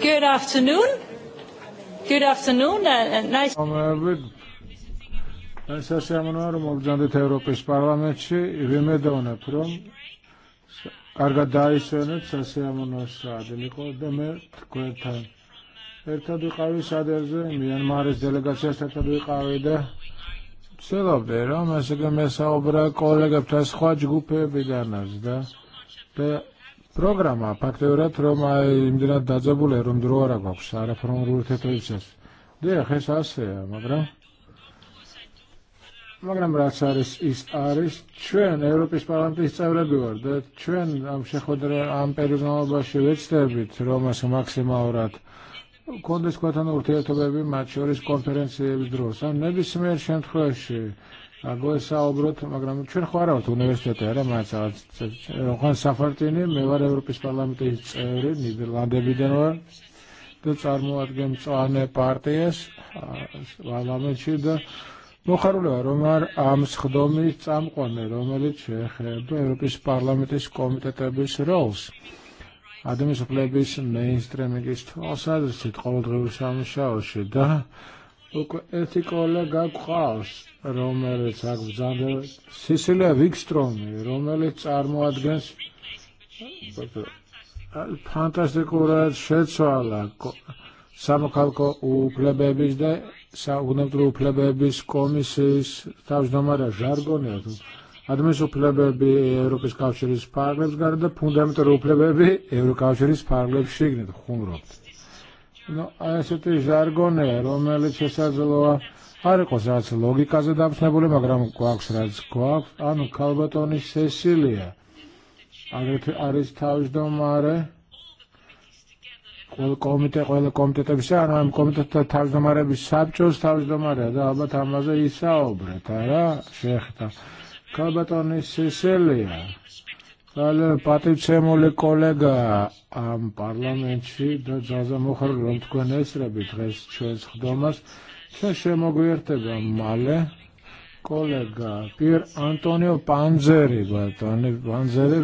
Good afternoon. Good afternoon and uh, uh, nice. Sa siamo normal ġandit Europis parlamentċi, vi medone uh, prom. Arga daishvenet saseyamun ostradini kodemer kuetan. Ertad uqavi saderze Myanmar's delegatsiyas ertad uqavide ცელობდე რა მასეგა მესაუბრა კოლეგებთან te ჯგუფებიდანაც და და პროგრამა ფაქტიურად რომ იმდენად დაძაბულია რომ დრო არ აქვს არაფორმულ ურთიერთობისას. დიახ, ეს ასეა, მაგრამ Magram raċaris is aris, ċen Europis Parlamentis għavra bjorda, ċen għam xeħodre għam perigħu baxi veċtebit, Roma su maksima urat. Kondis kwatan urtietu bebi maċi maċoris konferenzi bidrus, għan nebi smer xent xoċi, għagħu jessa obrot, magram ċen xoħarawt universitetera maċarat, għan safartini, me għar Europis Parlamentis għavri, Niderlande bidenwar, t-sarmu għem ċoħane partijes, għal għamil ċidda, მოხარულეა რომ არ ამ სხდომის წამყვანი რომელიც შეეხება ევროპის პარლამენტის კომიტეტების როლს ადამიანის უფლების მეინსტრიმინგის თვალსაზრისით ყოველდღიურ სამუშაოში და უკვე ერთი კოლეგა გყავს რომელიც აქ ბრძანდა სისილია ვიკსტრომი რომელიც წარმოადგენს ფანტასტიკურად შეცვალა სამოქალაქო plebis და საუნებრივ უფლებების კომისიის თავმჯდომარე ჟარგონი Għadmex uplebebi Europis Kawxeris Parlebs għarda fundamentar uplebebi Eurokawxeris Parlebs xignet xumrot. No, sa zelo, a reko għare kosaz logika za zadabs nebuli magram kwaqs radz kwaq, għanu kalbatoni Cecilia. Għaret għaris tawġ domare, ყველა კომიტეტი, ყველა კომიტეტებში ან ამ კომიტეტთა თავმჯდომარების საბჭოს თავმჯდომარეა და ალბათ ამაზე ისაუბრეთ, არა? შეეხება კაბატონი სესელია. Għal patriċemu li kollega għam parlamentxi da ġaza muħar l-għom esra bitħes ċez xdomas ċaxemu għirte għammale kollega Pier Antonio Panzeri għatani Panzeri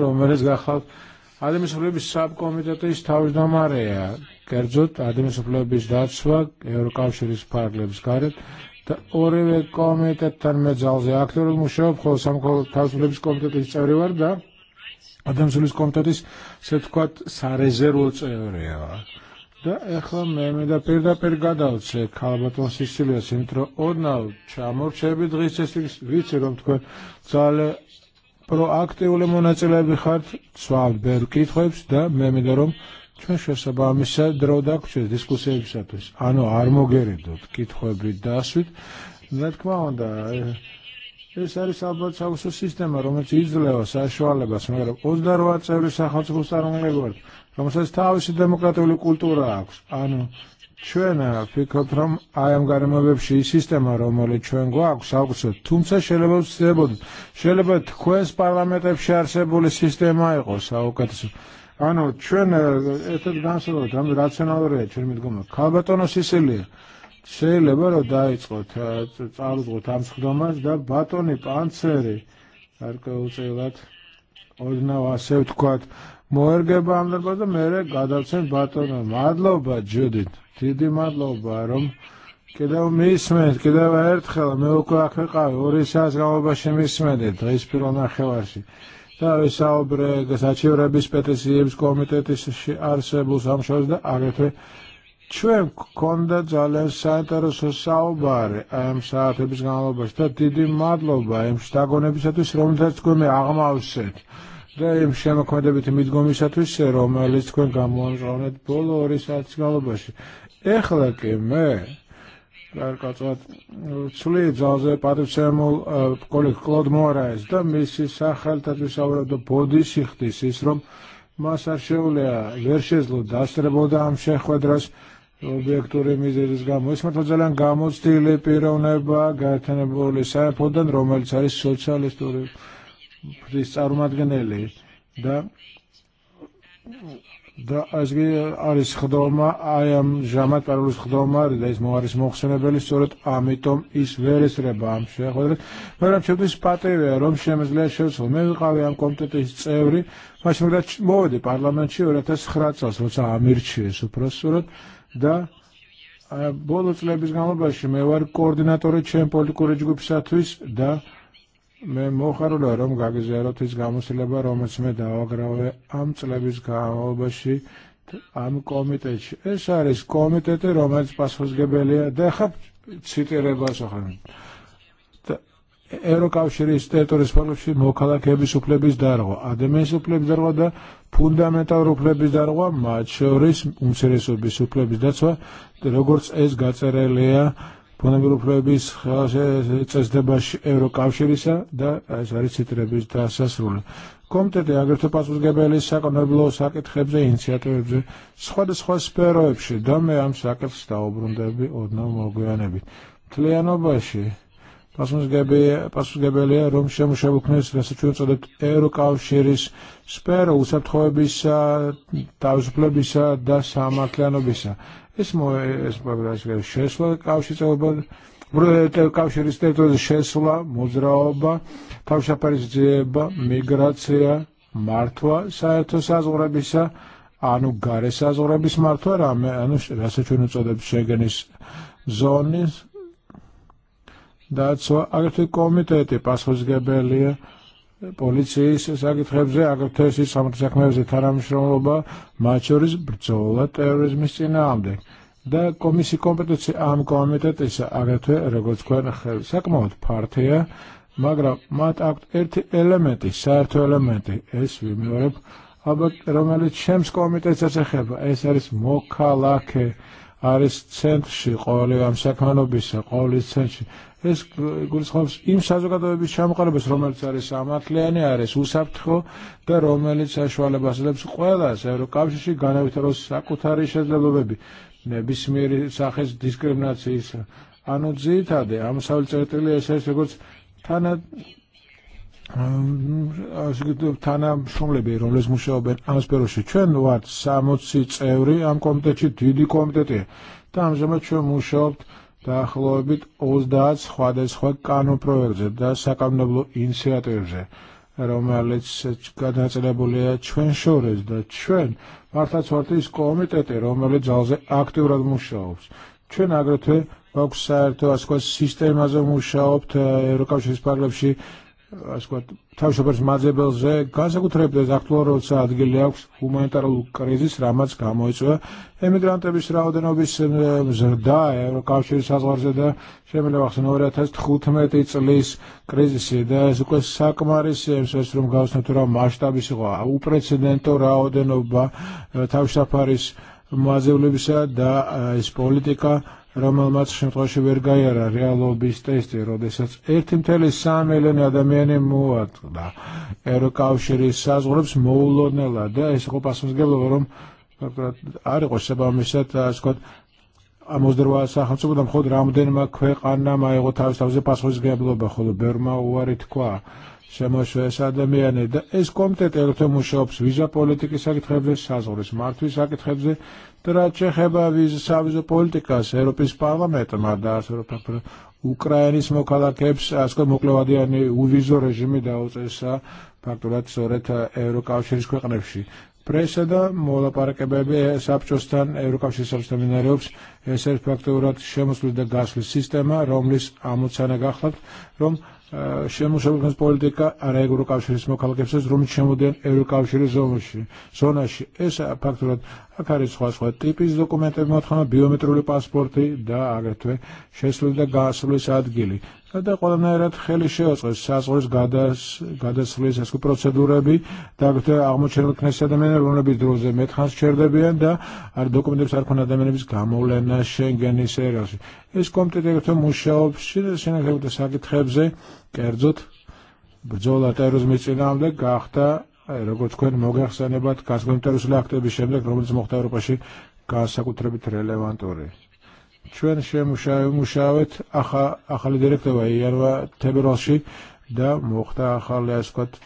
ადამიანსოფლების საბკომიტეტის თავმჯდომარეა. კერძოდ, ადამიანსოფლების დაცვა ევროკავშირის ფარგლებს გარეთ და ორივე კომიტეტთან მეძალზე აქტიურად მუშაობ, ხოლო სამოქალაქო თავისუფლების კომიტეტის წევრი ვარ და ადამიანსოფლების კომიტეტის ესე ვთქვათ სარეზერვო წევრია. და ეხლა მე მე და პირდაპირ გადავწე ქალბატონ სისილიას, იმიტომ რომ ორნავ ჩამორჩები პროაქტიული მონაწილეები ხართ ცვალ ბერკითხვებს და მე მინდა რომ ჩვენ შესაბამისად დრო დაგვრჩეს დისკუსიებისათვის. ანუ არ მოგერებდოთ კითხვები დასვით. რა თქმა უნდა, ეს არის ალბათ საუსო სისტემა, რომელიც იძლევა საშუალებას, მაგრამ 28 წევრი სახელმწიფოს წარმოებად, რომელსაც თავისი დემოკრატიული კულტურა აქვს. ანუ ჩვენ ვფიქრობთ რომ აი ამ გარემოებებში ის სისტემა რომელიც ჩვენ გვაქვს აქვს თუმცა შეიძლება ვცდილებოდეთ შეიძლება თქვენს პარლამენტებში არსებული სისტემა იყოს საუკეთესო ანუ ჩვენ ერთად განსაზღვროთ რამე რაციონალურია ჩვენ მიდგომა ქალბატონო სისილია შეიძლება რომ დაიწყოთ წარუდგოთ ამ ხდომას და ბატონი პანცერი არკეუწილად ოდნავ ასე ვთქვათ მოერგება ამ და მე გადავცემ ბატონო მადლობა ჯუდით დიდი მადლობა რომ კიდევ მისმენთ, კიდევ ერთხელ მე უკვე აქ ვიყავი ორი საათს განმავლობაში მისმენით დღის პირველნახევარში. და ვისაუბრე გასაჩივრების პეტიციების კომიტეტის არსებულ სამშობლოს და აგრეთვე Čujem konda ġalen sajtara su sawbar, għem saħte biex għamlu biex ta' tidi madlo ba, im šta go għatu s-rom ta' tkun agma uset. Da għem xem e konda biex timid għom biex għatu s-rom, li tkun għamlu għamlu għamlu ეხლაკემე გარკაცვად წვლი ძალზე პატივცემულ კოლეგ კლოდ მორაეს და მისი სახელთათვის ავრავდა ბოდი სიხდის ის რომ მას არ შეუძლია ვერ შეძლო დასწრებოდა ამ შეხვედრას ობიექტური მიზეზის გამო ეს მართლა ძალიან გამოცდილი პიროვნება გაერთიანებული სამეფოდან რომელიც არის სოციალისტური ფრის წარმოადგენელი da, და ესგი არის ხდომა, I am ჟამატ პარულის ხდომა და ის მოარის მოხსენებელი, სწორედ ამიტომ ის ვერ ესრება ამ შეხვედრას. მაგრამ შევდის პატევია, რომ შემიძლია შევცვალ. მე ვიყავი ამ კომიტეტის წევრი, მაშინ რა მოვედი პარლამენტში 2009 წელს, როცა ამირჩიეს უпроსწორად და ბოლო წლების განმავლობაში მე ვარ კოორდინატორი ჩემ პოლიტიკური ჯგუფისათვის და Me moħar l-orom għag zero tizgamu s-leba roma s-meda u għagrawe għam t-lebi zgamu baxi għam komiteċ. Issa ris komitet romet pasfus għebeli għadħab t-siti reba soħan. Ero kaw xiri stetu rispallu xim ho kala kebi su plebis darwa. Ademe su plebis darwa da fundamental ru plebis darwa ma ċoris un siri su bi su plebis darwa. Delogorz ez gazzare leja Pona bilo prebis txas Bash euro kavxirisa da zaritzi trebis da sasrule. Komte de agertu pasuz gebeli sako nebilo sakit xebze iniciatorebze. Sxoda sxoda spero epsi, dame am sakit sta obrundebi odna mogujanebi. Tlejano baxi, pasuz gebeli rom xemu xebu knes of the euro kavxiris spero usat xoebisa, tavzuplebisa da samatlejano bisa. Ismu isbagħax xesla kawxi ċelba. oba, ristetu xesla, mudraoba, kawxa parizdzieba, migrazzija, martwa, sajtu sazura bisa, għanu għare sazura bis martva, rame, għanu rasa ċunu ċodeb šegenis zonis. da Dazzo, għagħtu komiteti, pasħu zgebelija, პოლიციის საკითხებზე, აგრეთვე სისხლის საქმეებზე თანამშრომლობა მათ შორის ბრძოლა ტერორიზმის წინააღმდეგ. და კომისი კომპეტენცი ამ კომიტეტისა აგრეთვე როგორც თქვენ ხელ საკმაოდ ფართია, მაგრამ მათ აქვთ ერთი ელემენტი, საერთო ელემენტი, ეს ვიმეორებ, ალბათ რომელიც შემს კომიტეტსაც ეხება, ეს არის მოქალაქე არის ცენტრში ყოველი ამ საქმიანობისა, ყოველი ცენტრში. ეს გულისხმობს იმ საზოგადოების ჩამოყალიბებას, რომელიც არის სამართლიანი, არის უსაფრთხო და რომელიც საშუალებას ძლებს ყველას ევროკავშირში განავითაროს საკუთარი შეძლებლობები ნებისმიერი სახის დისკრიმინაციისა. ანუ ძირითადად ამ სავალ წერტილი ეს როგორც თანად tana მშობლები რომლის მუშაობენ ამ სფეროში ჩვენ ვართ 60 წევრი ამ კომიტეტში დიდი კომიტეტი და ამჟამად ჩვენ მუშაობთ დაახლოებით 30 სხვადასხვა კანონპროექტზე და საკანონმდებლო ინიციატივებზე რომელიც გადაწილებულია ჩვენ შორის და ჩვენ მართლაც ვართ ის კომიტეტი რომელიც ძალზე აქტიურად მუშაობს ჩვენ აგრეთვე გვაქვს საერთო ასე სისტემაზე მუშაობთ ევროკავშირის ფარგლებში ასე ვთქვათ, თავშობაც მაძებელზე განსაკუთრებულად აქტუალურია ადგილი აქვს ჰუმანიტარულ კრიზისს, რამაც გამოიწვია ემიგრანტების რაოდენობის ზრდა ევროკავშირის საზღვარზე და შეიძლება ახსენ 2015 წლის კრიზისი და ეს უკვე საკმარის ეს რომ გავსნათ რა მასშტაბის იყო უპრეცედენტო რაოდენობა თავშაფარის მაძებლებისა და ეს პოლიტიკა რომელმაც შემთხვევაში ვერ გაიარა რეალობის ტესტი, როდესაც 1.3 მილიონი ადამიანი მოატყდა ევროკავშირის საზღვრებს მოულოდნელად seba miset, skot, პასუხისმგებლობა, რომ არ იყო შესაბამისად, ასე ვთქვათ, ამ 28 სახელმწიფო და მხოლოდ რამდენმა ქვეყანამ აიღო Burma თავზე kwa, ხოლო ბერმა უარი da, შემოშვა ეს ადამიანი და ეს კომიტეტი ერთმუშაობს ვიზა პოლიტიკის საკითხებზე, საზღვრის sakit hebze, Traċe ħeba viz savizu s Europis parlament, parlamenta mardas, Ukrainismo kala keps, askol muklo għadjani u vizu reġimi dawt essa partulat soret Euro kawxiris kweqnefxi. Preseda, mola parke bebe sabċostan Euro kawxiris sabċostan minarjobs, eser fakturat xemus l-degas l-sistema, rom lis għamut sana gaxlat, rom შემოსავლების პოლიტიკა არა ევროკავშირის მოქალაქეებსაც, რომელიც შემოდიან ევროკავშირის ზონაში. ზონაში ეს ფაქტურად აქ არის სხვა სხვა ტიპის დოკუმენტები მოთხოვნა, ბიომეტრიული პასპორტი და აგრეთვე შესვლილი და გასვლის ადგილი და ყველანაირად ხელი შეუწყეს საზღვრის გადასვლის ეს პროცედურები და აღმოჩენილ ქნეს ადამიანები რომლებიც დროზე მეთხანს ჩერდებიან და არ დოკუმენტებს არ ქონდა ადამიანების გამოვლენა შენგენის ერაში ეს კომიტეტი ერთო მუშაობს შენახებულ საკითხებზე კერძოდ ბრძოლა ტერორიზმის წინააღმდეგ გახდა როგორც თქვენ მოგეხსენებათ გასგონტერუსული აქტების შემდეგ რომელიც მოხდა ევროპაში განსაკუთრებით რელევანტური ċwen xe muxawet aħħa li direkta għaj, jarwa tebiroxi da muħta aħħa li għaskot.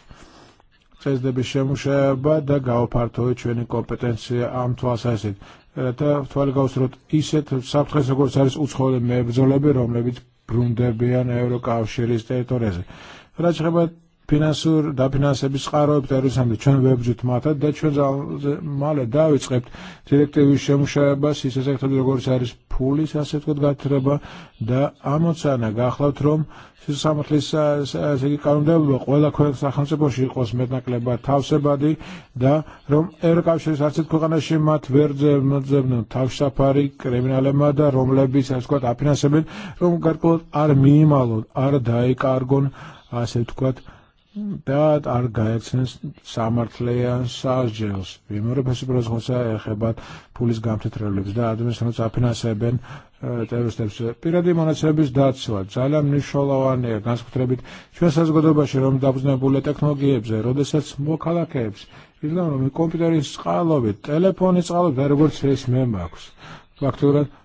da biex xe muxawba da għaw partu ċwen kompetenzi għam twasasit. Ta twal għaw srot iset sabt xesa għor saris uċħol me bżolla birom li bit grunde bijan euro kaw xiris territorezi. Raċħabat ფინანსურ დაფინანსების წყაროებით არ ვისამდე ჩვენ ვებრძვით მათ და ჩვენ მალე დავიწყებთ დირექტივის შემუშავებას ისე საკითხად როგორც არის ფულის ასე ვთქვათ გათხრება და ამოცანა გახლავთ რომ სამართლის ესე იგი კანონმდებლობა ყველა ქვეყნის სახელმწიფოში იყოს მეტნაკლებად თავსებადი და რომ ევროკავშირის არც ერთ ქვეყანაში მათ ვერ ძებნουν თავშაფარი კრიმინალებმა და რომლებიც ასე ვთქვათ აფინანსებენ რომ გარკვეულად არ მიიმალონ არ დაიკარგონ ასე ვთქვათ Dad არ გაეცნეს სამართლიან სასჯელს. ვიმეორებაში პროცესა ეხებათ ფულის გამთეთრელებს და ადამიანს რაც აფინანსებენ ტერორისტებს. პირადი მონაცემების დაცვა ძალიან მნიშვნელოვანია განსაკუთრებით ჩვენ საზოგადოებაში რომ დაფუძნებულია ტექნოლოგიებზე, როდესაც მოქალაქეებს იგნორ რომ კომპიუტერის წყალობით, ტელეფონის წყალობით, როგორც ეს მე მაქვს. ფაქტურად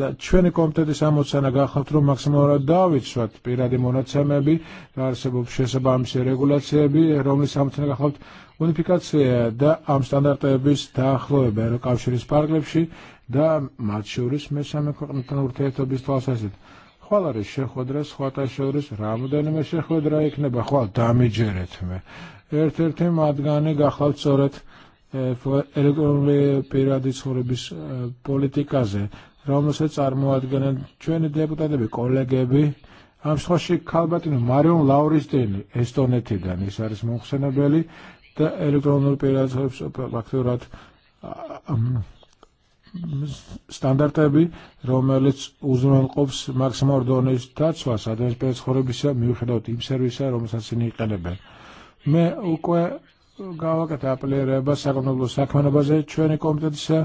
და ჩვენი კომიტეტის ამოცანა გახავთ რომ მაქსიმალურად დავიცვათ პირადი მონაცემები რა არსებობს შესაბამისი რეგულაციები რომლის ამოცანა გახავთ უნიფიკაცია და ამ სტანდარტების დაახლოება ევროკავშირის პარკლებში და მათ შორის მესამე ქვეყნთან ურთიერთობის თვალსაზრისით ხვალ არის შეხვედრა სხვათა შორის რამოდენიმე შეხვედრა იქნება ხვალ დამიჯერეთ მე ერთ-ერთი მათგანი გახავთ soret ეროვნული პირადის ხორების პოლიტიკაზე, რომელსაც წარმოადგენენ ჩვენი დეპუტატები, კოლეგები, ამ შემთხვევაში ქალბატონი მარიონ ლაურისტინი ესტონეთიდან ის არის მომხსენებელი და ელექტრონულ ხორებს ფაქტურად სტანდარტები, რომელიც უზრუნველყოფს მაქსიმალურ დონეს დაცვას ადამიანის ხორებისა მიუხედავად იმ სერვისა, რომელსაც ინიყენებენ მე უკვე გავაკეთებელება საკანონმდებლო საქმიანობაზე ჩვენი კომიტეტისა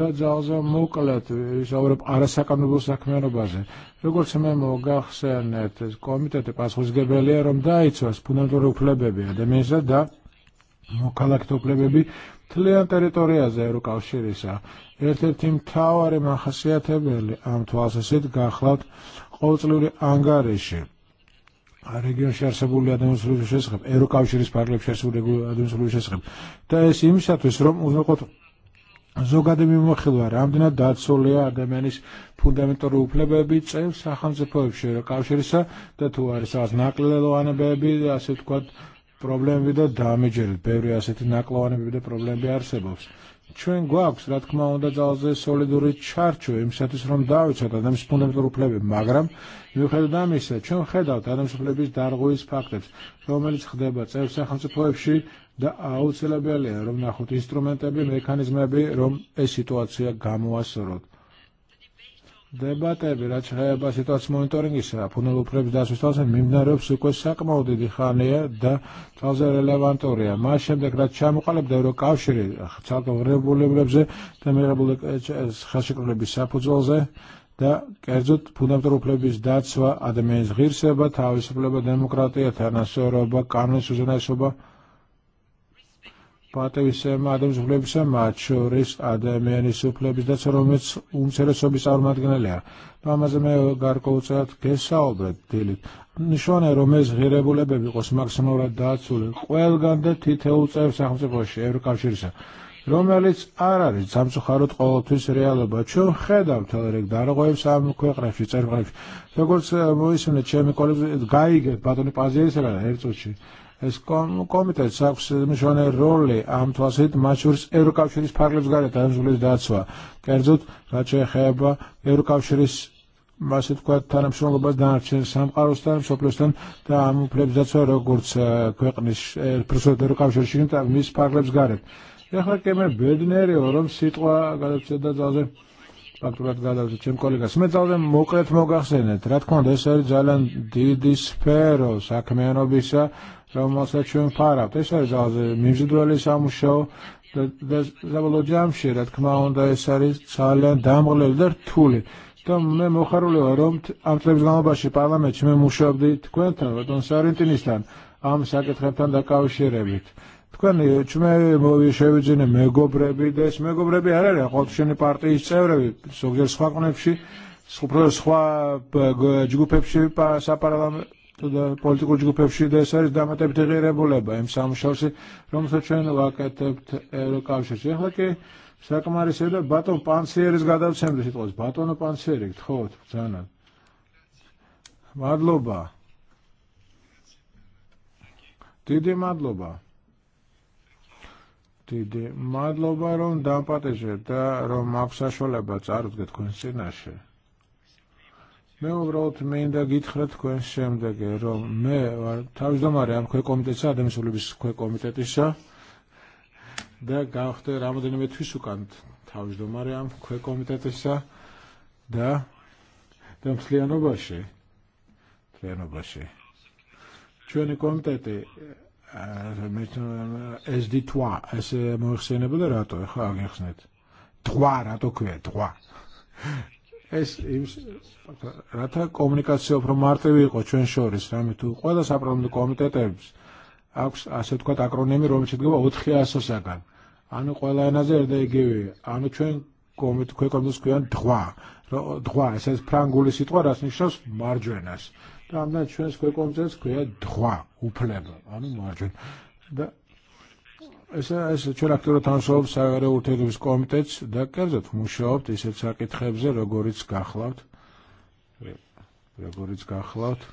და ძალზე მოკლედ ისაუბრებ არასაკანონმდებლო საქმიანობაზე. როგორც მე მოგახსენეთ, კომიტეტი პასუხისმგებელია რომ დაიცვას ფუნდამენტური უფლებები ადამიანისა და მოქალაქეთა უფლებები თლიან ტერიტორიაზე ერუკავშირისა. ერთ-ერთი მთავარი მახასიათებელი ამ თვალსაზრისით გახლავთ ყოველწლიური ანგარიში li li eru Ta' რეგიონში არსებული ადამიანის შესახებ, ევროკავშირის პარლამენტში არსებული ადამიანის შესახებ. და ეს იმისათვის, რომ უზნეყოთ ზოგადი მიმოხილვა, რამდენად დაცულია ადამიანის ფუნდამენტური უფლებები წევს სახელმწიფოებში ევროკავშირისა და kod არის რაღაც ნაკლელოვანებები, ასე ვთქვათ, პრობლემები და დამეჯერით. ბევრი ასეთი ნაკლოვანებები და პრობლემები არსებობს chewing gums that come out that all the solid charge him set is from doubt that them spoon of the plebe magram you had them is a head out Adam the plebe dar go is packed from el khdeba so se khan se poepshi da out rom na khot instrumente be rom a e situation gamo asrot დებატები რაც ხდება dek მონიტორინგისა, qalib da მიმდინარეობს უკვე საკმაოდ rribu li brebze, ძალზე rribu li შემდეგ რაც ჩამოყალიბდა ევროკავშირი da kerzut და მიღებულ ხელშეკრულების da და კერძოდ ფუნდამენტურ უფლებების დაცვა, ადამიანის ღირსება, თავისუფლება, დემოკრატია, თანასწორობა, კანონის უზენაესობა პატევისებმა ადამიანებისა მათ შორის ადამიანის უფლების დაცვა, რომელიც უმცირესობის აღმადგენელია. ამაზე მე გარკვეულწილად გესაუბრეთ დილით. ნიშნავენ, რომ ეს ღირებულებები იყოს მაქსიმალურად დაცული ყველგან და თითოეულ წევრ სახელმწიფოში, ევროკავშირისა. რომელიც არ არის სამწუხაროდ ყოველთვის რეალობა. ჩვენ ხედავთ რეგ დარღვევს ამ ქვეყნებში, წერყლებში. mu მოისმინეთ ჩემი კოლეგები, gaige, patoni პაზიესერა hercuči კომიტეტს აქვს მნიშვნელოვანი როლი ამ თვალსაზრისით მაჩურის ევროკავშირის ფარგლებს გარეთ ანძულის დაცვა. კერძოდ, რაც შეეხება ევროკავშირის ასე თქვა თანამშრომლობას დანარჩენ სამყაროსთან, სოფლოსთან და ამ უფლებს დაცვა როგორც ქვეყნის პროცედურ ევროკავშირში და მის ფარგლებს გარეთ. ეხლა კემერ ბედნერიო რომ სიტყვა გადაწყვეტა ძალზე ფაქტურად გადავწყვეტ ჩემ კოლეგას. მე ძალზე მოკლედ მოგახსენეთ. რა თქმა უნდა, ეს არის ძალიან დიდი სფერო საქმიანობისა l-omosessual para. Pesa zazi, mimġidweli samu xew, zavolu ġamxi, kma kmaunda jessari ċallen damgħu l-der tuli. Tom me muħarru li għarum, għam tleb zlamu baxi parlament, ċme muxu għabdi t-kwenta, għadun sarin tinistan, għam saket xemtan da kaw xirebit. Tkwen ċme muvi xeviġini, me gobrebi des, me gobrebi għarri, għod xini parti jisċevrebi, sogġer sħakun ebxi, sħupro sħua ġgu pepxi sa parlament, to the political group of Shida Saris Dama ma tebti għire buleba, imsam xawsi romsa ċen u għaka tebt eru kawxie ċeħlaki, sakka mari seda baton pansieri zgadaw semri sitqos, baton u pansieri, tħot, b'sanad. Madloba Tidi Madloba Tidi Madloba rom dan pateġer, ta rom mafsa xolebat, għarut għet kun sinaxie მე უბრალოდ მე უნდა გითხრათ თქვენ შემდეგ რომ მე ვარ თავმჯდომარე ამ ქვეკომიტეტსა ადამიანსულების ქვეკომიტეტისა და გავხდე რამოდენიმე თვის უკან თავმჯდომარე ამ ქვეკომიტეტისა და და მთლიანობაში მთლიანობაში ჩვენი komiteti, SD2 ეს მოიხსენებოდა რატო ხა გიხსნით 8 რატო ეს იმს რათა კომუნიკაციო პრომარტივი იყო ჩვენ შორის რამე თუ ყველა საპროტესტო კომიტეტებს აქვს ასე ვთქვათ აკრონიმი რომელიც შედგება 400-საგან ანუ ყველა ენაზე ერთ იგივე ანუ ჩვენ კომიტ ქვეყნებს ქვიან დღვა დღვა ეს ეს ფრანგული სიტყვა რაც ნიშნავს მარჯვენას და ამდენ ჩვენს ქვეყნებს ქვია დღვა უფლება ანუ მარჯვენა და ეს ჩვენაქტორად ამსაუბ საგარეო ურთიერთობის კომიტეტს და კერძოდ ვმუშაობთ ისეთ საკითხებზე, როგორიც გახლავთ როგორიც გახლავთ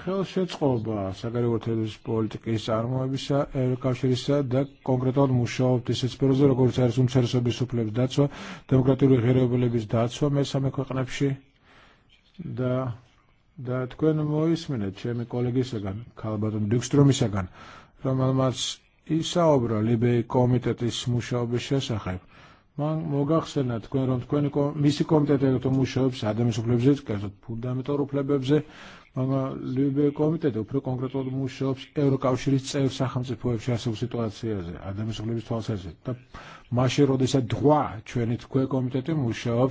ხელშეწყობა საგარეო ურთიერთობის პოლიტიკის წარმოებისა კავშირისა და კონკრეტულად მუშაობთ ისეთ სფეროზე, როგორც არის უმცირესობის უფლების დაცვა, დემოკრატიული ღირებულების დაცვა მესამე ქვეყნებში და და თქვენ მოისმინეთ ჩემი კოლეგისაგან, ქალბატონ დიქსტრომისაგან, რომელმაც jisawbra li bej komitet jismu xaw biex jesaxħeb. Man mogax senet, kwen rond kwen misi komitet jgħu e tomu xaw biex għadem su kħazu kħazat puddam toru plebebze, man li bej komitet jgħu e pre konkretu tomu xaw biex euro kaw xirit sejf saħam si pwef xasu situazzi ze, għadem li su għal sezi. Tab maċi rodi se dħwa, ċwenit kwe komitet jgħu e xaw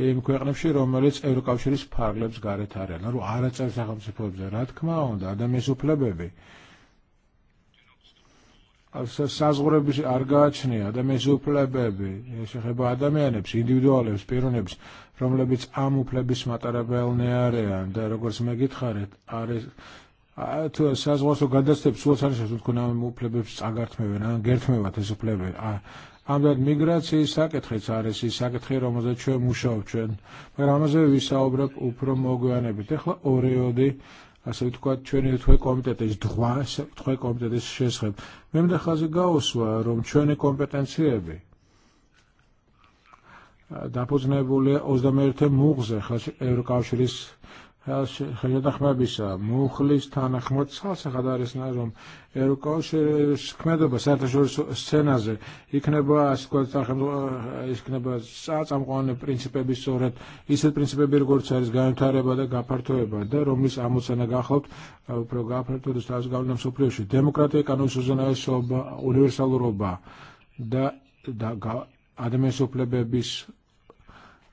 biex kwek bxie romelic euro kaw xirit parlebz għaret għarel, naru għaret sejf saħam se pojef zerat kma għonda, għadem jesu plebebi საზღურები არ გააჩნია ადამიანის უფლებები, შეხება ადამიანებს, ინდივიდუალებს, პიროვნებს, რომლებიც ამ უფლების მატარებელნი არიან და როგორც მეკითხარით, არის თუ საზღვარსო გადასცემ სულსანშეს თქონ ამ უფლებებს წაგართმევენ, ან გერთმევათ ეს უფლებები. Għamdat migrazzji saket ħizaris, saket ħira ma zaċċu muxawċen, ma għamazze visaw brab u promogu għanebit. Eħla u ასე ვთქვათ, ჩვენი თვე კომიტეტის დღვა, თვე კომიტეტის შესახებ. მე მნახაზე გაუსვა, რომ ჩვენი კომპეტენციები დაფუძნებულია 21 მუღზე, ხალხ ევროკავშირის ħajdaħbabisa, muħlis ta' naħmut salsa ħadaris narum, eru kawx skmedoba, sarta xur scenaze, ikneba skol taħem, ikneba saċ għamqon principe bisoret, jisil principe birgur ċaris għajm tareba da għapartueba, da rumlis għamu sena għaxot, pro għapartu da staċ għawnem supriuxi, demokrati kanu sużana jessoba, universal roba, da għadem jessuplebe bis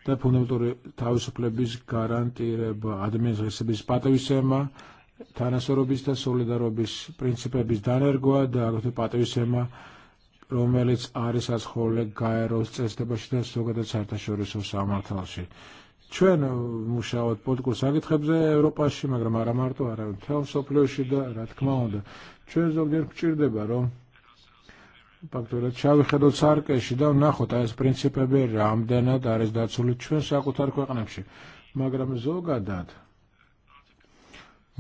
დაფუნდამენტური თავისუფლების გარანტირება ადამიანის პატივისცემა თანასწორობის და სოლიდარობის პრინციპების დანერგვა და აგრეთვე პატივისცემა რომელიც არის ასხოლე გაეროს წესდებაში და ზოგადად საერთაშორისო სამართალში. ჩვენ მუშაობთ პოლიტიკურ საკითხებზე ევროპაში, მაგრამ არა მარტო, არა მთელ მსოფლიოში და რა თქმა უნდა. ჩვენ ზოგჯერ გვჭირდება, რომ ფაქტორად შავიხედოთ სარკეში და ვნახოთ ეს პრინციპები რამდენად არის დაცული ჩვენ საკუთარ ქვეყნებში. მაგრამ ზოგადად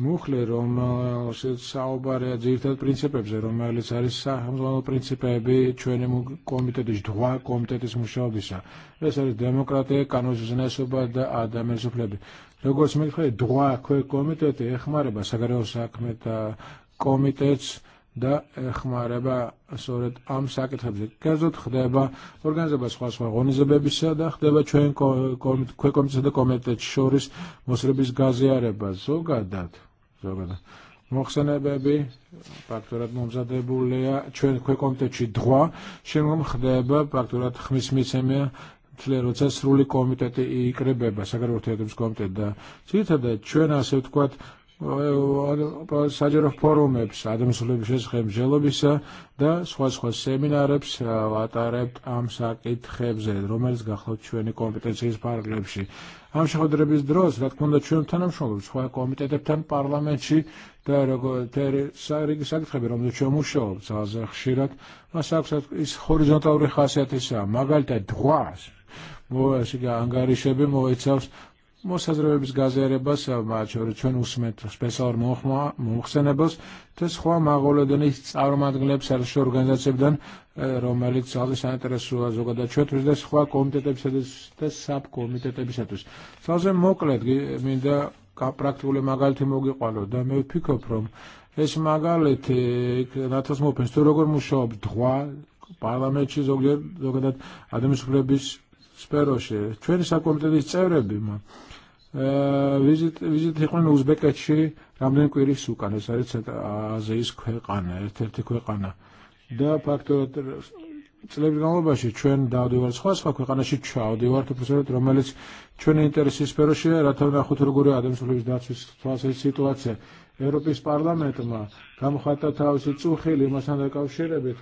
მუხლი რომელშიც საუბარია ძირითად პრინციპებზე, რომელიც არის სახელმწიფო პრინციპები ჩვენი კომიტეტის დღვა კომიტეტის მუშაობისა. ეს არის დემოკრატია, კანონზრისობა და ადამიანის უფლებები. როგორც da xmareba eh, soret am sakit xadze kazot xdeba organize bas xwas xwa xoni zebe bisa da xdeba çoyen kwe komitse de komitet şoris mosrebis gazi areba zo gadat zo gadat Mohsen Ebebi, Pakturat Momzade Bulea, Čuen Kwe Komite Či Dhoa, Šengom Hdeba, Pakturat Hmismicemia, Tlero Cesruli Komite Ti Ikrebeba, Sakar Urtietims Komite Da. Cita da, Čuen Asevtkuat, საჯარო ფორუმებს, ადამიანის შესახებ და სხვა-სხვა სემინარებს ვატარებთ ამ საკითხებზე, რომელიც გახლავთ ჩვენი კომპეტენციის ფარგლებში. ამ შეხვედრების დროს, რა თქმა უნდა, ჩვენ თანამშრომლობთ სხვა კომიტეტებთან პარლამენტში და როგორ საკითხები, რომლითაც ჩვენ მუშაობთ, ძალზე ხშირად, მას აქვს ის ჰორიზონტალური ხასიათისა, მაგალითად, დღვას, მოესიგა ანგარიშები მოიცავს მოსაზრებების გაზიარებას მათ შორის ჩვენ უსმენთ სპეციალურ მოხსენებას და სხვა მაღალოდენის წარმომადგენლებს საერთო ორგანიზაციებიდან რომელიც ძალზე საინტერესოა ზოგადად ჩვენთვის და სხვა კომიტეტებისათვის და საბკომიტეტებისათვის. ძალზე მოკლედ მინდა პრაქტიკული მაგალითი მოგიყვანო და მე ვფიქრობ რომ ეს მაგალითი ნათოს მოფენს თუ როგორ მუშაობს დღვა პარლამენტში ზოგადად ადამიანის სფეროში. ჩვენი საკომიტეტის წევრებმა ვიზიტ იყვნენ უზბეკეთში რამდენი კვირის უკან ეს არის აზიის ქვეყანა ერთ-ერთი ქვეყანა და ფაქტობრივად წლების განმავლობაში ჩვენ დავდივართ სხვა სხვა ქვეყანაში ჩავდივართ უბრალოდ რომელიც ჩვენი ინტერესის სფეროშია რა თქმა უნდა ხუთ როგორი ადამიანების დაცვის თვალსაზრისით სიტუაცია ევროპის პარლამენტმა გამოხატა თავისი წუხილი იმასთან დაკავშირებით,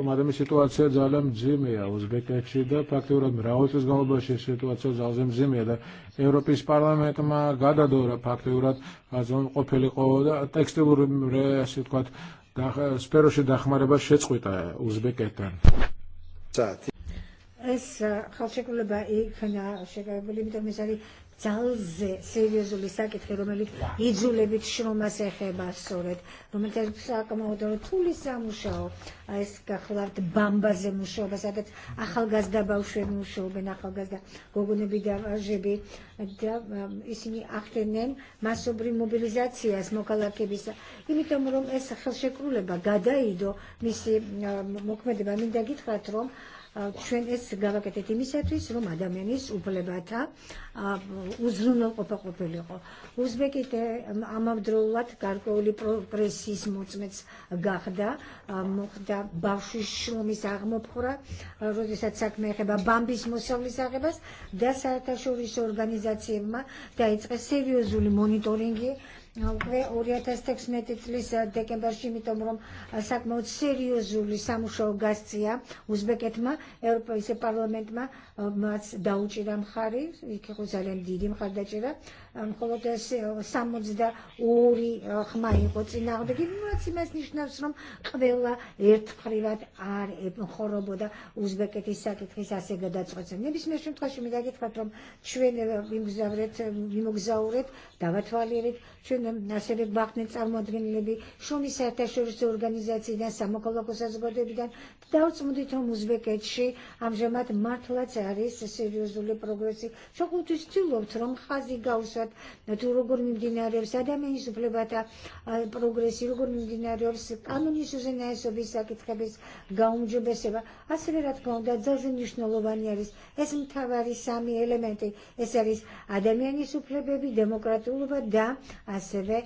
რომ ადამიანის სიტუაცია ძალიან მძიმეა უზბეკეთში და ფაქტიურად მრავალი წლის სიტუაცია ძალიან მძიმეა და ევროპის პარლამენტმა გადადორა ფაქტიურად აზონ ყოფილიყო და ტექსტილურ ასე ვთქვათ სფეროში დახმარება შეწყვიტა უზბეკეთთან. Issa, xalċek u l-baqiq, xena xekar, bil tal-ze serjeżu li sakit ħirum li jidżu li bitxru ma seħe bassoret. Rumil tal-bsaka ma udaru tuli sa muxaw, għajska xlart bamba ze muxaw, basadet aħal gazda bawxu muxaw, ben aħal gazda gogunu bida ġebi, isini aħtenem ma sobri mobilizazzija smokala kebisa. Imi tamrum es xal xekruleba, gada ido, misi mokmedeba, min dagit xatrom, ჩვენ ეს გავაკეთეთ იმისათვის, რომ ადამიანის უფლებათა უზრუნო ყოფილიყო. უზბეკეთე ამავდროულად გარკვეული პროგრესის მოწმეც გახდა, მოხდა ბავშვის შრომის აღმოფხვრა, როდესაც საქმე ეხება ბამბის მოსავლის აღებას და საერთაშორისო ორგანიზაციებმა დაიწყეს სერიოზული მონიტორინგი 2016 წლის დეკემბერში, იმიტომ რომ საკმაოდ სერიოზული სამუშაო გასწია უზბეკეთმა, ევროპის ma მას დაუჭირა მხარი, იქ იყო ძალიან დიდი მხარდაჭერა, მხოლოდ 62 ხმა იყო წინააღმდეგი, რაც იმას ნიშნავს, რომ ყველა ერთხრივად არ ემხორობოდა უზბეკეთის საკითხის ასე გადაწყვეტა. ნებისმიერ შემთხვევაში მინდა გითხრათ, რომ ჩვენ მიმგზავრეთ, მიმოგზაურეთ, დავათვალიერეთ, ჩვენ ასევე გვაქვს წარმოადგენლები შრომის საერთაშორისო ორგანიზაციიდან, სამოქალაქო საზოგადოებიდან, დავწმუნდით, რომ უზბეკეთში ამჟამად მართლაც არის სერიოზული პროგრესი. სოხუმთ ვცდილობთ, რომ ხაზი გავსვათ თუ როგორ მიმდინარეობს ადამიანის უფლებათა პროგრესი, როგორ მიმდინარეობს კანონის უზენაესობის საკითხების გაუმჯობესება. ასევე რა თქმა უნდა, ძალზე მნიშვნელოვანი არის ეს მთავარი სამი ელემენტი. ეს არის ადამიანის უფლებები, დემოკრატიულობა და ასევე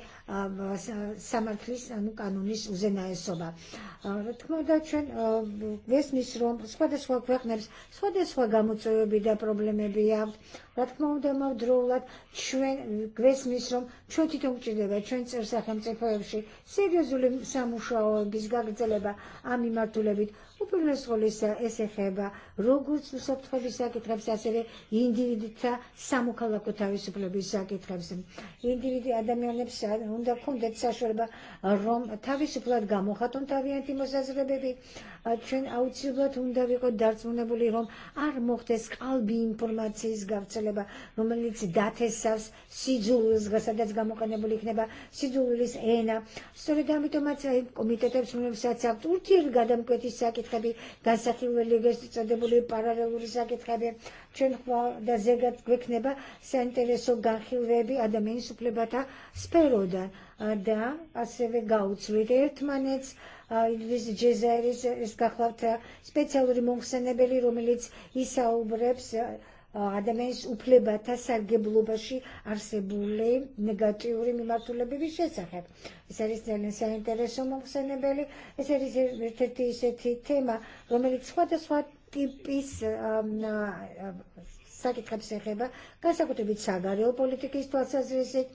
სამართლის ანუ კანონის უზენაესობა. რა თქმა უნდა, ჩვენ ვესმის, რომ სხვადასხვა ქვეყნებს სხვადასხვა გამო Mucojo bi da probleme რა თქმა უნდა მავდროულად ჩვენ გვეს მის რომ ჩვენ თვითონ გვჭირდება ჩვენ წერ სახელმწიფოებში სერიოზული სამუშაოების გაგრძელება ამ მიმართულებით უპირველეს ყოვლისა ეს ეხება როგორც უსაფრთხოების საკითხებს ასევე ინდივიდთა სამოქალაქო თავისუფლების საკითხებს ინდივიდი ადამიანებს უნდა ქონდეთ საშუალება რომ თავისუფლად გამოხატონ თავიანთი მოსაზრებები ჩვენ აუცილებლად უნდა ვიყოთ დარწმუნებული რომ არ მოხდეს ყალბი ინფორმაციის გავრცელება შეიძლება, რომელიც დათესავს სიძულს, სადაც გამოყენებული Ena. სიძულის ენა. სწორედ ამიტომაც აი კომიტეტებს, რომლებსაც აქვთ ურთიერთგადამკვეთის საკითხები, განსახილველი წოდებული პარალელური საკითხები, ჩვენ ხვა და ზეგად გვექნება საინტერესო განხილვები ადამიანის უფლებათა სფეროდან და ასევე გავუცვლით ერთმანეთს ის ჯეზერის ის გახლავთ სპეციალური მომხსენებელი რომელიც ისაუბრებს ადამიანის უფლებათა სარგებლობაში არსებული ნეგატიური მიმართულებების შესახებ. ეს არის ძალიან საინტერესო მოხსენებელი, ეს არის ერთ-ერთი ისეთი თემა, რომელიც სხვადასხვა ტიპის sagar, ma' საკითხებს ეხება განსაკუთრებით საგარეო პოლიტიკის თვალსაზრისით,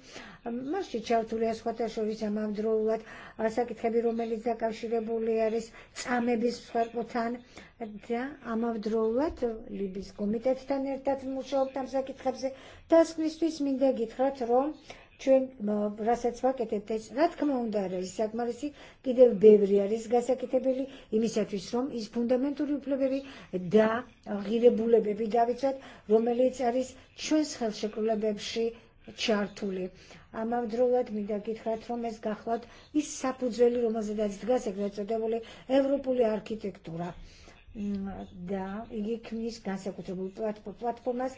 მასში ჩართულია სხვათა შორის ამავდროულად საკითხები, რომელიც დაკავშირებული არის წამების მსხვერპლთან და ამავდროულად ლიბის კომიტეტთან ერთად მუშაობთ ამ საკითხებზე. დასკვნისთვის მინდა გითხრათ, rom, ჩვენ რასაც ვაკეთებთ ეს რა თქმა უნდა არ არის საკმარისი კიდევ ბევრი არის გასაკეთებელი იმისათვის რომ ის ფუნდამენტური უფლებები და ღირებულებები დავიცვათ რომელიც არის ჩვენს ხელშეკრულებებში ċartuli. Għamma mdrullad minda kitħat romes gaħlat, issa puzzeli romazedaz dgasek, għazodevoli, Evropuli arkitektura да, იქნის განსაკუთრებულ პლატფორმას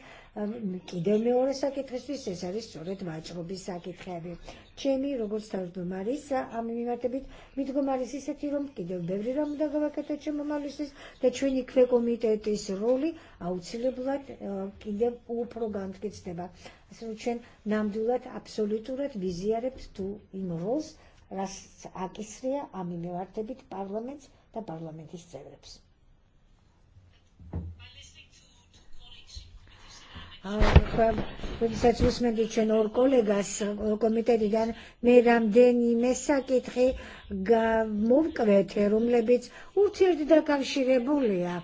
კიდევ მეორე საკითხისთვის ეს არის სწორედ ვაჭრობის საკითხები. ჩემი როგორც თავმჯდომარის ამ მიმართებით მიდგომარის ისეთი რომ კიდევ ბევრი რამ უნდა გავაკეთო ჩემ მომავლისთვის და ჩვენი ქვეკომიტეტის როლი აუცილებლად კიდევ უფრო განმტკიცდება. ასე რომ ჩვენ ნამდვილად აბსოლუტურად ვიზიარებთ თუ იმ როლს, რაც აკისრია ამ მიმართებით პარლამენტს და პარლამენტის წევრებს. Përsaçës me të qenor kolegas komiteti janë me ramdeni mesakitri nga muvkvete rumlebic urtirdi da kavshirebulia.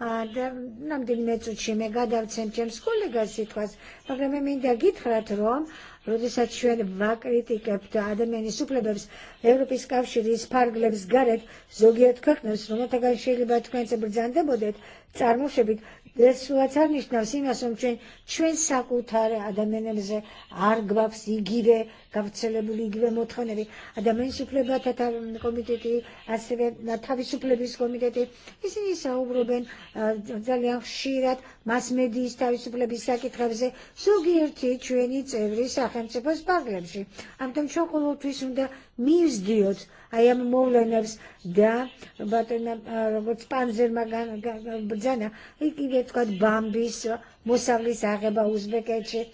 Namdin metzuċi me gadar cemċem skolegas sitwas, magram emin da gitrat rom, Rodisat xwen vak kritikab ta' għademeni suklebebs Europis kawxiris parglebs garet zogiet kaknus rumata għal bat kwenza brzan debodet tsarmu xebit Dil-situazzjoni nix nafsina somċen ċwen sakutare għadamen emze argbab si give kaf celebu li give motħonevi għadamen supleba tata komiteti għasve natħavi suplebis komiteti jisi jisa ubru ben zaljan xirat mas medis tavi suplebis sakit għavze sugirti ċweni cevri saħem cepos baglemxi għamtam mi izdiot, uh, eh, eh, eh, a ja mowlenews da, bat spanzer magana, ikiet kod bambis, musavli saħe ba uzbekeċi,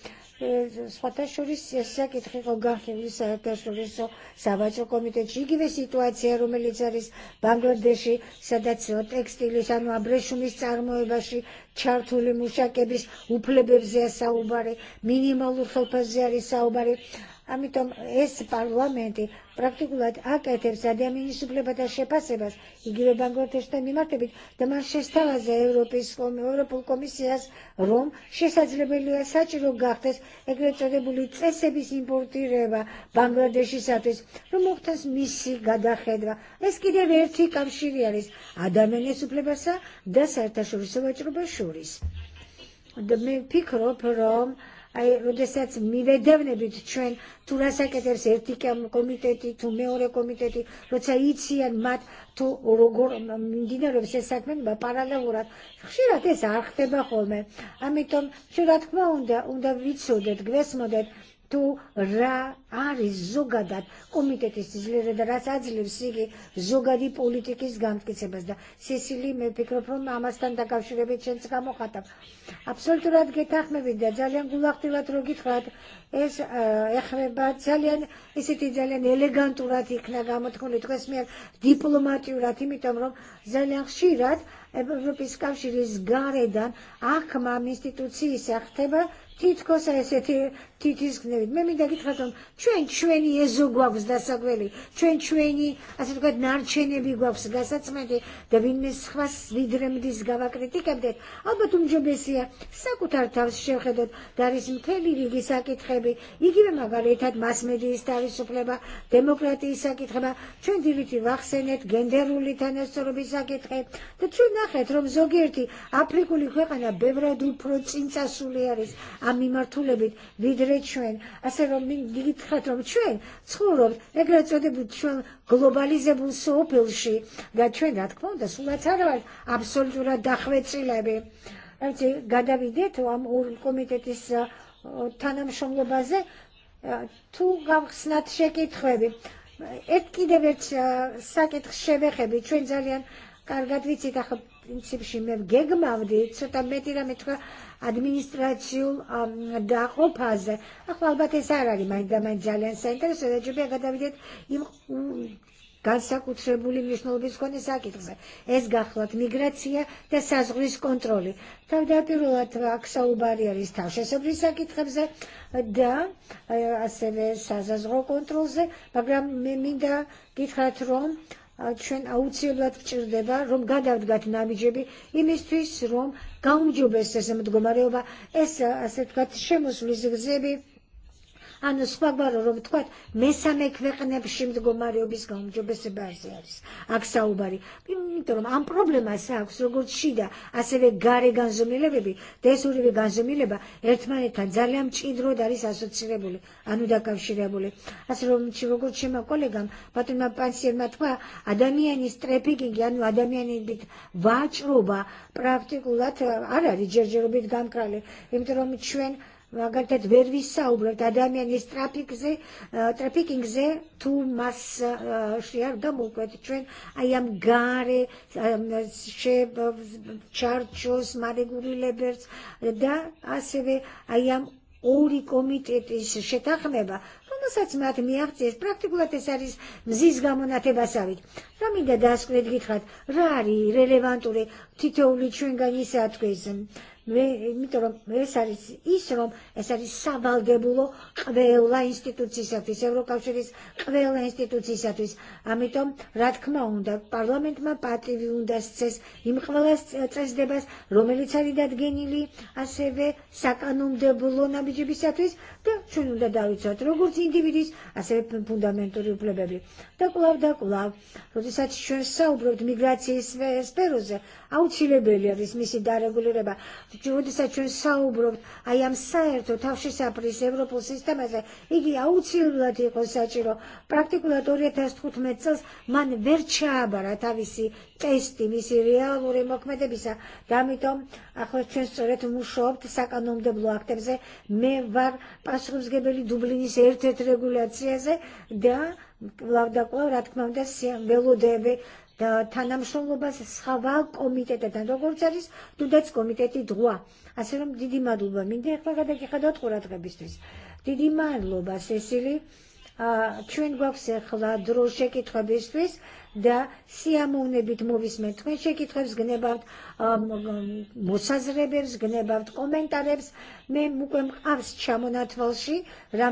Sfataxuris jessa kiet xiko għaxi visa taxuris so sabaċo komite ċigive situazzja rumelizaris Bangladeshi sadazzjo tekstili sanu għabrexu mistarmo e baxi ċartu li muxa kebis u plebebżja sawbari minimalu xolpazjari sawbari ამიტომ ეს პარლამენტი პრაქტიკულად აკეთებს ადამიანის უფლებათა შეფასებას იგივე ბანგლადეშთან მიმართებით და მან შესთავაზა ევროპის ევროპულ კომისიას რომ შესაძლებელია საჭირო გახდეს ეგრეთ წოდებული წესების იმპორტირება ბანგლადეშისათვის რომ მოხდეს მისი გადახედვა ეს კიდევ ერთი კავშირი არის ადამიანის უფლებასა და საერთაშორისო ვაჭრობას შორის. მე ვფიქრობ რომ Лесец kem komiteti, tu тураса кетер серти кем комитети en mat tu ициян мат ту როგორ მინდინარეობს ეს საქმე პარალელურად ხშირად ეს არ ხდება ხოლმე Amitom, შეიძლება თქმა unda, unda vitsodet, gvesmodet, tu ra għari zugadat komitet istizli redarazad li bsigi zugadi politik izgant sebezda. Sisili me pikrofon ma da kaw xrebi ċenz kamu xatab. rad getax me bidda zaljan gulak tilat rogit xat es eħreba eh, zaljan isiti elegant urat ikna għamu tkun diplomati urat imitamrom zaljan xirat eh, Evropiskaw xiri zgare dan akma mistituzzi seħteba titko sa jeseti titisk nevit. Memi da gitħatom, ċwen ċweni jezu guavs da sa sagweli, ċwen ċweni għasat għad nar ċeni bi guavs da sa cmeti, da vin bin nisħas vidrem zgava kritika bdet. Alba tum sa kutar saku tartaw xeħedot, dar ism kelli rigi sa kit i jigi bema għaletad mas medi istari supleba, demokrati sa kit kitħeba, ċwen diriti vaxsenet, genderu li tanessoro bi sa kit kitħeb, da ċwen naħet rom zogirti, aprikuli kwekana kweħana bevra du proċinza suliaris, għammi martu martulebit bidret xwen, għaserom minn digit xatrom xwen, tħurob, negrazzo debut xwen globalize bun sopilxi, għad xwen għad kmonda, sulla tarwal, absolutura daħvet xilebi. Għanti, għada bidet u għam u l-komitet issa tanam xomlu baze, tu għam xnat xeki tħwebi. Et kidevert uh, saket xebi, ċwen zaljan, għal għadvici taħb, nsib ximem gegma għavdi, sotammet ila mitħwebi, администрациюл дахопазе ახალბათ ეს არ არის მაგრამ ძალიან საინტერესო და ჯობია გადავიდეთ იმ განსაკუთრებული მნიშვნელობის მქონე საკითხზე. ეს გახლავთ მიგრაცია და საზღვრის კონტროლი. თავდაპირველად აქ საუბარი არის თავშესებრის საკითხებზე და ასევე საზაზღვრო კონტროლზე, მაგრამ მე მინდა გითხრათ, ჩვენ აუცილებლად გვჭირდება რომ გადავდგათ ნამიჯები იმისთვის რომ გაუმჯობესდეს მდგომარეობა ეს ასე ვთქვათ შემოსვლის გზები għannu skwagbar u rubtkwat, mesa me kvekne bxim dgu marju biskom ġu bisi barzers, għak sawbari. Minturum, għan problema sa, għu għud xida, għaseve gari għanżumi lebebi, tesu ribi għanżumi leba, ertmani tanzali għam ċidru dari sa sotsirebuli, għannu da kaw xirebuli. Għasru mċivu għud xima kollegam, patun ma pansir matwa, għadamijani strepiging, għannu għadamijani bit vaċ ruba, praktikulat, għara riġerġeru bit ċwen, მაგალითად ვერ ვისაუბრებთ ადამიანის ტრაფიკზე, ტრაფიკინგზე თუ მას შეარ გამოვკვეთ ჩვენ აი ამ გარე ჩარჩოს მარეგულირებებს და ასევე აი ამ ორი კომიტეტის შეთანხმება, რომელსაც მათ მიაღწიეს პრაქტიკულად ეს არის მზის გამონათებასავით. რა მინდა დასკვნით გითხრათ, რა არის რელევანტური თითოეული ჩვენგან ისაა თქვენს ეს არის ის რომ ეს არის სავალდებულო ყველა ინსტიტუციისათვის ევროკავშირის ყველა ინსტიტუციისათვის ამიტომ რა თქმა უნდა პარლამენტმა პატივი უნდა სცეს იმ ყველა წესდებას რომელიც არის დადგენილი ასევე საკანონმდებლო ნაბიჯებისათვის ċunu da daw iċat rogur ti individis, għaseb fundamentu riplebebli. Da kulav, da kulav, rodi saċ ċun sawbro d migrazzji speruze, għaw ċilebeli għavis misi da reguli reba, rodi saċ ċun sawbro għajam sajrtu taw xie sapris Evropu sistema ze, igi għaw ċilebeli konsaċiro, praktikulatorja e test kut mezzas man verċabara ta' visi testi, misi realu remok medebisa, damitom, għakħoċ ċun soretu muxob, tisak għannum deblu aktar me var ასრულებსგებელი დუბლინის ერთ-ერთ რეგულაციაზე და ლავდაკვალ რა თქმა უნდა ველოდები da, თანამშრომლობას სხვა კომიტეტებთან, როგორც არის თუნდაც კომიტეტი დღვა. ასე რომ დიდი მადლობა მინდა ახლა გადაგიხადოთ ყურადღებისთვის. Didi მადლობა sesili, ჩვენ გვაქვს ახლა დრო შეკითხვებისთვის da si amune bit movis met kwenche ki trev zgnebavt um, um, musa zrebev, zgnebavt komentarev, me mukwem avs čamo na tvalši, da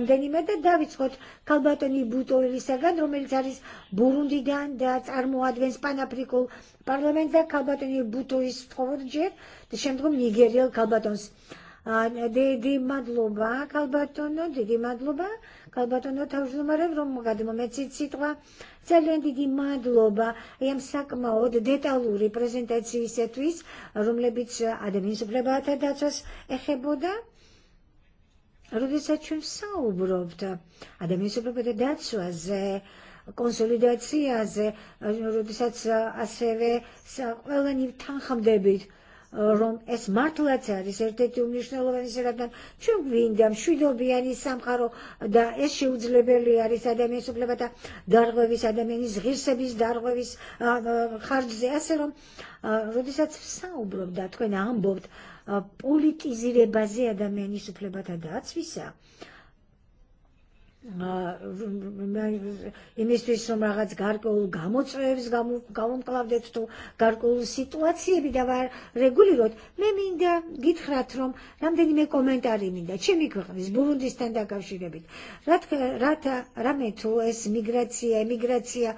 davic kalbatoni buto ili sagan, romeli burundi dan, da ats armu advenz panaprikul parlament da kalbatoni buto iz tkovod džer, da šem drum nigeriel kalbatons. Dedi madloba kalbatono, dedi madloba, madloba, vrom ma kalbatonu tavşumarın rumu kadıma metsit sitva Цален დიდი მადლობა ამ საკმაოდ დეტალური პრეზენტაციისათვის, რომლებიც ადამიანის უფლებათა დაცვას ეხებოდა. როდესაც ჩვენ საუბრობთ ადამიანის უფლებათა დაცვაზე, კონსოლიდაციაზე, როდესაც ასევე ყველანი debit, რომ ეს მართლაც არის ერთ-ერთი უმნიშვნელოვანი სერადგან ჩვენ გვინდა მშვიდობიანი სამყარო და ეს შეუძლებელი არის ადამიანის უფლებათა დარღვევის ადამიანის ღირსების დარღვევის ხარჯზე ასე რომ როდესაც ვსაუბრობ და თქვენ ამბობთ პოლიტიზირებაზე ადამიანის უფლებათა დაცვისა იმისთვის რომ რაღაც გარკვეულ გამოწვევებს გავუმკლავდეთ თუ გარკვეულ სიტუაციები და რეგულიროთ მე მინდა გითხრათ რომ რამდენიმე კომენტარი მინდა ჩემი ქვეყნის ბურუნდისთან დაკავშირებით რათა რამე თუ ეს მიგრაცია ემიგრაცია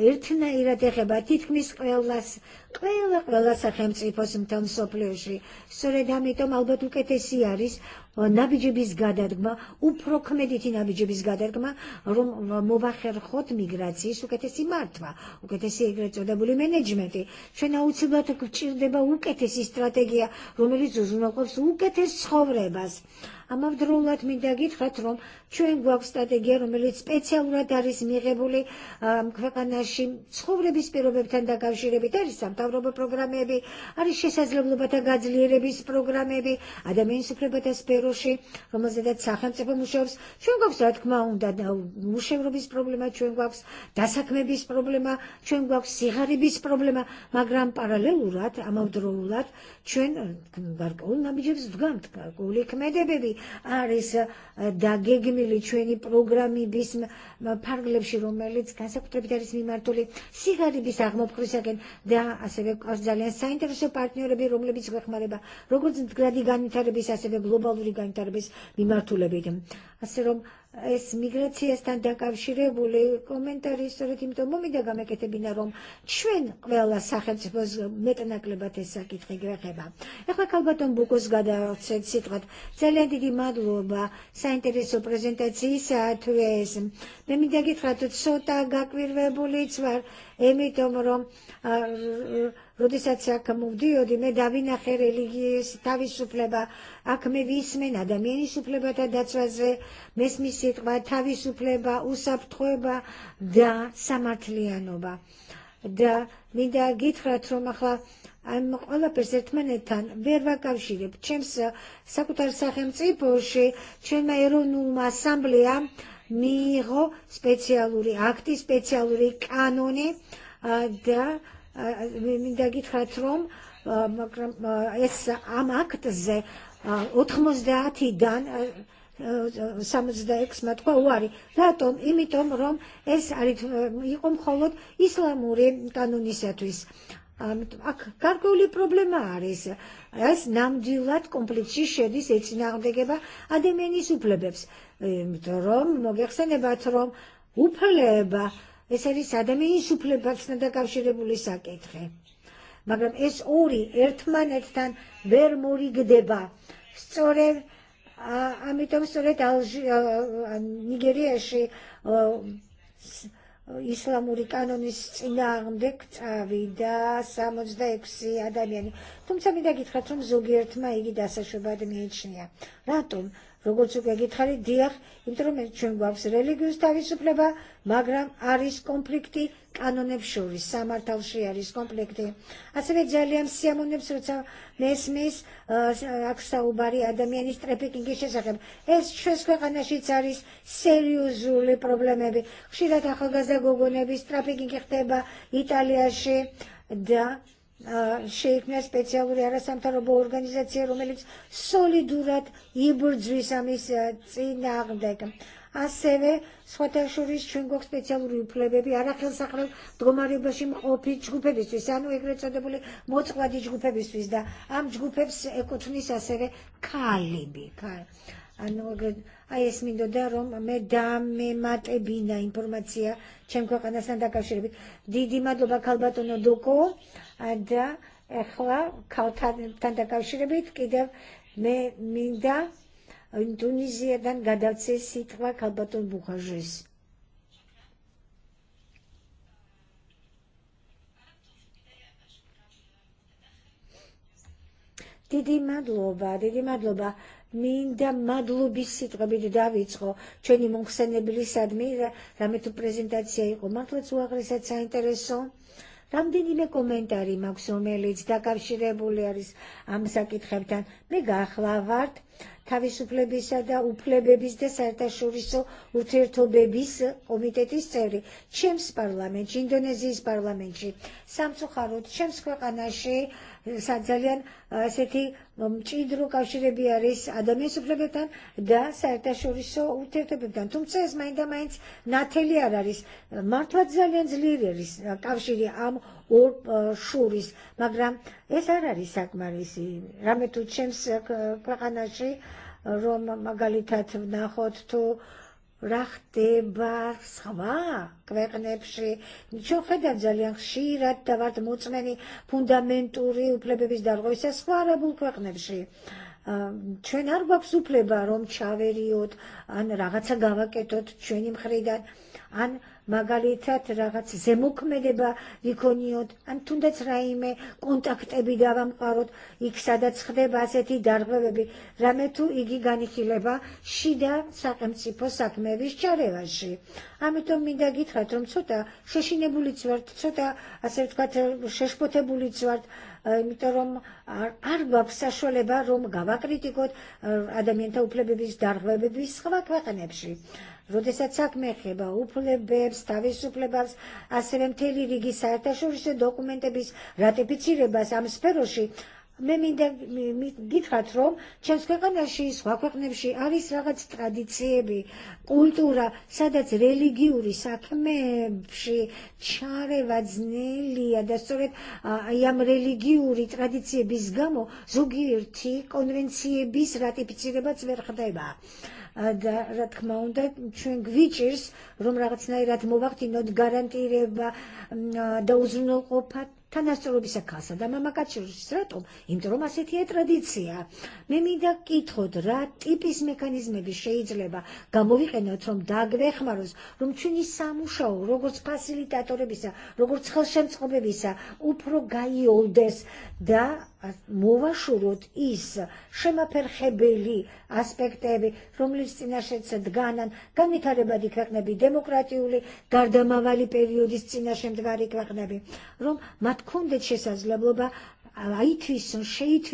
ერთნაირად ეხება თითქმის ყველას, ყველა ყველა სახელმწიფოს მთელ მსოფლიოში. სწორედ ამიტომ ალბათ უკეთესი არის ნაბიჯების გადადგმა, უფრო ქმედითი ნაბიჯების გადადგმა, რომ მოვახერხოთ მიგრაციის უკეთესი მართვა, უკეთესი ეგრეთ წოდებული მენეჯმენტი. ჩვენ აუცილებლად გვჭირდება უკეთესი სტრატეგია, რომელიც უზრუნველყოფს უკეთეს ცხოვრებას. ამავდროულად მინდა გითხრათ, რომ ჩვენ გვაქვს სტრატეგია, რომელიც სპეციალურად არის მიღებული ქვეყანაში ცხოვრების პირობებთან დაკავშირებით, არის სამთავრობო პროგრამები, არის შესაძლებლობათა გაძლიერების პროგრამები ადამიანის უფლებათა სფეროში, რომელზედაც სახელმწიფო მუშაობს. ჩვენ გვაქვს რა თქმა უნდა მუშევრობის პრობლემა, ჩვენ გვაქვს დასაქმების პრობლემა, ჩვენ გვაქვს სიღარიბის პრობლემა, მაგრამ პარალელურად, ამავდროულად ჩვენ hm, გარკვეულ ნაბიჯებს ვდგამთ, გარკვეული ქმედებები არის hm, დაგეგმილი გაწეული ჩვენი პროგრამების ფარგლებში, რომელიც განსაკუთრებით არის მიმართული სიგარების აღმოფხვრისაკენ და ასევე გყავს ძალიან საინტერესო პარტნიორები, რომლებიც გვეხმარება როგორც მდგრადი განვითარების, ასევე გლობალური განვითარების მიმართულებით. ასე რომ ეს მიგრაციასთან დაკავშირებული კომენტარი სწორედ იმიტომ მომიდა გამეკეთებინა რომ ჩვენ ყველა სახელმწიფოს მეტნაკლებად ეს საკითხი გვეხება. ახლა ქალბატონ ბუკოს გადავცეთ სიტყვათ. ძალიან დიდი მადლობა საინტერესო პრეზენტაციისათვის. მე მინდა გითხრათ ცოტა გაკვირვებულიც ვარ, იმიტომ რომ როდესაც აქ მოვდიოდი, მე დავინახე რელიგიის თავისუფლება, აქ მე ვისმენ ადამიანის უფლებათა დაცვაზე, მესმის სიტყვა თავისუფლება, უსაფრთხოება და სამართლიანობა. და მინდა გითხრათ, რომ ახლა għan mqolla persert manetan verva kavxirib ċems sakutar saħem tsipoxi ċemma irunu ma assemblea miħo specialuri akti specialuri kanoni da მინდა გითხრათ რომ მაგრამ ეს ამ აქტზე 90-დან 76-მა თქვა უარი. რატომ? იმიტომ რომ ეს არის იყო მხოლოდ ისლამური კანონისათვის. აქ გარკვეული პრობლემა არის. ეს ნამდვილად კონფლიქტში შედის ეწინააღმდეგება ადამიანის უფლებებს. იმიტომ რომ მოგეხსენებათ რომ უფლება ეს არის ადამიანის უფლებებსა და კავშირებული საკითხი. მაგრამ ეს ორი ერთმანეთთან ვერ მორიგდება. სწორედ ამიტომ სწორედ ნიგერიაში ისლამური კანონის წინააღმდეგ წავიდა 66 ადამიანი. თუმცა მე დაგითხრათ, რომ ზოგიერთმა იგი დასაშვებად მიიჩნია. რატომ? როგორც უკვე გითხარით, დიახ, იმიტომ რომ ჩვენ გვაქვს რელიგიურ თავისუფლება, მაგრამ არის კონფლიქტი კანონებს შორის, სამართავში არის კონფლიქტი. ასევე ძალიან სიამოვნებს, როცა მესმის აქ საუბარი ადამიანის ტრაფიკინგის შესახებ. ეს ჩვენს ქვეყანაშიც არის სერიოზული პრობლემები. ხშირად ახალგაზრდა გოგონების ტრაფიკინგი ხდება იტალიაში და შეიქმნა სპეციალური არასამთავრობო ორგანიზაცია, რომელიც სოლიდურად იბრძვის ამის წინააღმდეგ. ასევე სხვათა შორის ჩვენ გვაქვს სპეციალური უფლებები არახელსაყრელ მდგომარეობაში მყოფი ჯგუფებისთვის, ანუ ეგრეთ წოდებული მოწყვლადი ჯგუფებისთვის და ამ ჯგუფებს ეკუთვნის ასევე ქალები, ანუ ეგრეთ a jesmi dodarom me dammi mat ebina informazzija ċemkwa koja nas nanda kaširbi. Didi madloba kalbato no duko, a da ehla kao tanda kidev me minda in Tunizija Tunizijadan gadavce sitva kalbatu buhažes. Didi madloba, didi madloba da madlu bissitro bidi davitro, ċeni monksene bilis admira, rametu prezentazija jiko, matlu tsa intereso? intereson, ramdini me komentari maksumelic, da kavxirebuli aris amsakit xebtan, me gaħlavart, თავისუფლებისა და უფლებების და საერთაშორისო ურთიერთობების კომიტეტის წევრი ჩემს პარლამენტში, ინდონეზიის პარლამენტში, სამწუხაროდ ჩემს ქვეყანაში sanzaljen eh, seti mċidru mm, kaw xiri bjaris għadomi suplementan da sajta xuri so u tirta bimtan. Tum tsez ma jinda ma jinds nateli għararis. Eh, Martu għadżaljen zliri għaris eh, kaw xiri xuris. Magram, jes araris sak marisi. Rametu ċems kwaqanaxi rom magalitat naħod tu raħti bar sħaba, kver nebxi, nċoħe da ġaljan xira, tabat muċmeni fundamenturi u plebe biex dargoj se sħara bu kver nebxi. Um, ċen arba bsu plebarom ċaveriot, għan raħatza għava ketot ċen imħridan, għan მაგალითად რაღაც ზემოქმედება ვიქონიოთ, ან თუნდაც რაიმე კონტაქტები Ebidavam იქ სადაც ხდება ასეთი დარღვევები, რამე Shida იგი განიხილება შიდა სახელმწიფო საქმეების ჩარევაში. ამიტომ მინდა გითხრათ, რომ ცოტა შეშინებულიც ვართ, ცოტა ასე ვთქვათ, შეშფოთებულიც ვართ, იმიტომ რომ არ გვაქვს საშუალება რომ გავაკრიტიკოთ ადამიანთა უფლებების დარღვევების სხვა ქვეყნებში როდესაც საქმე ეხება უფლებებს, თავისუფლებას, ასევე მთელი რიგი საერთაშორისო დოკუმენტების რატიფიცირებას ამ სფეროში, მე მინდა გითხრათ, რომ ჩემს ქვეყანაში, სხვა ქვეყნებში არის რაღაც ტრადიციები, კულტურა, სადაც რელიგიური საქმეებში ჩარევა ძნელია და სწორედ აი ამ რელიგიური ტრადიციების გამო ზოგიერთი კონვენციების რატიფიცირებაც ვერ ხდება rat და რა თქმა უნდა ჩვენ გვიჭირს რომ რაღაცნაირად მოვახდინოთ გარანტირება და უზრუნველყოფა თანასწორობის კასა და მამაკაცის რატომ? იმიტომ რომ ასეთია ტრადიცია. მე მინდა გკითხოთ რა ტიპის მექანიზმები შეიძლება გამოვიყენოთ რომ დაგვეხმაროს, რომ ჩვენი სამუშაო, როგორც ფასილიტატორებისა, როგორც ხელშემწყობებისა, უფრო გაიოლდეს da muwa xurut issa xema perħebili aspektevi rum li s-sinaxet sedganan kan nitareba di demokrati u li garda mavali periodi dvari kraknebi rum ma tkun deċesa zlabloba għajt xejt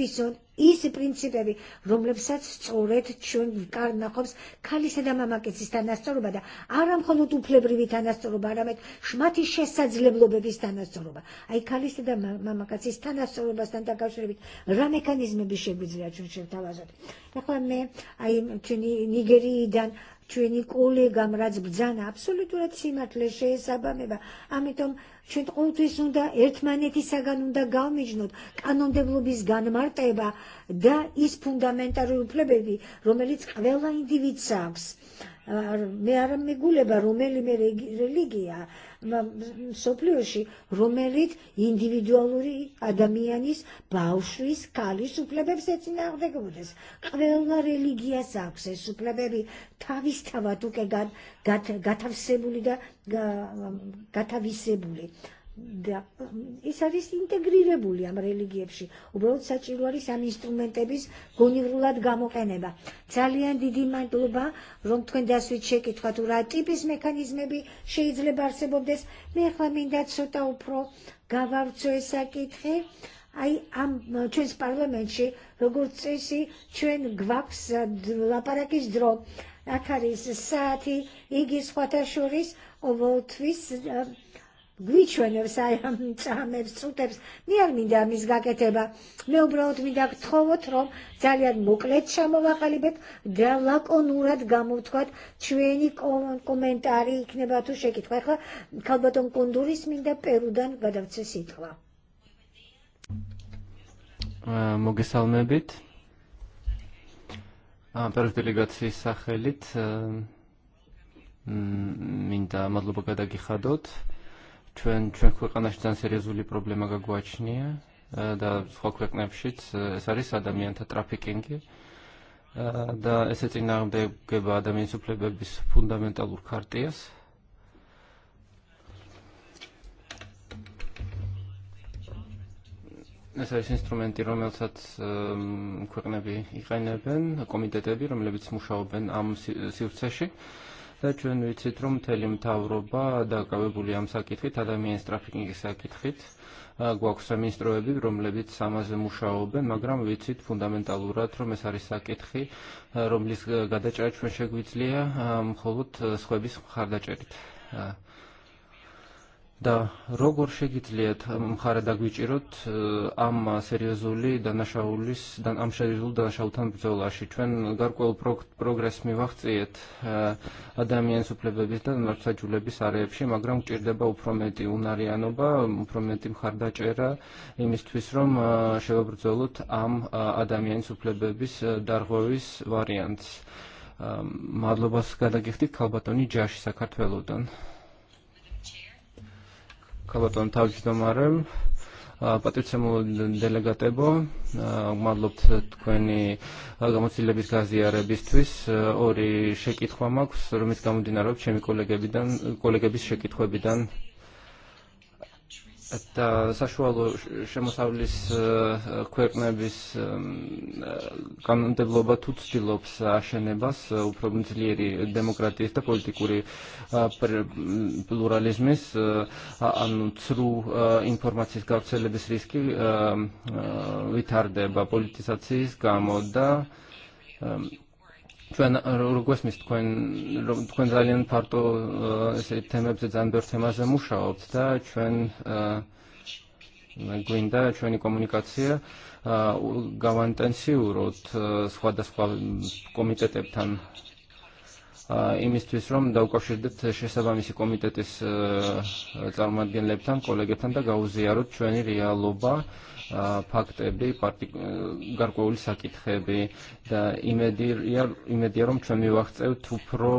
ის პრინციპები, რომლებსაც სწორედ ჩვენ ვკარნახობს ქალისა და მამაკაცის თანასწორობა და არა მხოლოდ უფლებრივი თანასწორობა, არამედ მათი შესაძლებლობების თანასწორობა. აი ქალისა და მამაკაცის თანასწორობასთან დაკავშირებით რა მექანიზმები შეგვიძლია ჩვენ შევთავაზოთ? ახლა მე აი ჩვენი ნიგერიიდან ჩვენი კოლეგამ რაც ბძანა აბსოლუტურად სიმართლე შეესაბამება. ამიტომ ჩვენ ყოველთვის უნდა ერთმანეთისაგან უნდა გავმიჯნოთ კანონმდებლობის განმარტება და ის ფუნდამენტარული უფლებები, რომელიც ყველა ინდივიდს აქვს mi mi rumeli rumelime religija, ma sopliuxi rumelit individualuri adamianis pauxris kali suplebeb setzin ardegudes. Kvella religija sakse suplebebi tavis tavatu tavatuke gatavsebuli da gatavsebuli da ის არის ინტეგრირებული ამ რელიგიებში უბრალოდ საჭირო არის ამ ინსტრუმენტების გონივრულად გამოყენება ძალიან it მადლობა რომ თქვენ დასვით შეკითხათ რა ტიპის მექანიზმები შეიძლება არსებობდეს მე ახლა მინდა pro უფრო გავავრცო ეს საკითხი għaj għam ċuż parlamentxi, rogur t-sisi ċen gvaks la parakis dro, Akaris, saati, sati igis xwata xuris, u uh გვიჩვენებს da ამ წამებს, წუტებს, მე არ მინდა ამის გაკეთება. მე უბრალოდ მინდა გთხოვოთ, რომ ძალიან მოკლედ ჩამოვაყალიბეთ და ლაკონურად გამოვთქვათ ჩვენი კომენტარი იქნება თუ შეკითხვა. ეხლა ქალბატონ კონდურის მინდა პერუდან გადავწეს სიტყვა. მოგესალმებით. პერუს დელეგაციის სახელით da მადლობა გადაგიხადოთ. აა člen, členku kanaštan se rezuli problema ga guačnije, da skokvek nepšit, sarisa da mienta trafikingi, da eseti nagde geba da mien suplebe bis fundamentalu kartijas. Nesarix instrumenti romel sat kwernebi iqajneben, komitetebi romlebic muxawben am sirceši. Si Leġun u citrum telim ta' Europa, da' kawibu li jam sakitħit, għada mien strafikin sakitħit, għak sa' ministru ebibrum li bit sama ze muxa u ben, magram u cit fundamental u ratru mesari sakitħi, rom li għada ċerċ meċegwit li mħolut skwebis mħarda ċerċ. Da, rogor xegit li jed, mħare da gwiċirot, għamma e, serjezuli, da naxaw lis, dan għam xerjezul, da naxaw tan bżola, xieċven garkwel progress mi vaħt e jiet, għadam e, jen suplebe bis, dan l-arċaġu le bis għare bxie, ma gram ċirdeba u prometi unari għanoba, prometi mħarda ċera, imis twisrom xeva bżolut, għam għadam jen suplebe bis, darħovis variants. Madlu bas għada għiftik kalbatoni ġaxi sa kartveludan. dan. Kabaton tavġi domarem. Uh, Patriċemu delegatebo, uh, madlob tkweni għamotilla bizgazija rebistwis, uh, ori xekit xwamak, s-rumit kamu dinarob, ċemi kollega bidan, kollega biz xekit xwabidan. Ta xemu sawlis Että bis kan saulis tut stilops tutstilops eh, u uprobnitlieri demokratis ta politikuri eh, per mm, pluralizmis eh, għannu anu tsru informacijas bis riski vitardeba ehm, politizacijas gamo da ehm, Twen rrugwes mis tkun zalien partu se teme bżed zambir tema ze musha obsta, twen gwinda, twen komunikazzija għawan tensjurot sħadda sħwa komitet ebtan imistwis rom daw koxirdet xe seba misi komitetis zarmad gen lebtan, kollegetan da għawzi jarut ċveni rija loba ფაქტები გარკვეული საკითხები და იმედია რომ ჩვენ მივაღწევთ უფრო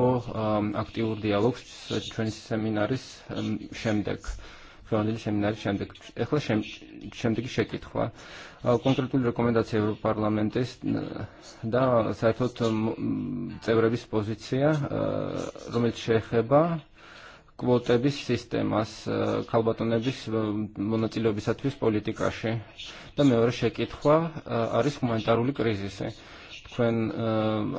აქტიურ დიალოგს ჩვენი სემინარის შემდეგ ġurnali seminar xemdik, eħla xemdik xekitħwa. Konkretu l-rekomendazzja Europarlamentis da sajtot cevrebis pozizija, rumil კვოტების სისტემას ქალბატონების მონაწილეობისათვის პოლიტიკაში და მეორე შეკითხვა არის ჰუმანიტარული კრიზისი. თქვენ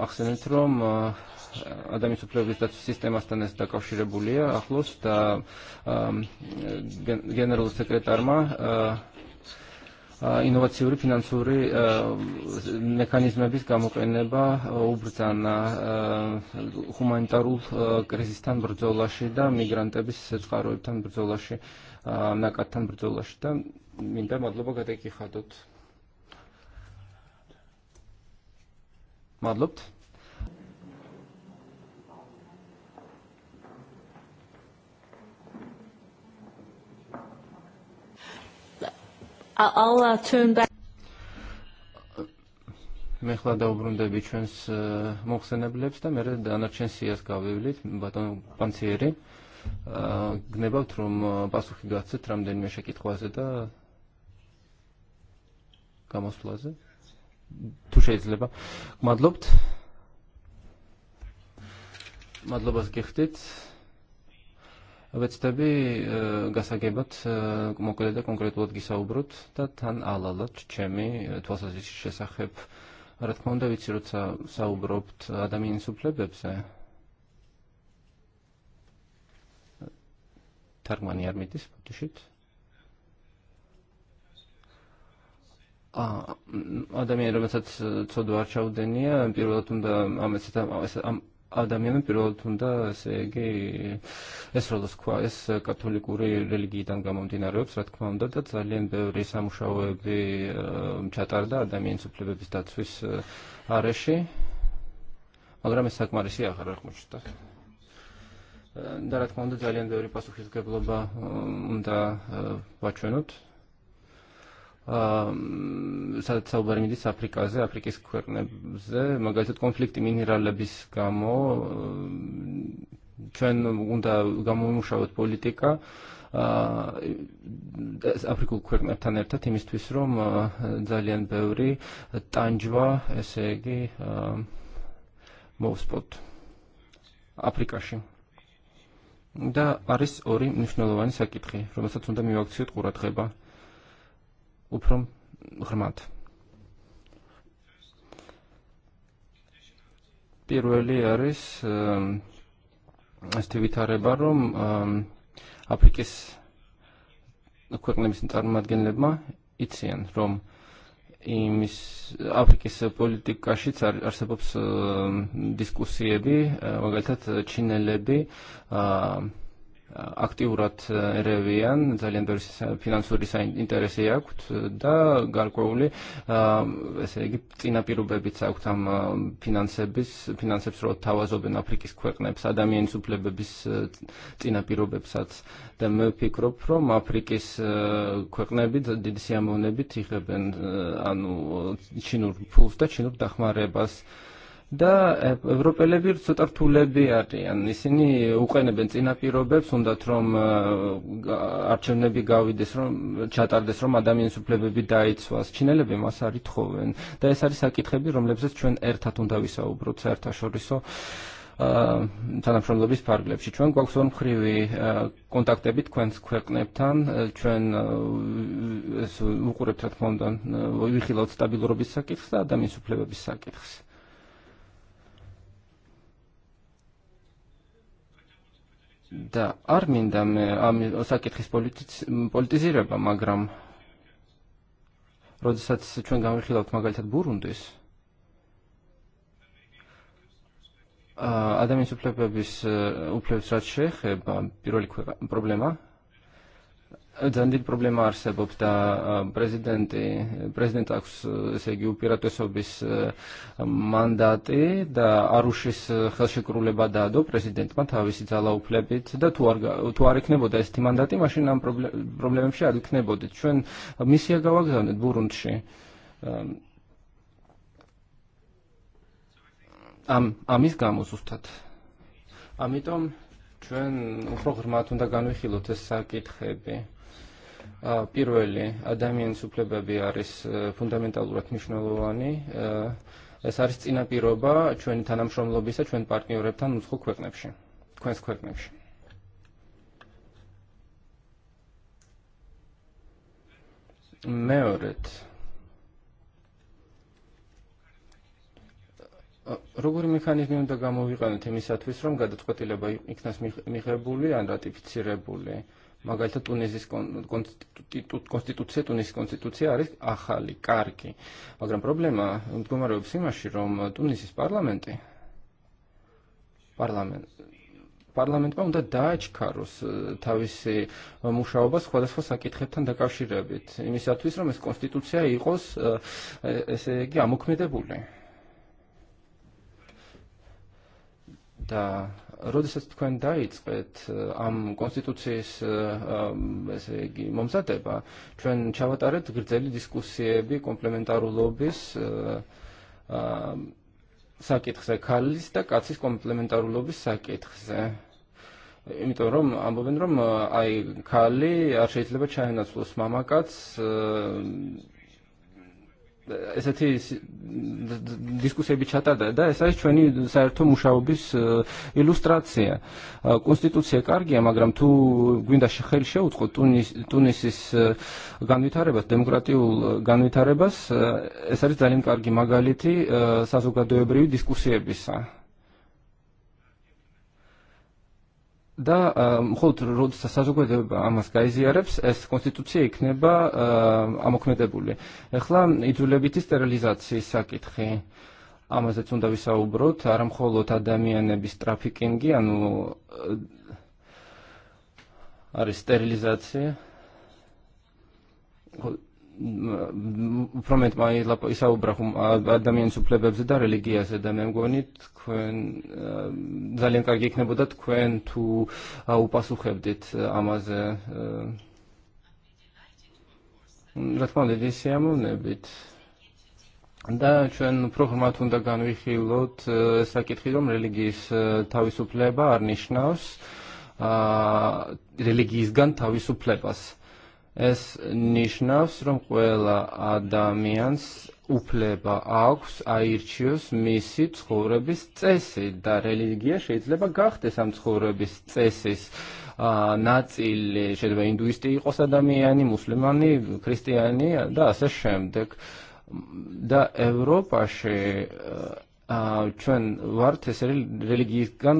ახსენეთ რომ ადამიანის უფლებების სისტემასთან ეს დაკავშირებულია ახლოს და გენერალურ სეკრეტარმა ინოვაციური ფინანსური მექანიზმების გამოყენება უბრძანა ჰუმანიტარულ კრიზისთან ბრძოლაში და მიგრანტების წყაროებთან ბრძოლაში, ნაკადთან ბრძოლაში და მინდა მადლობა გადაიკიხადოთ. მადლობთ. I'll uh, turn back. Meħla daw brunda biċens uh, moħsene da meret dan ċensijas kavivlit, batan panzieri. Uh, gnebaw trum basu uh, kigazzi tram den meċekit kważi da kamos plazi. Tuxejt zleba. Madlobt? Madlobat kiftit? Madlobat kiftit? Għabet eh, għasa għibat eh, mokoleda konkretu għisa u brut, ta' tan għalalat ċemi t eh, twasaz iċċe saħħib għarat konda sa' u brut għadamin suplebebse. Tarmani għarmitis, pattuxit? Għadamin rrmetat t-sodwar ċaw ċawdenja, biru għatum da għamet ადამიან은 პირველთუნდა ესე იგი ეს როლოს ქვა ეს კათოლიკური რელიგიიდან გამომდინარეობს რა თქმა უნდა და ძალიან ბევრი სამუშაოები ჩატარდა ადამიანის უფლებების დაცვის არეში მაგრამ ეს საკმარისი აღარ აღმოჩნდა და რა თქმა უნდა ძალიან ბევრი პასუხისგებლობა უნდა ვაჩვენოთ საუბარმინდის ehm, აფრიკაზე, konflikti ქვეყნებზე, მაგალითად კონფლიქტი მინერალების გამო ჩვენ უნდა გამოვიმუშავოთ პოლიტიკა აფრიკულ ქვეყნებთან ერთად იმისთვის, რომ ძალიან ბევრი ტანჯვა, ესე იგი, მოვსპოთ Da aris ori ორი sakitri, საკითხი, unta mi მივაქციოთ kuratreba uprem громад. პირველი არის ეს თვითარება, რომ აფრიკის ქვეყნების წარმოადგენლებმა იციან, რომ იმის აფრიკის პოლიტიკაშიც არსებობს დისკუსიები, მაგალითად ჩინელები lebi aktivrat erebian, eh, zalien berriz finanzuri zain interesiak, da galko huli, ez eh, egipt inapiru bebitzak tam eh, finanzebiz, finanzebiz ro tawazoben aprikiz kueknebiz, adamien zuple bebiz inapiru bebizat. Da me pikrop rom aprikiz kueknebiz, didisiamu nebiz, ikheben, anu, txinur pulta, txinur dakmarebaz, და ევროპელები ცოტა რთულები არიან. ისინი უყენებენ წინაპირობებს, უნდათ რომ არჩევნები გავიდეს, რომ ჩატარდეს, რომ ადამიანის უფლებები დაიცვას. ჩინელები მას არ ითხოვენ და ეს არის საკითხები, რომლებზეც ჩვენ ერთად უნდა ვისაუბროთ საერთაშორისო თანამშრომლობის ფარგლებში. ჩვენ გვაქვს ორმხრივი კონტაქტები თქვენს ქვეყნებთან, ჩვენ უყურებთ რა თქმა უნდა ვიხილავთ სტაბილურობის საკითხს და ადამიანის უფლებების საკითხს. da armin da me għamil osakit xis ba magram rodisat se ċun għamil xilot magal tad burundis għadam jinsu plebe bis uplepe plebe traċċeħ ba biro li problema Għandi dit problema ar sebab ta' eh, prezidenti, prezident aks eh, segju sobis eh, mandati da aruxis xelxikruleba da badadu, prezident ma ta' visi tala u plebit da tuarek nebod esti mandati ma xinnan problemi fxad għalik nebod, ċen misja għawak zanet burunt xie. Ehm, am, amis għamu sustat. Amitom, ċen u programmatun da għanu xilot essa kitħebi პირველი ადამიანის უფლებები არის ფუნდამენტალურად მნიშვნელოვანი ეს არის წინაპირობა ჩვენი თანამშრომლობისა ჩვენ პარტნიორებთან უცხო ქვეყნებში თქვენს ქვეყნებში მეორედ როგორი მექანიზმი უნდა გამოვიყენოთ იმისათვის, რომ გადაწყვეტილება იქნას მიღებული ან რატიფიცირებული? მაგალითად ტუნიზის კონსტიტუცია ტუნის კონსტიტუცია არის ახალი, კარგი, მაგრამ პრობლემა მდგომარეობს იმაში, რომ ტუნისის პარლამენტი პარლამენტ პარლამენტმა უნდა დააჩქაროს თავისი მუშაობა სხვადასხვა საკითხებთან დაკავშირებით, იმისათვის, რომ ეს კონსტიტუცია იყოს ესე იგი ამოქმედებული. და Rodisat tkun dajtqet am konstituzzijas segi ċawat għaret ċavataret diskussie bi komplementaru lobis sakit xse kallis da kazzis komplementaru lobis sakit xse. Imito rom, għambo rom, għaj kalli, għarxejt lebe ċaħna tlus mamakats, Issa ti diskussja biċċata da, da issa ċveni sajrtu muxaw bis eh, illustrazija. Eh, konstituzzja kargija, ma gram tu gwinda xeħel xew tko Tunisis eh, ganvitarebas, demokratiju ganvitarebas, issa zalim talim kargi magaliti sazuga dojebriju diskussja bisa. და მხოლოდ როდესაც საზოგადოება ამას გაიზიარებს, ეს კონსტიტუცია იქნება ამოქმედებული. ეხლა იძულებითი სტერილიზაციის საკითხი. ამაზეც უნდა ვისაუბროთ, არა მხოლოდ bis trafikingi ანუ არის ehm, sterilizazzi. Promet ma po jidlapo għadda mien su plebeb zida religija zida għonit kwen eh, zalien kargik nebudat kwen tu għu pasu xebdit eh, għamaze eh, Ratman li disi għamu nebit Da ċen programmat un dagan wixilot sakit xilom religijis pleba supleba arnixnaws religijis gan tawi suplebas. Es ნიშნავს, რომ ყველა ადამიანს უფლება აქვს აირჩიოს მისი ცხოვრების წესი და რელიგია შეიძლება გახდეს ამ Hinduisti წესის Adamiani, muslimani, kristiani, da se მუსლიმანი, Da Evropa ასე შემდეგ. vart ევროპაში ჩვენ gan gan რელიგიისგან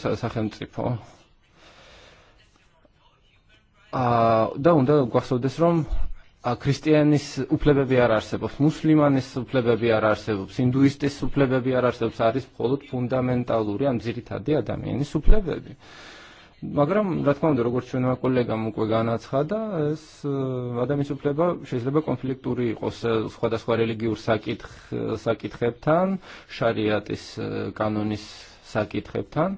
sa სახელმწიფო dawn da għasu disrom a kristjanis u plebe bjar arseb, u muslimanis u plebe bjar arseb, u hinduistis u plebe bi bjar arseb, saris bħolot fundamentaluri għam zirit għaddi għadamienis u plebe bi. Magram, ratkom ratmandu, rogur ċuna kollega mu kwe kwegħana tħada, s għadam jisu pleba, xezleba konflikturi jqos sħada sħua religjur sakit xebtan, xarijat is kanonis sakit xebtan.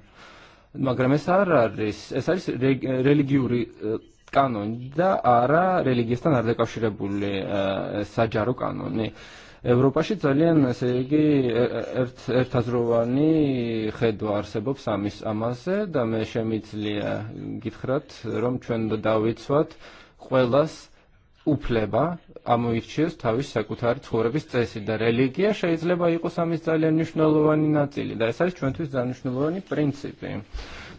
Magram, es arris, es arris religjuri kanunda għara religjistan għardek għaw xirebulli eh, saġġaru kanuni. Europa xittaljen segi irtazruwani eh, xedwar arsebob samis amaze da me xemit li gitħrat rom ċen da dawit swat xwelas upleba ამოირჩიეს თავის საკუთარი ცხოვრების წესი da religija შეიძლება იყოს ამის ძალიან მნიშვნელოვანი ნაწილი და ეს არის ჩვენთვის ძალიან მნიშვნელოვანი პრინციპი.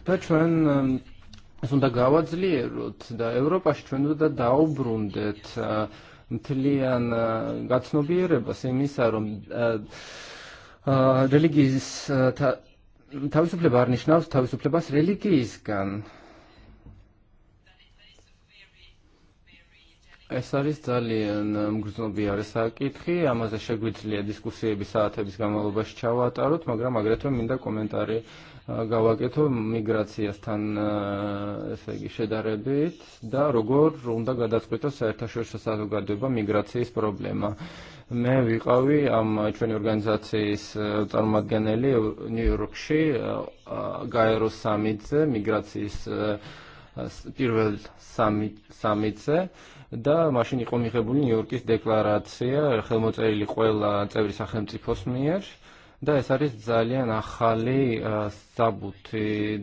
და ჩვენ da għawad zlirut, da Europa xċundu da daw brundet, għan għatsnu bire, bas jemisarum, religiz, tawisu plebar nixnaw, tawisu plebas religiz kan. Essa rista li mgħuznu bija rissa kitħi, għamma za xegwit li diskussija bisata bisgħamma u ċawat, għarut magra magretu minda komentari. komentari გავაკეთო მიგრაციასთან ესე იგი შედარებით და როგორ უნდა გადაწყვეტოს საერთაშორისო საზოგადოება მიგრაციის პრობლემა. მე ვიყავი ამ ჩვენი ორგანიზაციის წარმომადგენელი ნიუ-იორკში გაერო სამიტზე მიგრაციის პირველ სამიტზე და მაშინ იყო მიღებული ნიუ-იორკის დეკლარაცია ხელმოწერილი ყველა წევრი სახელმწიფოს მიერ და ეს არის ძალიან ახალი sabuti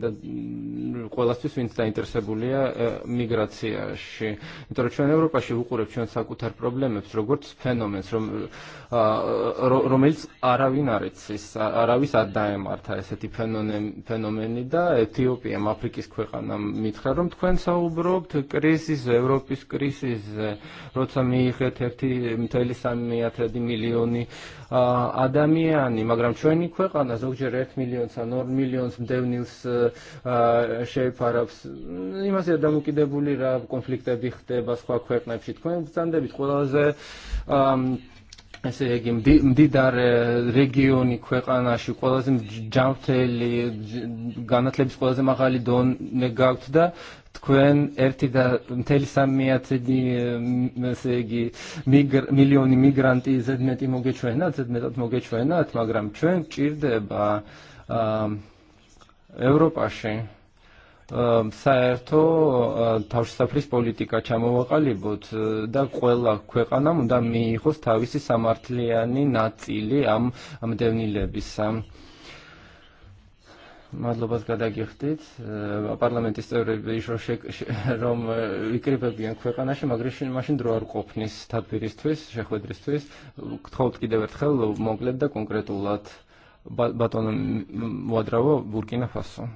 kolla stis minn ta' intersebulija eh, migrazzija xi interruzzjoni Ewropa xi ħukur ċen sa' kutar problemi b'strogurt fenomens eh, romilz aravinarit issa aravis għaddajm għarta eseti fenomeni da Etiopija ma' prikis kweħana mitħarrom tkwen sa' ubrob krisis Europis krisis mi miħet erti mteli sammija 3 miljoni magram ma' gramċoni kweħana zogġer 1 miljon sa' nor miljon miljonów devnils xej eh, parabs. Eh, mm, ima se damu kidebuli ra konflikta biħteba sħwa kwek na bxitkun, bżande bitħula ze ესე იგი მდიდარე რეგიონი ქვეყანაში ყველაზე ჯანმრთელი განათლების ყველაზე მაღალი დონე გაქვთ და თქვენ ერთი და მთელი 300 ესე იგი მილიონი მიგრანტი ზედმეტი მოგეჩვენათ, ზედმეტად მოგეჩვენათ, მაგრამ ჩვენ გჭირდება აა Ehm, eh, politika ევროპაში da თავშესაფრის პოლიტიკა ჩამოვაყალიბოთ და ყველა ქვეყანამ უნდა მიიღოს თავისი სამართლიანი devni lebisa. მდევნილებისა. Madlobat għada għiħtit, eh, parlament istorri biex roxek rom eh, ikribbebjen kwekana xe magrixin maċin dru għarkopnis tadbiristwis, xeħwedristwis, tħolt kidewet xellu mogled da konkretulat. Uh, Baton Wadrawo, Burkina Faso.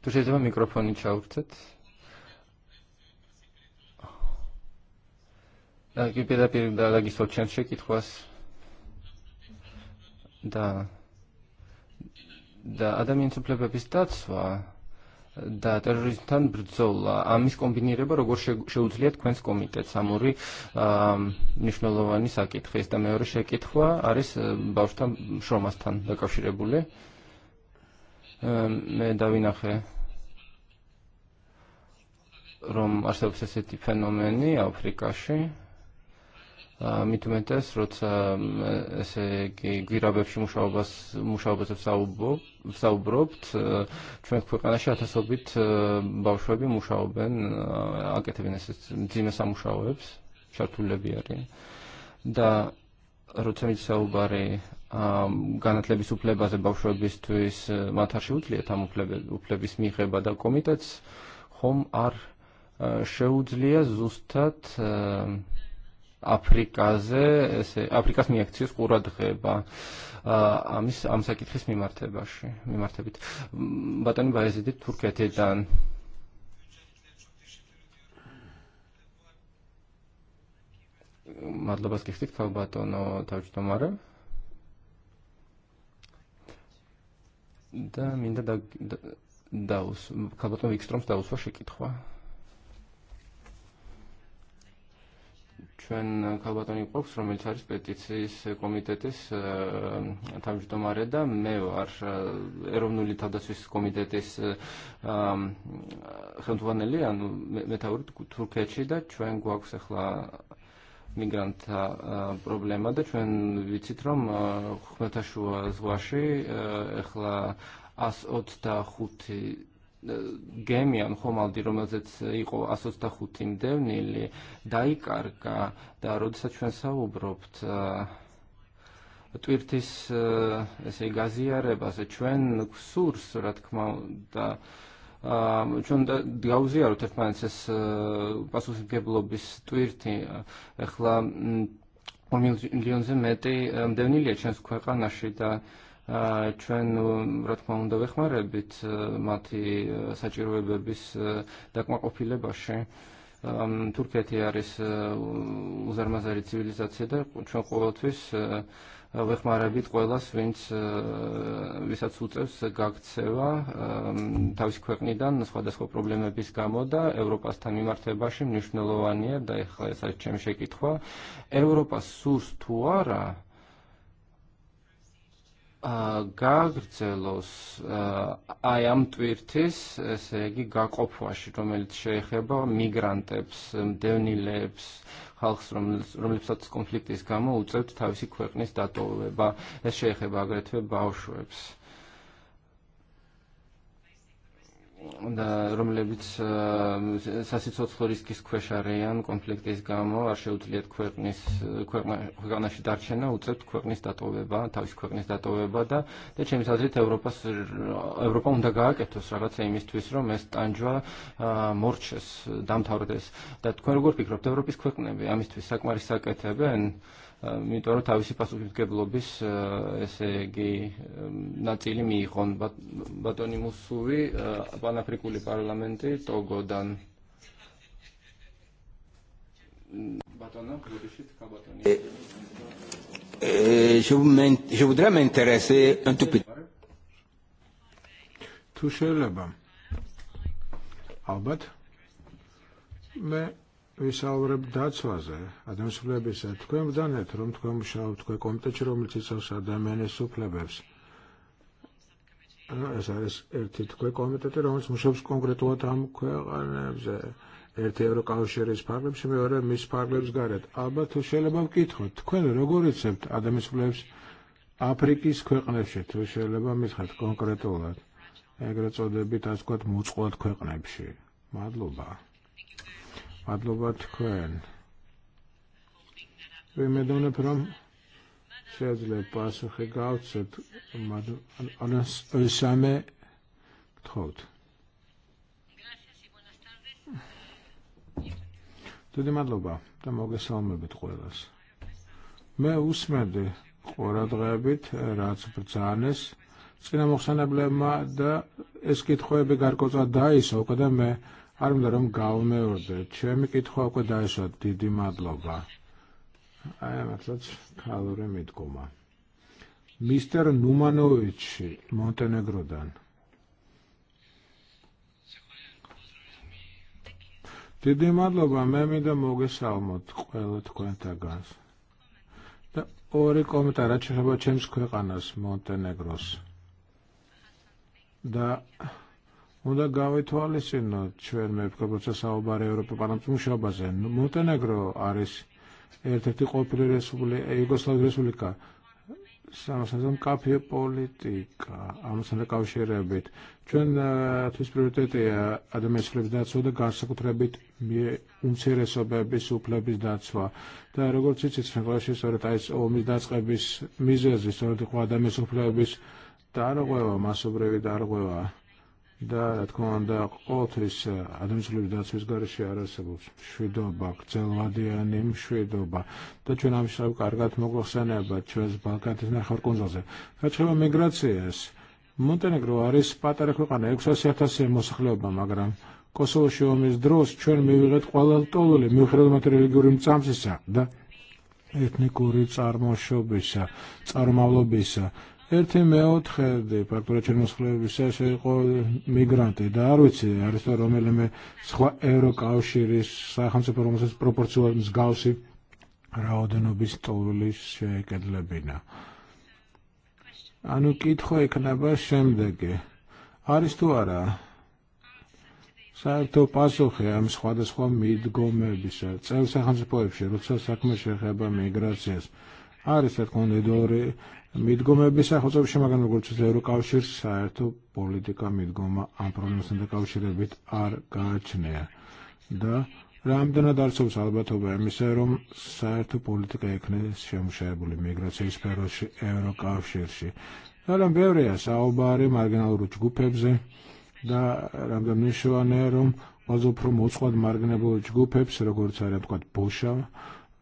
Tu xejtu mikrofoni ċawftet? Għi pjeda pjeda l-għi soċen xek jitħuas? Da. Da, għadam jintu plebe pistazzwa. Da და ტერორიზმთან ბრძოლა. ამის კომბინირება როგორ შეუძლიათ თქვენს samuri ამური მნიშვნელოვანი საკითხის და მეორე შეკითხვა არის ბავშვთა შრომასთან დაკავშირებული. მე დავინახე რომ არსებობს ესეთი ფენომენი აფრიკაში, se gira მitmetes, როცა ესე იგი გვირაბებში მუშაობას მუშაობაზე ვსაუბრობთ, ჩვენ ქვეყანაში ათასობით ბავშვები მუშაობენ, აკეთებენ ეს ძიმე სამუშაოებს, ჩართულები არიან. და როცა მისაუბარი განათლების უფლებაზე ბავშვებისთვის მათ არ შეუძლიათ ამ უფლების მიღება და კომიტეტს ხომ არ შეუძლია ზუსტად აფრიკაზე, ესე აფრიკას მიაქციოს ყურადღება ამის ამ საკითხის მიმართებაში, მიმართებით. ბატონი ბაეზიდი თურქეთიდან. მადლობას გიხდით ქალ ბატონო თავმჯდომარე. და მინდა და და ქალბატონ ვიქსტრომს დაუსვა შეკითხვა. ჩვენ ქალბატონი გვაქვს, რომელიც არის პეტიციის კომიტეტის თავმჯდომარე და მე ვარ ეროვნული თავდაცვის კომიტეტის ხელმძღვანელი, ანუ მეტაური თურქეთში და ჩვენ გვაქვს ახლა migranta eh, problema da ċen vicitrom xmeta eh, xua eħla eh, as xuti გემი iko asosta რომელზეც devni, li daikarka, eh, eh, da და eh, როდესაც ჩვენ საუბრობთ ტვირთის ესე გაზიარებაზე ჩვენ გსურს რა თქმა უნდა ċun dgħawżjaru tifman s pasu s-geblu bis twirti eħla u mm, miljon zemeti mdevni li ċen skweqa naxi da' ჩვენ რა თქმა უნდა ვეხმარებით მათი საჭიროებების დაკმაყოფილებაში თურქეთი არის უზარმაზარი ცივილიზაცია და ჩვენ ყოველთვის ვეხმარებით ყველას, ვინც ვისაც უწევს გაქცევა თავისი ქვეყნიდან სხვადასხვა პრობლემების გამო და ევროპასთან მიმართებაში მნიშვნელოვანია და ეხლა ეს არის ჩემი შეკითხვა. ევროპას სურს თუ არა გააგრძელოს აი ამ ტვირთის ესე იგი გაყოფვაში რომელიც შეეხება მიგრანტებს, მდევნილებს, ხალხს რომლებსაც კონფლიქტის გამო უწევთ თავისი ქვეყნის დატოვება. ეს შეეხება აგრეთვე ბავშვებს. რომლებიც სასიცოცხლო ფლორისკის ქვეშ არიან კონფლიქტის გამო არ შეუძლიათ ქვეყნის ქვეყანაში დარჩენა, უწევთ ქვეყნის დატოვება, თავის ქვეყნის დატოვება და და ჩემს აზრით ევროპას ევროპა უნდა გააკეთოს რაღაცა dam რომ ეს ტანჯვა მორჩეს, დამთავრდეს. და თქვენ როგორ ფიქრობთ, ევროპის ქვეყნები ამისთვის საკმარისს აკეთებენ? აა ta' visi pasu იმიტომ რომ თავისი პასუხისმგებლობის ესე იგი ნაწილი მიიღონ ბატონი მუსუვი პანაფრიკული პარლამენტი kudishit ka გურიშით კაბატონი eh, je eh, voudrais m'intéresser un tout tu xe leba albat me ვისაუბრებ დაცვაზე, ადამიანსუფლებისა, თქვენ ვდანეთ, რომ თქვენ მუშაობთ კომიტეტში, რომელიც იცავს ადამიანის უფლებებს. ეს არის ერთი თქვენ კომიტეტი, რომელიც მუშაობს კონკრეტულად ამ ქვეყანებზე. ერთი ევროკავშირის ფარგლებში, მეორე მის ფარგლებს გარეთ. ალბათ შეიძლება ვკითხოთ, თქვენ როგორ იცებთ ადამიანის უფლებებს აფრიკის ქვეყნებში, თუ შეიძლება მითხრათ კონკრეტულად, ეგრეთ წოდებით, ასე ვთქვათ, მოწყვლად ქვეყნებში. მადლობა bat Kwen. Vi medone prom le pasu hegavcet onas ölsame tħot. Tudi ba, ta moge salme bit kwelas. Me usmedi kura dgħabit razz prcanes, Sina moħsana blema da eskit bi garkoza da dajso, kada me არ რომ გავმეორდე, ჩემი კითხვა უკვე დაეშოთ, დიდი madloba. აი, მართლაც ქალური mitkuma. Mr. Numanovic, Montenegrodan. da მადლობა, მე მინდა მოგესალმოთ ყველა თქვენთაგან. და Da კომენტარი რაც შეეხება ჩემს ქვეყანას მონტენეგროს. Da... Unda għawit għalis inna ċverme b'kabuċa saw bar Europa panam t-mux għabazen. Montenegro għaris t-kopri iqopri Jugoslav Republika. Sama sanżam kapje politika, għam san lekaw xie rebit. ċen eh, t-fis prioriteti eh, għadem jesflib dazzu da għarsa kut rebit mie umsire sobe bisu plebis dazzwa. Ta' regol ċiċi t-fengola xie soret għajs o mizezi sori mizez, soret għadem jesu plebis. Da regwewa, ma' sobrevi da' regwewa da tkun da otris għadimżlu da t-sizgari xiara sebu xvidoba, kcelva dijanim xvidoba. Da ċunam xtabu kargat mogħu seneba, ċvez balkat neħar kunzaze. Għacħeba migrazzijas. Montenegro għaris patare kuqana, juksas jatasi musħleba magram. Kosovo xiom izdros ċen mi għed kwalla l-tolu li mi uħred materjali għurim tsamsisa, da etnikuri tsarmo xobisa, tsarmawlo bisa ერთი მეოთხედი ფაქტორად შემოსხლებისას იყო მიგრანტი და არ ვიცი არის თუ რომელიმე სხვა ევროკავშირის სახელმწიფო რომელსაც პროპორციულად მსგავსი რაოდენობის ტოვლის შეეკედლებინა. ანუ კითხვა ექნება შემდეგი. არის თუ არა საერთო პასუხი ამ სხვადასხვა მიდგომებისა წევრ სახელმწიფოებში, როცა საქმე შეეხება მიგრაციას. არის რა თქმა უნდა Midgoma სახელმწიფო შემაგან როგორც წევრ კავშირს საერთო პოლიტიკა მიდგომა ამ პრობლემასთან დაკავშირებით არ გააჩნია და რამდენად არსებობს ალბათობა იმისა რომ საერთო პოლიტიკა ექნეს შემუშავებული მიგრაციის სფეროში ევროკავშირში Għalan bevri għasawbari marginal ruċgu pebze, da rabdam nixu għanerum, għazu promozz għad marginal ruċgu pebse, rekur ċarab għad puxa,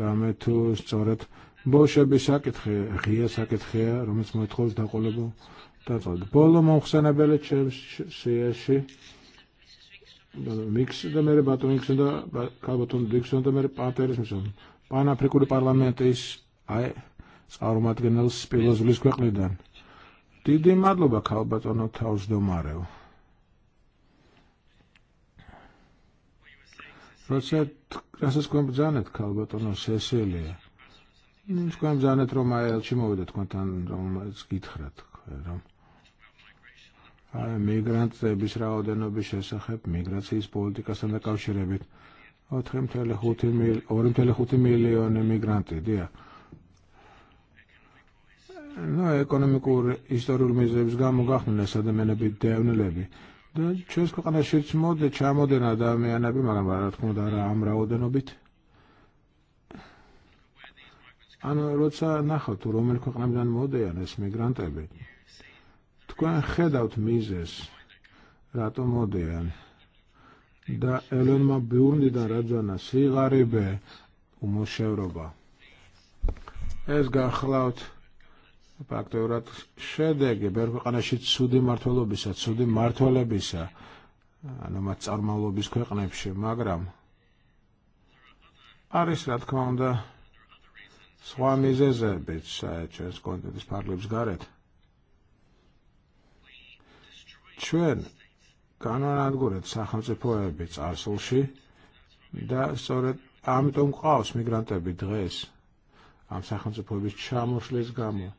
რამე თუ სწორედ ბოშები საკითხია, ღია საკითხია, რომელიც მოითხოვს დაყოლება დაწვა. ბოლო მომხსენებელი შეეში მიქს და მე ბატონ მიქს და კალბატონ დიქსონ და მე Proċet, gracias kum bżanet kalbet ono Cecilia. Nix kum bżanet Roma jel ċimowdet kontan Roma skitħret. Migrant biex rawden u biex jesaxeb, migrazzijs politika sanda kawxirebit. Otħem teleħuti miljoni migranti, dija. No, ekonomiku istoru l-mizrib zgamu għahnu nesa d-mena dewni lebi ċesku għana xirċ mod ċamo din għadami għana bima għana barra tkun dara għamra u dinu bit. Għana rotsa naħat u rumil kuk għana bdan modi għana smigrant għabi. Tkun xeda u tmizes ratu modi għana. Da elun ma bjun di dan raġana si għaribe u mux Europa. Ez għaxlawt berku Għana ma ფაქტობრივად შედეგი ბერგვეყანაში ცუდი მართლობისა, ცუდი მართლებისა, ანუ მათ წარმავლობის ქვეყნებში, მაგრამ არის რა თქმა უნდა სხვა მიზეზებიც ჩვენს კონტენტის ფარგლებს გარეთ. soret განვანადგურეთ სახელმწიფოები წარსულში და სწორედ ამიტომ ყავს მიგრანტები დღეს ამ სახელმწიფოების ჩამოშლის გამო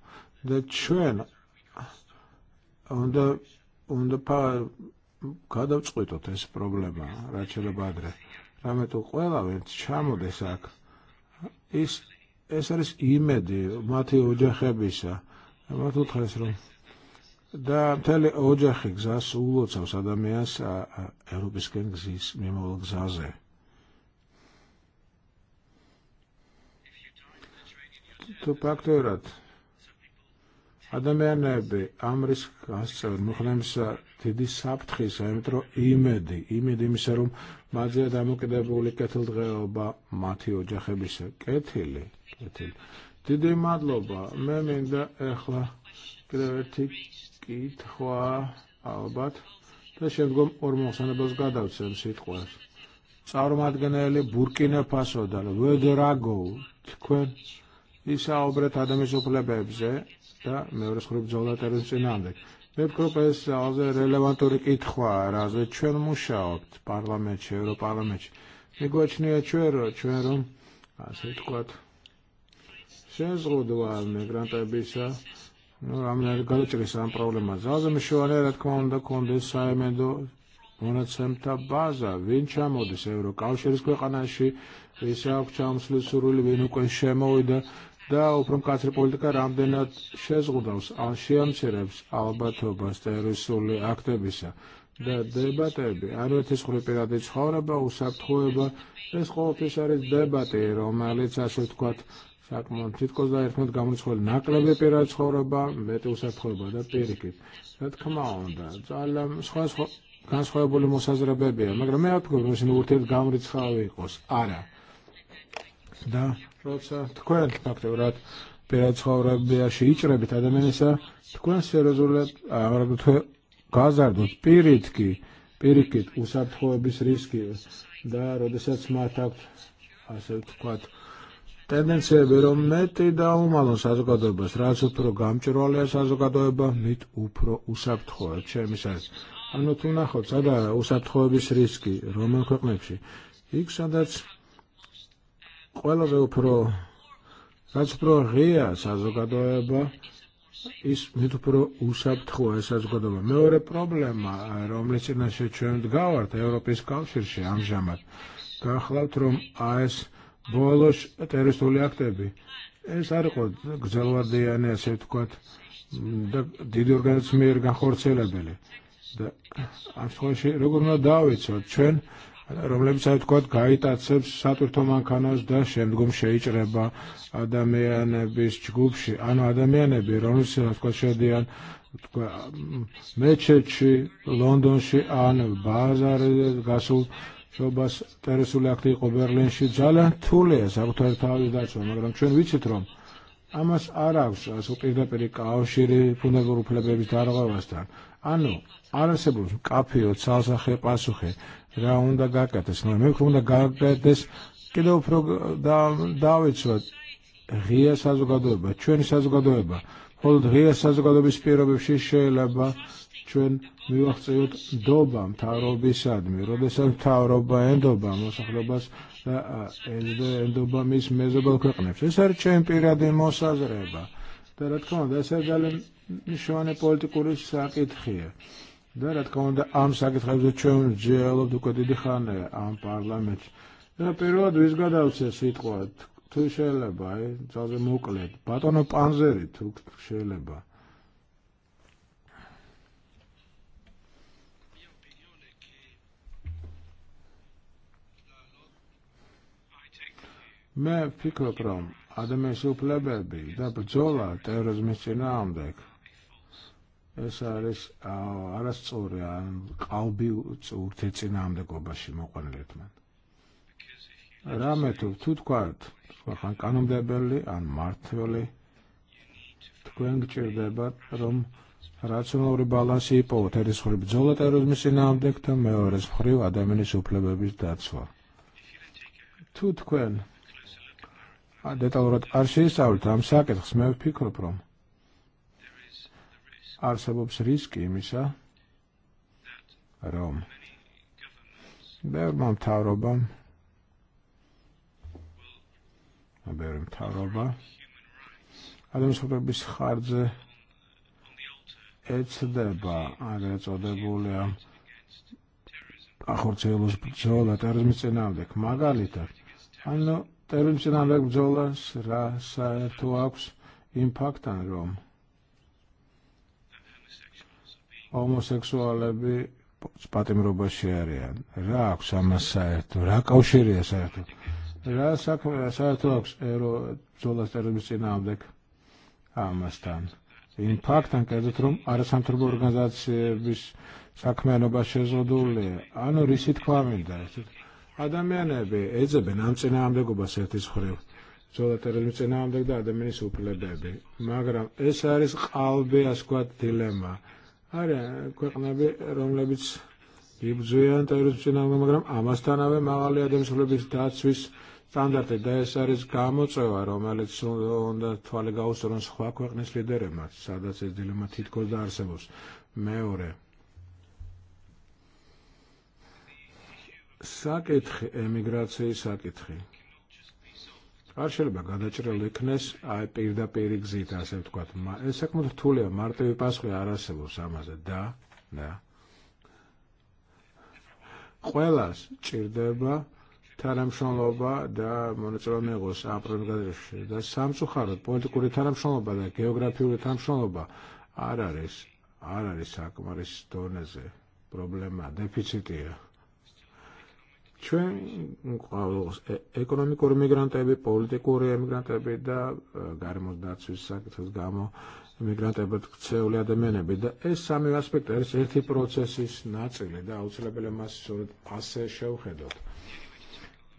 the the on the pa გადავწყვიტოთ ეს პრობლემა რა შეიძლება ადრე რამე თუ ყველა ვინც ჩამოდეს აქ ის ეს არის იმედი მათი ოჯახებისა მათ უთხრეს რომ და მთელი ოჯახი გზას ულოცავს ადამიანს ევროპისკენ გზის მიმავალ გზაზე თუ ფაქტობრივად ადამიანები ამ რისკს მუხლემსა დიდი საფრთხისა, იმიტომ რომ იმედი, იმედი იმისა რომ მათზე დამოკიდებული კეთილდღეობა მათი ოჯახებისა, კეთილი, კეთილი. დიდი მადლობა. მე მინდა ახლა კიდევ ერთი კითხვა ალბათ და შემდგომ ორ მოხსენებას გადავცემ სიტყვას. წარმოადგენელი ბურკინა ფასო და ვედრაგო თქვენ ისაუბრეთ ადამიანის უფლებებზე ta' mewres grupp ġolla ta' rinsin rinsinandek. Nibkrup ess għazir relevanturik itħwar, għazir ċen muxawt, parlamentx, europarlamentx. nija ċeru, ċeru, għazir tkwat. Sen zgħudu għal migranta bisa, nu għamna l-għalċ li san problema. Zazim t-konda kondi s sajmendu, unat sem ta' baza, vinċam u dis euro, kawxir skwiqanaxi, jisawk ċams li suru li binu kwen xema u id Da u prum politika ramdenat xezgudavs, għal xiam ċirebs, għal batubas, terrisulli aktebisa. Da debatebi, għarru tisħu pirati ċħoreba u sabtħueba, tisħu pisarit debati, romalic għaxu tkot Sak man titkos da jirfmet gamun sħol nakla bi pira beti u sħorba, da pirikit. Dat kama onda, għallam sħol sħol, kan sħol e bulli musazra bebija, magra me għatkur, mux nurtit gamrit sħawikos, ara. Da, Rosa, tkwen t-nakturat pjad sħawra bija xieċra bita da minisa, tkwen se rezultat għara għut kazardu, piritki, pirikit, u sabt xo bis riski, da u smartak, smatak, għasel tkwat. Tendenze birom meti da u malun sazu kadojba, srazu program ċirole sazu kadojba, mit u pro u sabt xo, ċe misaj. Għannu tu naħħob, sada u sabt xo bis riski, romen kwek mekxi. Ik ყველაზე უფრო რაც საზოგადოება ის მით უფრო უსაფრთხოა საზოგადოება. მეორე პრობლემა, რომლის წინაშე ჩვენ ვდგავართ ევროპის კავშირში ამჟამად, გახლავთ რომ აეს ბოლოს ტერორისტული აქტები. ეს არ იყო გრძელვადიანი, ასე ვთქვათ, და დიდი ორგანიზმის მიერ და ამ შემთხვევაში როგორ უნდა დავიცოთ ჩვენ რომლებსაც თქვათ გაიტაცებს სატვირთო მანქანას და შემდგომ შეიჭრება ადამიანების ჯგუფში, ანუ ადამიანები, რომელსაც თქვათ შედიან მეჩეთში, ლონდონში ან ბაზარზე გასულ შობას ტერესული აქტი იყო ბერლინში ძალიან თულია საკუთარ თავის დაცვა, მაგრამ ჩვენ ვიცით რომ ამას არ აქვს ასე პირდაპირ კავშირი ფუნდამენტური უფლებების დარღვევასთან. ანუ არ კაფეო ცალსახე პასუხი raunda gakates, no mek raunda gakates, kido pro da davicu, hija sazgadojba, čuen sazgadojba, hold sa sazgadojba spiro bi všiše leba, čuen mi jut dobam ta' robi sad mi, rode sa ta' roba en dobam, endobam, usaħlobas endobam is mezobal kreknef, sisar ċen piradi mosa zreba, tarat konda, sisar dalen nixxone politiku li s-saqit და რა თქმა უნდა ამ საკითხებზე ჩვენ ვძიელობთ უკვე დიდი ხანია ამ პარლამენტში. და პირველად ვის გადავცე სიტყვა თუ შეიძლება, აი, ძალზე მოკლედ. ბატონო პანზერი თუ შეიძლება. მე ფიქრობ, რომ ადამიანის უფლებები და ბრძოლა ტერორიზმის წინააღმდეგ Issa għalis għalas t-sur għawbi t-sur t-tzin għamdek u baxi muqan l-itman. Rametu, tut kwart, għan kanum debelli, għan debat, rum razzjonali balansi poteris fur bżola ta' rozmisin għamdek ta' meores fħriw għadamini suplebe biex dazzwa. Tut kwen, għadet għawrat għarxis tam saket xsmew pikru prom არსებობს რისკი იმისა, რომ ბევრმა მთავრობამ ბევრი მთავრობა ადამიანის ხარჯზე ეცდება არა წოდებული ამ ახორცელოს ბრძოლა ტერორიზმის წინააღმდეგ მაგალითად ანუ ტერორიზმის წინააღმდეგ ბრძოლას რა საერთო აქვს impact on Rome. homoseksuali bi spatim ruba xerjen. Rak sama sajtu, rak għaw xirje sajtu. Rasak sajtu għaks, eru zolas terroristin għabdek għamastan. Impact anke ditrum għarasam trubu organizazzi biex sakmenu bax jezodulli. Għanu risit kwamilda. Għadamjanebi, e e eżebin għamcin għamdek u basjet isħriw. Zola terroristin għamdek da, għadamin isu plebebi. Magram, esaris qalbi għaskwat dilemma. dilemma Għare, kwekna bi romla bic jibżujan ta' jirruċina magram għamastana bi maħalli għadem xullu bic ta' Swiss standard da' jessar izkamu tsewa romla li tsun onda tfali għawsur un sħwa kwekna slidere ma' sada se dilematit kol dar sebus. Meure. Sakitħi, emigrazzjoni sakitħi არ შეიძლება გადაჭრილი იქნეს აი პირდაპირ გზით, ასე ვთქვათ. საკმაოდ რთულია მარტივი პასუხი არ არსებობს ამაზე. და და ყველას ჭირდება თანამშრომლობა და მონაწილეობა მიიღოს ამ პროგრამაში და სამწუხაროდ პოლიტიკური თანამშრომლობა და გეოგრაფიული თანამშრომლობა არ għararis, għararis, არის საკმარის დონეზე პრობლემა დეფიციტია ჩვენ ყავს ეკონომიკური მიგრანტები, პოლიტიკური ემიგრანტები და გარემოს დაცვის საკითხის გამო ემიგრანტებად ქცეული ადამიანები და ეს სამი ასპექტი არის ერთი პროცესის ნაწილი და აუცილებელია მას għum ასე შევხედოთ.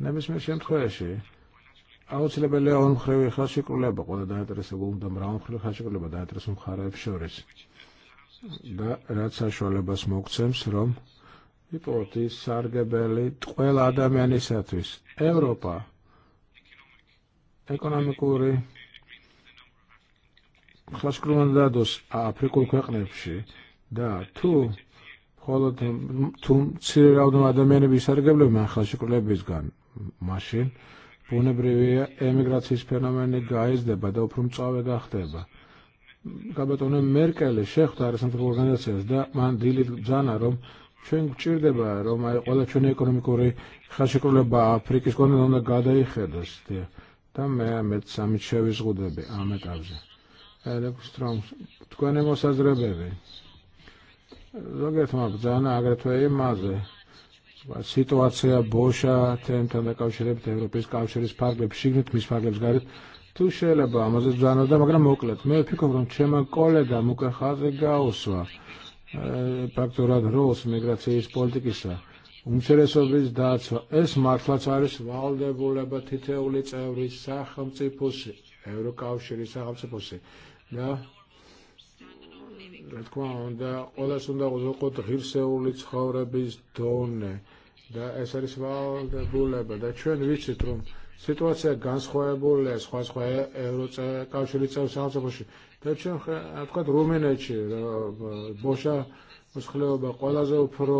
ნებისმიერ შემთხვევაში აუცილებელია ორმხრივი ხელშეკრულება ყველა დაინტერესებულ და მრავალმხრივი ხელშეკრულება დაინტერესებულ მხარეებს შორის. და რაც საშუალებას მოგცემს, რომ იპოთის სარგებელი ყველა ადამიანისათვის. ევროპა ეკონომიკური ხლასკრუნდადოს აფრიკულ ქვეყნებში და თუ მხოლოდ თუ მცირე რაოდენობა ადამიანების სარგებლებმა ხალხშეკრულებისგან მაშინ ბუნებრივია ემიგრაციის ფენომენი გაიზრდება და უფრო მწვავე გახდება. გაბატონე მერკელი შეხვდა არასამართლ ორგანიზაციას და მან დილით ბრძანა რომ ჩვენ გვჭირდება რომ აი ყველა ჩვენი ეკონომიკური ხელშეკრულება აფრიკის კონტინენტ უნდა გადაიხედოს და მე ამეთ სამით შევიზღუდები ამ ეტაპზე ელექტრონ თქვენი მოსაზრებები ზოგიერთმა ბრძანა აგრეთვე იმაზე სიტუაცია ბოშა თემთან დაკავშირებით ევროპის კავშირის ფარგლებს შიგნით მის ფარგლებს გარეთ თუ შეიძლება ამაზე ბრძანოდა მაგრამ მოკლედ მე ვფიქრობ რომ ჩემო კოლეგამ უკვე ხაზე გაუსვა პრაქტულად როლს მიგრაციის პოლიტიკისა. უმცირესობის დაცვა ეს მართლაც არის ვალდებულება თითეული წევრის სახელმწიფოსი, ევროკავშირის სახელმწიფოსი და რა თქმა უნდა, ყოველას უნდა უზრუნველყოთ ღირსეული ცხოვრების დონე და ეს არის ვალდებულება და ჩვენ ვიცით რომ სიტუაცია განსხვავებულია სხვა სხვა ევროკავშირის წევრ სახელმწიფოში Terċen għadkat rumineċi, boċa musħleba qolaza u pro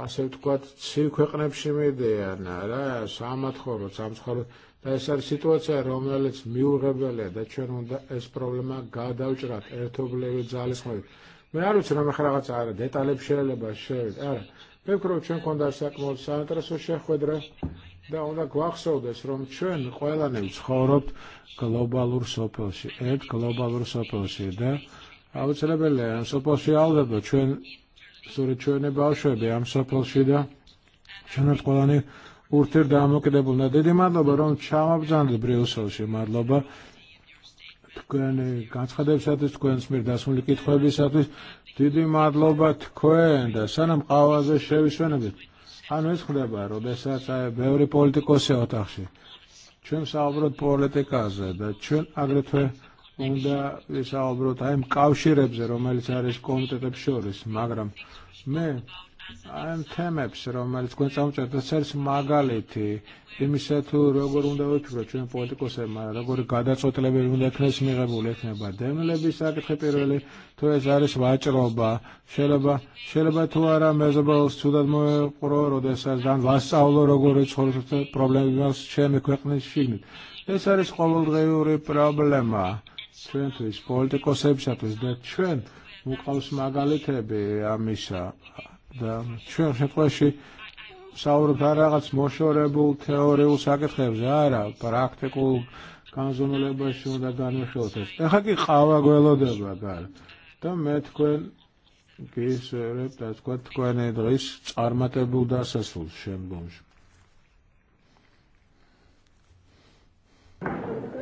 għasib tkwat silku jqneb ximidi għanna, la samat xorru, samat xorru, da jessar situazzja romna li t-miju rebele, da ċen unda es problema għada uċrat, ertu blevi zalis xmajt. Me għalu ċena meħraqa ċara, detalib xeleba, xelib, għara, Pekro ċen kondar sekmol sa, interesu xeħ kwedra, და უნდა გვახსოვდეს, რომ ჩვენ ყველანი ვცხოვრობთ გლობალურ სოფელში, ერთ გლობალურ სოფელში და აუცილებელია ამ სოფელში ალდებო ჩვენ სწორედ ჩვენი ბავშვები ამ სოფელში და ჩვენად ყველანი ურთიერთდამოკიდებულნა. დიდი მადლობა, satis, ჩამაბრძანეთ smir da smulikit, განცხადებისათვის, თქვენს მიერ დასმული კითხვებისათვის დიდი მადლობა თქვენ და სანამ ყავაზე შევისვენებით għanu jitħleba, rodessa ta' bevri e politiko sew taħxie. ċun sawbrut politika zeda, ċun agritfe unda jisawbrut għajm kawxi rebżer, u mel ċaris komte tebxoris, magram. Me, თემებს, რომელიც გვეწამჭა და წერს მაგალითი იმისა თუ როგორ უნდა ვეთქვათ ჩვენ პოლიტიკოსებმა, როგორი გადაწყვეტილებები უნდა ქნეს მიღებული ექნება დევნილების საკითხი პირველი, თუ ეს არის ვაჭრობა, შეიძლება შეიძლება თუ არა მეზობელს თუდად მოეყრო, როდესაც დან ვასწავლო როგორ ცხოვრობს პრობლემებს ჩემი ქვეყნის შიგნით. ეს არის ყოველდღიური პრობლემა ჩვენთვის პოლიტიკოსებისათვის და ჩვენ მუყავს მაგალითები ამისა და ჩვენ შემთხვევაში საუბრობთ არ რაღაც მოშორებულ თეორიულ საკითხებზე, არა, პრაქტიკულ განზომილებაში უნდა განვიხილოთ ეს. ეხლა კი ყავა გველოდება გარ და მე თქვენ გისერებ და თქვა თქვენი დღის წარმატებულ დასასრულს შემდგომში. Thank you.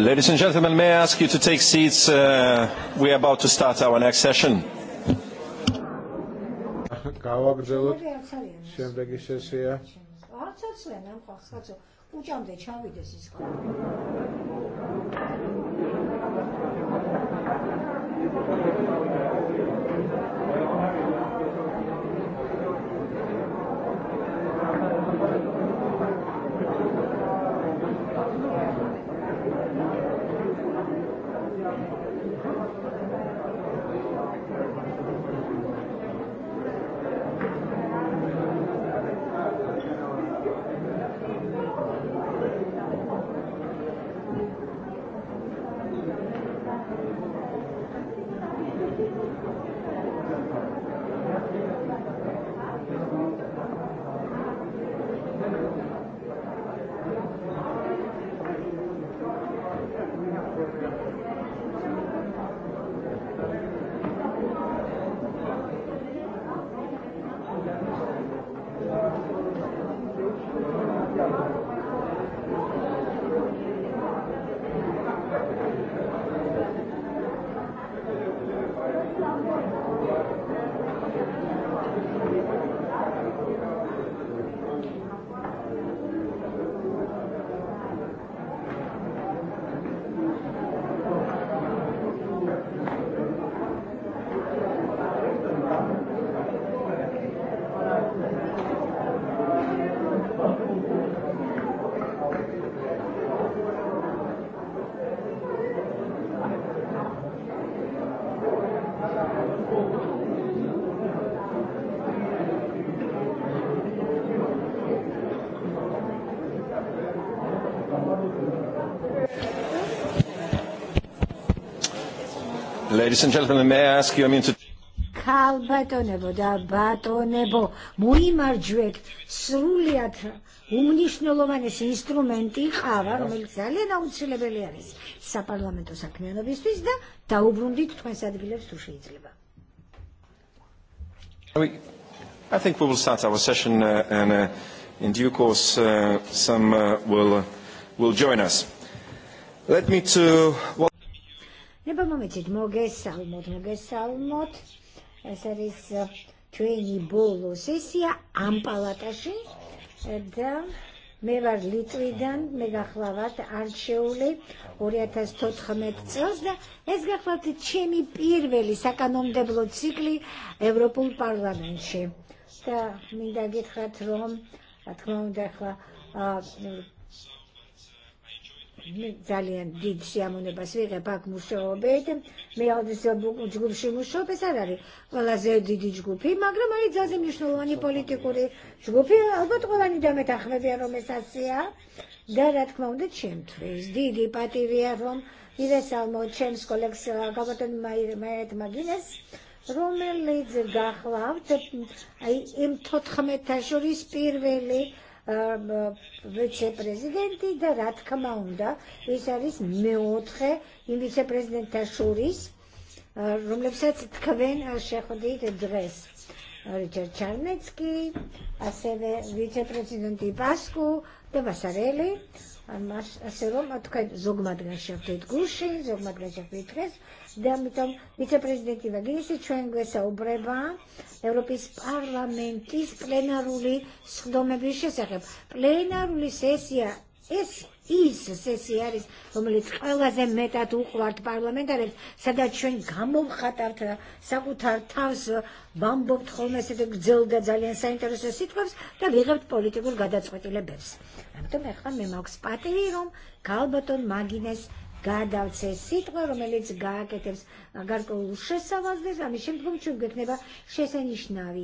Ladies and gentlemen, may I ask you to take seats? Uh, we are about to start our next session. Thank you. Ladies and gentlemen, may I ask you, I mean to... Kalbato nebo, da dabato nebo, mui marġwek, sruli għatra, umnix nolomane si instrumenti ħava, rumil zalena un aris, Sa parlamento sa knjeno bistu izda, ta u brundit tkwen sa dbilev stuxi izliba. I think we will start our session uh, and uh, in due course uh, some uh, will, uh, will join us. Let me to... Well Nibba ma meċiet mogess salmot, mogess salmot, saris ċejni eh, bolu sisja, ampala taxi, eh, da mevar litwidan, megaxlavat arċewli, urjeta 115 წელს და ეს გახლავთ ჩემი პირველი საკანონმდებლო ციკლი ევროპულ პარლამენტში. და მინდა გითხრათ რომ რა თქმა უნდა ხა ძალიან დიდ შეამონებას ვიღებ აქ მუშაობთ, მე ალბათ ჯგუფში მუშაობ ეს არ არის ყველაზე დიდი ჯგუფი, მაგრამ არის ძალზე მნიშვნელოვანი პოლიტიკური ჯგუფი, ალბათ ყველანი დამეთანხმებიან რომ ეს და რა თქმა უნდა ჩემთვის დიდი პატივია რომ ივესალმო ჩემს კოლეგს გაბატონ მაიეთ მაგინეს რომელიც გახლავთ აი იმ 14 შორის პირველი Uh, viċe-prezidenti da rat kamaunda, jisaris meotre, jim viċe-prezident ta' xuris, uh, rum lebsat tkaven għal-xeħodit uh, dres Richard Czarnecki, għaseve viċe-prezidenti Pasku, da Vasareli, għal-mas għasirom għatukaj zogmat għaxħaftit guxi, zogmat għaxħaftit dres, Dam bitom viċe-prezidenti Vagirisi ċengwe sa ubreba Europis parlamentis plenaru li s'dome biex jesaxem. Plenaru li sesja is is sesja is um li tqawa zemmeta tu kwart parlamentarek sada ċen gammu bħatar sakutar tavs bambu btħolme se gżilda zalien sa interesu sitwavs da vigabt politikul gada tsħuti lebevs. Għamtum eħħam mimaw spatirum kalbaton magines გადავცე სიტყვა, რომელიც გააკეთებს გარკვეულ შესავალს ამის შემდგომ ჩვენ გვექნება შესანიშნავი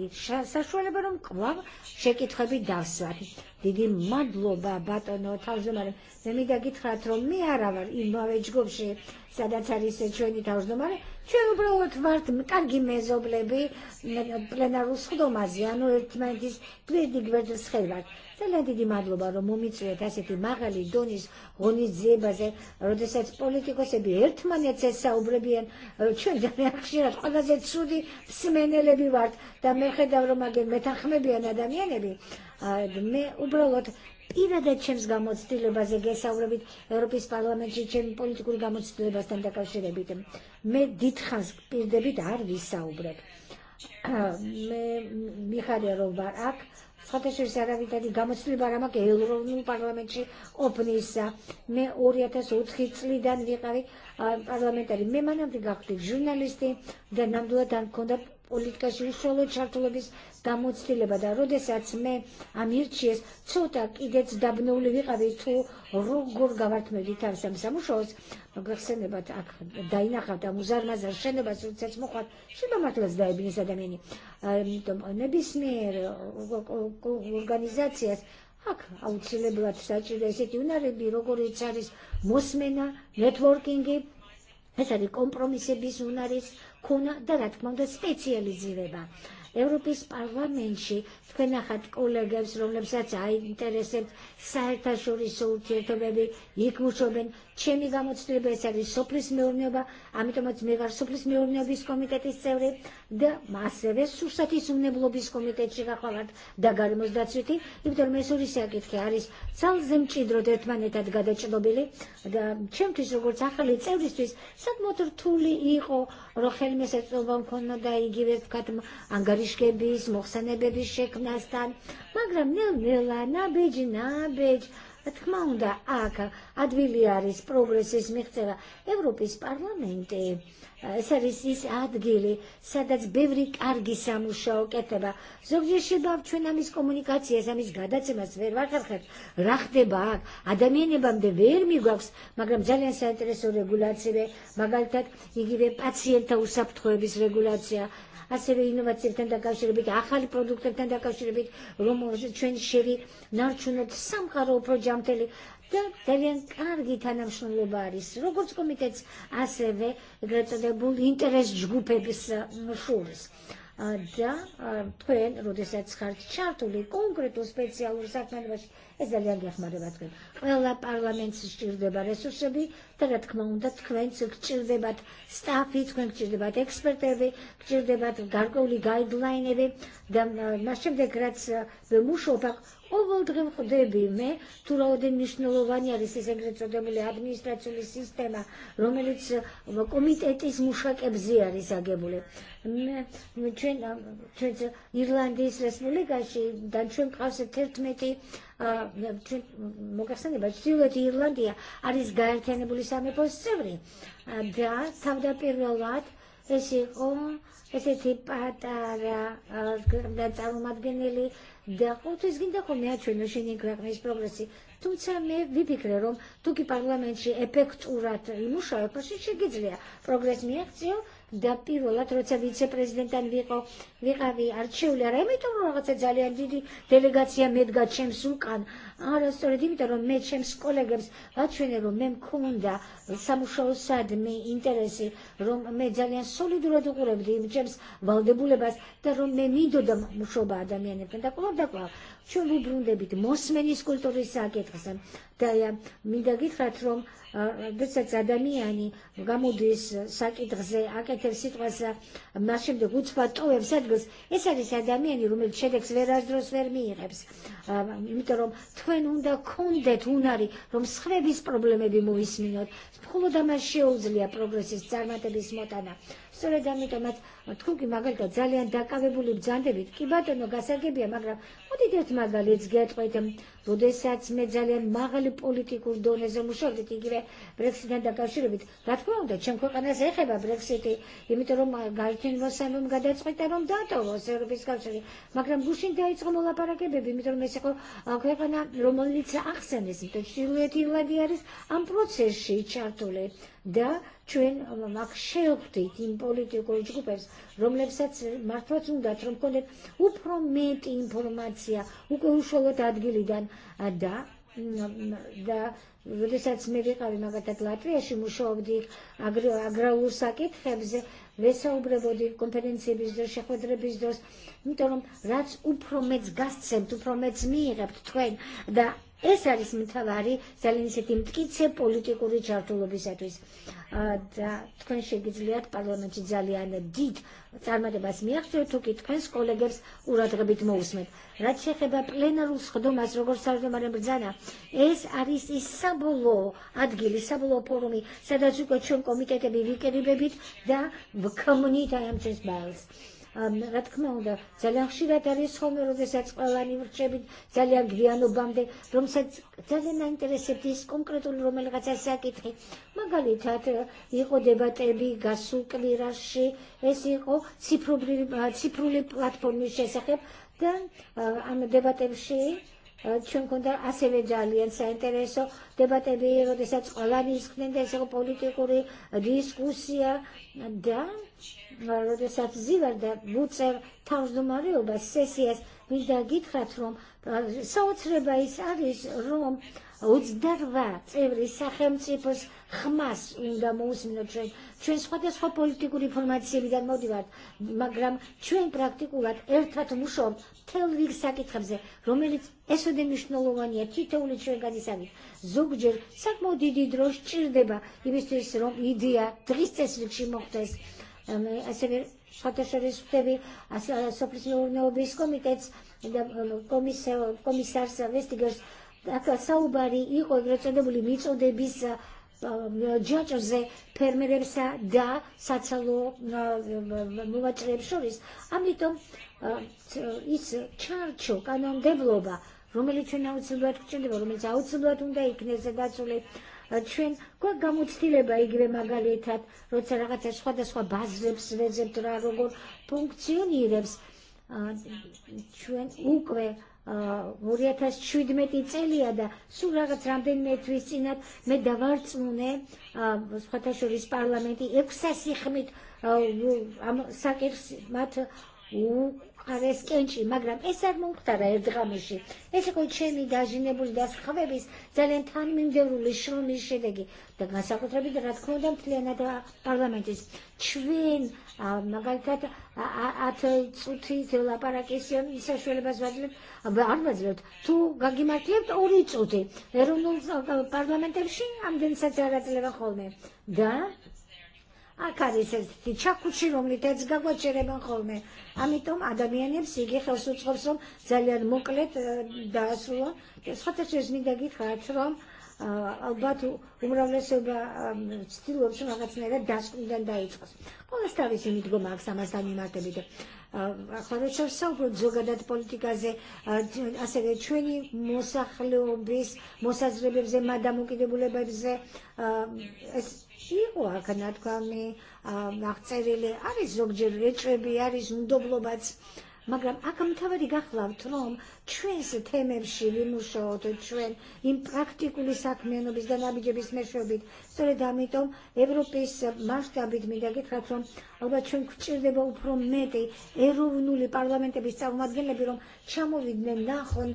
საშუალება, რომ კვლავ შეკითხები დავსვათ. დიდი მადლობა ბატონო თავმჯდომარე. მე მინდა გითხრათ, რომ მე არა ვარ იმავე ჯგუფში, სადაც არის ჩვენი თავმჯდომარე, ċenu brawet vart mkargi mezo blebi plenarus xdomazi, għanu irtmentis, pledi Tal-għadi di madlu barru mumic reta se ti magali donis goniz zeba ze rodesec politiko se bi irtman sa ubrebien brebijen ċel dan jakxirat kona ze tsudi psimene le bi vart da meħe da romagen metaxme bi anadamiene bi me ubrolot brolot Ira čem ċem zgamot stilu baze gesa urobit Europis parlament či čem politiku l-gamot stilu tam takav še debitem. Me ditħans pir debit għar vissa u Me miħade rovbar ak, Sħateċi sara vita di għamu li barra ma kej, l-rovnu parlamentċi opnissa, me urjeta su tħiz li dan viqari eh, parlamentari. Me ma di għakti ġurnalisti, dan namdu dan konda политикაში უშუალოდ ჩართულობის გამოცდილება და როდესაც მე ამ ირჩიეს ცოტა კიდეც დაბნეული ვიყავი თუ როგორ გავართმევდი თავს ამ სამუშაოს გახსენებათ აქ დაინახავთ ამ უზარმაზარ შენებას როდესაც მოყვართ შემამართლეს დაებინის ადამიანი ამიტომ ნებისმიერ ორგანიზაციას აქ აუცილებლად საჭიროა ესეთი უნარები როგორიც არის მოსმენა ნეტვორკინგი ეს არის კომპრომისების უნარის kuna dal-atmanda specializzireba. Europis parlamentxi tkun naħat kollegem s-lum l-msaċaj interesent საერთაშორისო ურთიერთობები იქ მუშაობენ ჩემი გამოცდილება ეს არის სოფლის მეურნეობა ამიტომაც მე ვარ სოფლის მეურნეობის კომიტეტის წევრი და ასევე სურსათის უმნებლობის კომიტეტში გაყვავართ და გარემოს დაცვითი იმიტომ რომ ეს ორი საკითხი არის ძალზე მჭიდროდ ერთმანეთად გადაჭრობილი და ჩემთვის როგორც ახალი წევრისთვის საკმაოდ რთული იყო რომ ხელმე საწოლვა მქონოდა იგივე ვთქვათ ანგარიშგების მოხსენებების შექმნასთან მაგრამ ნელ-ნელა ნაბეჭი ნაბეჭი ħarbeġ għat kmawnda għaka għad viljaris progressis miħtela Evropis parlamenti eh, saris jis għad gili sadat bivrik argi samu xaw keteba zogġi xibab ċuna mis komunikazzija sa mis gada cima sver vakarħat raħte bak għadamini bam dever mi għaks magram ġaljen sa interesu regulazzjeve magaltat jigive pazienta u sabtħu bis regulazzja għasiru innovazzjoni tenda kaw xiribik, għaxħal produkt tenda kaw xiribik, rumur ċen xiri, narċunu t-samkaru proġam teli. Da, telen kargi ta' namxun li baris. Rogurz komitets għaseve, debul, interes ġgupe bis uh, mxurs għadda tkun rudi set sħart ċartu li konkretu spezja u rsak man bax ezda li għagħaf ma ribat tkun. Għalla parlament s-ċir debat e resursabi, tarat kmonda tkun s-ċir debat stafi, tkun ċir debat ekspertevi, ċir debat gargoli guideline evi, dam naċċem dekrat bi e, e, mux opak Ovo drugim me, tu rodin nixnulovanja li si segreto domili administraciju li sistema, romelic is mušak ebzija li sagebuli. ċen Irlandis Respublika xi dan ċen kawse tertmeti mogħasani baċ tiwet Irlandija għaris għajtene buli sami possevri. Da tawda pirrolat esi o, esi tipa tara da għal għal Dakle, to je zginda komjaču e nošenje kakve iz progresi. Tu same vipiklerom, tuki parlament će epekt urat i e mušao, pa še će gizlija. Progres mi je dappiru l-atru ta' viċe-prezident għal-viko vikavi għarċew li remitu l-għazza għalli għandidi delegazzja medga ċemsukan għala ah, storja dimita romme ċems kollegams għadċwini romme mkunda samu xaw sad mi interesi romme ġaljan solidu radu kurabdi ċems valdebulebas bas ro me midu da muxobada mjeni pentakulab da kwa saket, għasem, Чон бубрун дебит, мосмени скульптуры сакет хасан. Тая, мидагит хатром, децец адамияни, гамудис сакет хзе, акетер ситуаса, машем де гуцфа тоев садгас, ეს არის ადამიანი, რომელიც შედეგს ვერასდროს ვერ მიიღებს. იმიტომ რომ თქვენ უნდა გქონდეთ უნარი, რომ სხვების პრობლემები მოისმინოთ. მხოლოდ ამას შეუძლია პროგრესის წარმატების bismotana da mi tomat, tku ki magal to dzali an daka ve bulib dzande bit, ki bat no gasar ke bia magra, odi det magal iz get paitem, budesat me dzali an magal politikur doneze mushov dit igire Brexit an daka shuru bit, ratko onda, chem ko kana zekheba Brexit, imito rom galtin mo samim gadatsqita rom dato, os Europis kavshari, magram da daitzqo mola parakebeb, imito rom esiko ქვეყანა რომელიც ახსენეს, იმიტომ რომ ჩრდილოეთი ირლანდია არის ამ პროცესში ჩართული Da ċwin ma mak xewħti tim politiku ġgupers rom lefsat ma protunda trom konet u promet informazzja u kuhu xogħol ta' għilidan għadda da risat smirika li nagat atlat reċi mu xogħdik agrawu sakit xebze vesa u brebodi kompetenzi bizdos xeħodre bizdos mitorom razz u prometz gastsem tu prometz mirab t da ეს არის მთავარი ძალიან ისეთი მტკიცე პოლიტიკური ჩართულობისათვის. და თქვენ შეგიძლიათ პარლამენტში ძალიან დიდ წარმატებას მიაღწიოთ, თუკი თქვენს კოლეგებს ყურადღებით მოусმეთ. რაც შეეხება პლენარულ სხდომას, როგორც სარდემარემ ბრძანა, ეს არის ის საბოლოო ადგილი, საბოლოო ფორუმი, სადაც უკვე ჩვენ კომიტეტები ვიკერიბებით და ვქმნით აი ამ წესბალს რა თქმა უნდა, ძალიან ხშირად არის ხოლმე, როდესაც ყველანი ვრჩებით ძალიან გვიანობამდე, რომელსაც ძალიან აინტერესებთ ის კონკრეტული რომელიღაცა საკითხი. მაგალითად, იყო დებატები გასულ კვირაში, ეს იყო ციფრული ციფრული პლატფორმის შესახებ და ამ დებატებში kundra ċunkundar jen sa intereso debat ebiru disat skola risk nindesu politiku ri diskussija da għarru disat zivar da butzer tawż dumariju bas sesijas biex da sa sawt reba jisar rom U darvat evri saħem ċipus xmas inda mus minna ċen. ċen sħodja sħo politiku li formazzje li dan motivat, magram ċen praktikulat ertrat muxom, tel rik sakit xabze, romelit esu de mishno lovanje, tito li ċen gadi sami. Zugġer, sak modi di drox ċirdeba, ibistu jisrom idija, tristes li ċimoktes. Għasabir, sħodja xarri suhtevi, għasopris sa vestigers, Dacă s-au bani, i cu grețo de bulimiț, uh, o uh, de bisa ġoġoze per merebsa da sazzalo muvaċreb xoris. Għamitom is ċarċu kanon devloba. Rumeli ċun għawzulat ċun devloba, rumeli għawzulat un da ikneze da ċulet uh, ċen, kwa għamut stile ba igre magalitat, roċa ragazza xħada xħa bazrebs, vezeb tra rogon, punktsionirevs, ċen ukve, uh, 2017 წელია და სულ parlamenti, რამდენიმე თვის Sakir Mat დავარწმუნე სხვათა შორის Magram, 600 ხმით ამ საკერს მათ უყარეს კენჭი, მაგრამ ეს არ მომხდარა ერთ ღამეში. ეს იყო ჩემი დაჟინებული დასხავების ძალიან თანმიმდევრული შრომის შედეგი და განსაკუთრებით რა თქმა უნდა მთლიანად პარლამენტის ჩვენ მაგალითად għat t-tsutit la para kessjon jisa xwele bazbadlet, għan bazbadlet, tu għaggi martjebt u li t-tsuti. Erun parlament elxi għamdin s-sazjara t-leva xolme. Da? Għakari s-sazti ċakku ċirom li t-tżga għoċere ben xolme. Għamitom għadamjeni b'sigi xawsu tħobsom zaljan muklet da s-suwa, s-fatta ċeżni dagit ħatrom. Għabbatu, umrawle seba stilu għabxun għagat snajda dask dan dajċos. Kolla stavi si mitgu maħk sama stani martelite. Għaxħadu ċersaw pro dżugadat politika ze għasere ċweni musa xlu bris, musa zrebi bze madamu kide bule bze. Iħu għakanat kami naħtsajri li għaris zogġir reċebi, għaris ndoblu bazz. Magram, għakam tavari għaxlav trom, ჩვენ თემებში ვიმუშაოთ, ჩვენ იმ პრაქტიკული საქმიანობის და ნაბიჯების მეშვეობით. სწორედ ამიტომ ევროპის მასშტაბით მინდა გითხრათ, რომ ალბათ ჩვენ გვჭირდება უფრო მეტი ეროვნული პარლამენტების წარმომადგენლები, რომ ჩამოვიდნენ, ნახონ,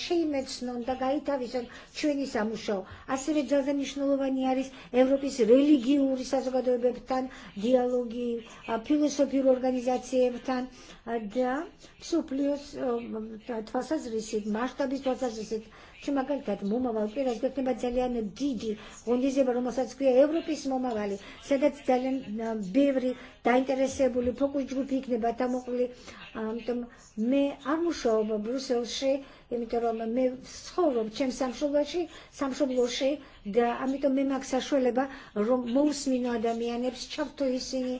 შეიმეცნონ და გაითავისონ tfassas risit, maċ ta' bi tfassas risit, ċima kalkat mu ma għal kira zgħet nima ġaljan ġiġi, għundi zibru ma sa' skwija Europis ma ma għali, sedet ġaljan bivri ta' interesebu li poku ġgupik neba me għamu xoba Brussel იმიტომ რომ მე ვცხოვრობ ჩემ სამშობლოში, სამშობლოში და ამიტომ მე მაქვს საშუალება რომ მოусმინო ადამიანებს, ჩავთო ისინი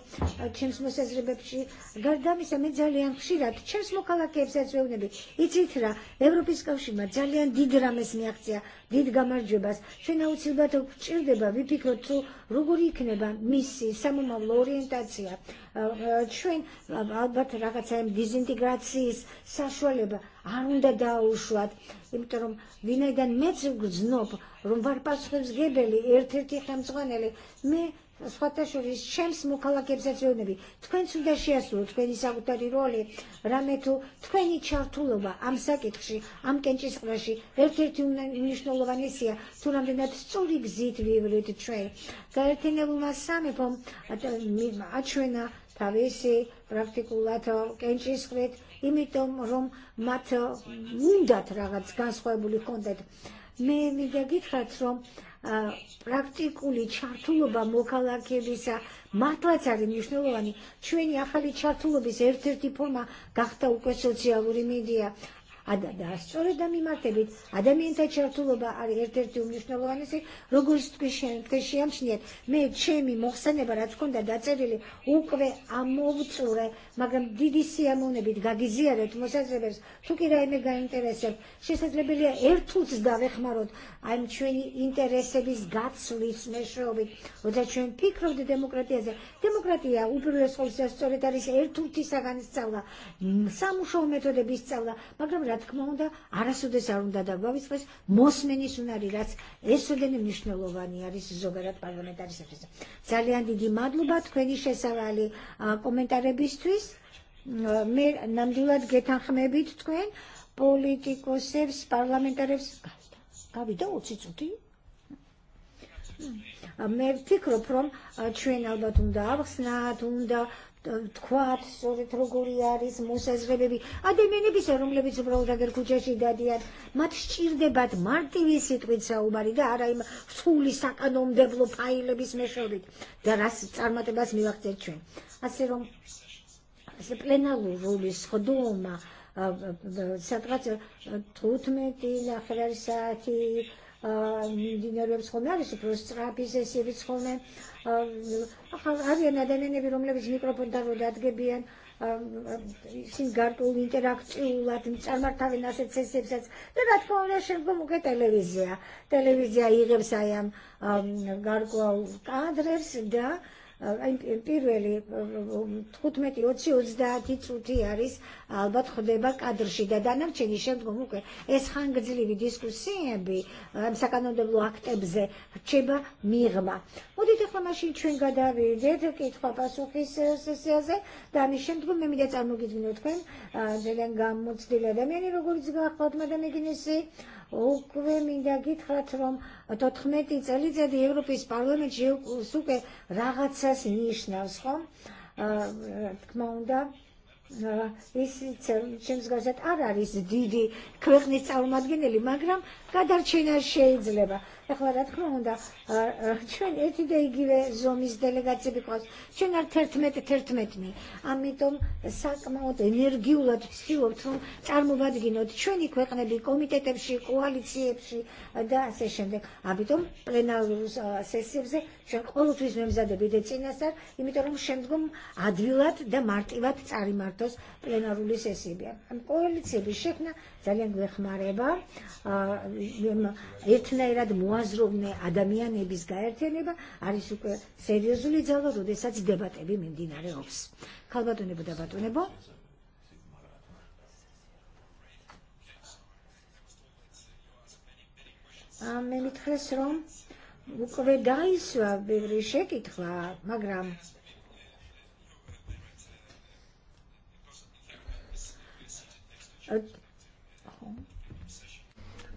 ჩემს მოსაზრებებში. გარდა ამისა მე ძალიან ხშირად ჩემს მოქალაქეებსაც ვეუბნები, იცით რა, ევროპის კავშირმა ძალიან დიდ რამეს მიაღწია, დიდ გამარჯვებას. ჩვენ აუცილებლად გვჭირდება ვიფიქროთ თუ როგორი იქნება მისი სამომავლო ორიენტაცია ċwin, għalbat ragazzajem dizintegrazzis sa xoleba għanda daw xwad imtarum vina dan mezzu gżnob rum varpas xibz għibeli, irtirti xemzgoneli me sfataxu li xems mu kalla kebzazzjoni bi tkwen su daċi xeslu tkwen isagutari roli rametu tkwen iċartulova am sakitxi am kenċi skraxi irtirti unishnulova nisija tunam dinat suri gżit li vivri t-ċwej Kartine u sami pom għaxwena თავისი პრაქტიკულათო კენჭისყრით, იმიტომ რომ მათ უნდათ რაღაც განსხვავებული ჰქონდეთ. მე მინდა გითხრათ, რომ პრაქტიკული ჩართულობა მოქალაქეებისა მართლაც არის მნიშვნელოვანი. ჩვენი ახალი ჩართულობის ერთ-ერთი poma, გახდა uke სოციალური მედია għadda daħs ċorri da mi martebit, għadda mi inta ċertulu ba għar irtirti u mnix nalu għanisi, rugur stkixen, tkixen xniet, me ċemi moħsane bara tkun da da ċerili, ukve għammu vċure, magam didi si għamune bit, għagizjeret, musa zrebers, tu kira jme ga intereset, xie se trebili irtut zda veħmarot, għajm ċweni interese biz gazzu li smexrobit, u da ċwen pikro di demokratija, demokratija u piru jeskolsja solitaris irtuti sagan s-sawla, samu xo metode biz s-sawla, magam da mos რა თქმა უნდა, არასოდეს არ უნდა დაგვავიწყდეს მოსმენის უნდა რილაც ესოდენი მნიშვნელოვანი არის ზოგადად პარლამენტარისათვის. ძალიან დიდი მადლობა თქვენი შესავალი კომენტარებისთვის. მე ნამდვილად გეთანხმებით თქვენ parlamentarevs, პარლამენტარებს da 20 წუთი. Mer, tikro prom, ჩვენ ალბათ unda ავხსნათ, unda tkwaħt suri trugurjaris musas velebi. Għadde minni biserum li bitsu prawda għerku ġeċi dadijan. Ma txċir debat marti visit sa saw bari dara im skuli sak għadhom developaj li bis meċorit. Dara s-sar ma tibas mi għakter ċen. Għasirum, għasib plena l-uru li sħoduma, eh, eh, eh, satrat tutmeti l-axrar sati, dinjor biex plus trapi se si biex komen għavjen għadan ene birom le biex mikrofon daru dat għebijen singart u interakt u għatim ċarmar ta' vinna se se se se da dat televizija televizija da პირველი თხუთმეტი-ოცი-ოცდაათი წუთი არის ალბათ ხდება კადრში და დანარჩენი შემდგომ უკვე ეს ხანგრძლივი დისკუსიები ამ საკანონმდებლო აქტებზე რჩება მიღმა. მოდით ახლა მაშინ ჩვენ გადავიდეთ კითხვა-პასუხის სესიაზე და ამის შემდგომ მე მინდა წარმოგიდგინო თქვენ ძალიან გამოცდილი ადამიანი, როგორც გახლავთ მადამ ეგინესი უკვე მინდა გითხრათ, რომ 14 წელიწადი ევროპის პარლამენტში უკვე რაღაცას ნიშნავს, ხო? თქმა უნდა, ის ჩემს გაზეთ არ არის დიდი ქვეყნის წარმომადგენელი, მაგრამ გადარჩენა შეიძლება. ეხლა რა თქმა უნდა, ჩვენ ერთი და იგივე ზომის დელეგაციები ყავს. ჩვენ არ 11-11-ნი. ამიტომ საკმაოდ ენერგიულად ვცდილობთ, რომ წარმოვადგინოთ ჩვენი ქვეყნები კომიტეტებში, კოალიციებში და ასე შემდეგ. ამიტომ პლენარულ სესიებზე ჩვენ ყოველთვის მემზადებით ეცინასთან, იმიტომ რომ შემდგომ ადვილად და მარტივად წარიმართ Santos plenaru li sessi sibja. Koalizzi li tsebi xekna tal-lingwi xmareba, jitna muazru adamijani bizgajerti neba, għari għarisu serjużu li dzawru li saċ debatebi min dinare ops. Kalbatu nebo debatu nebo. Għamme mitħlesrom, u kove dajsu għabbi rixek itħla, magram.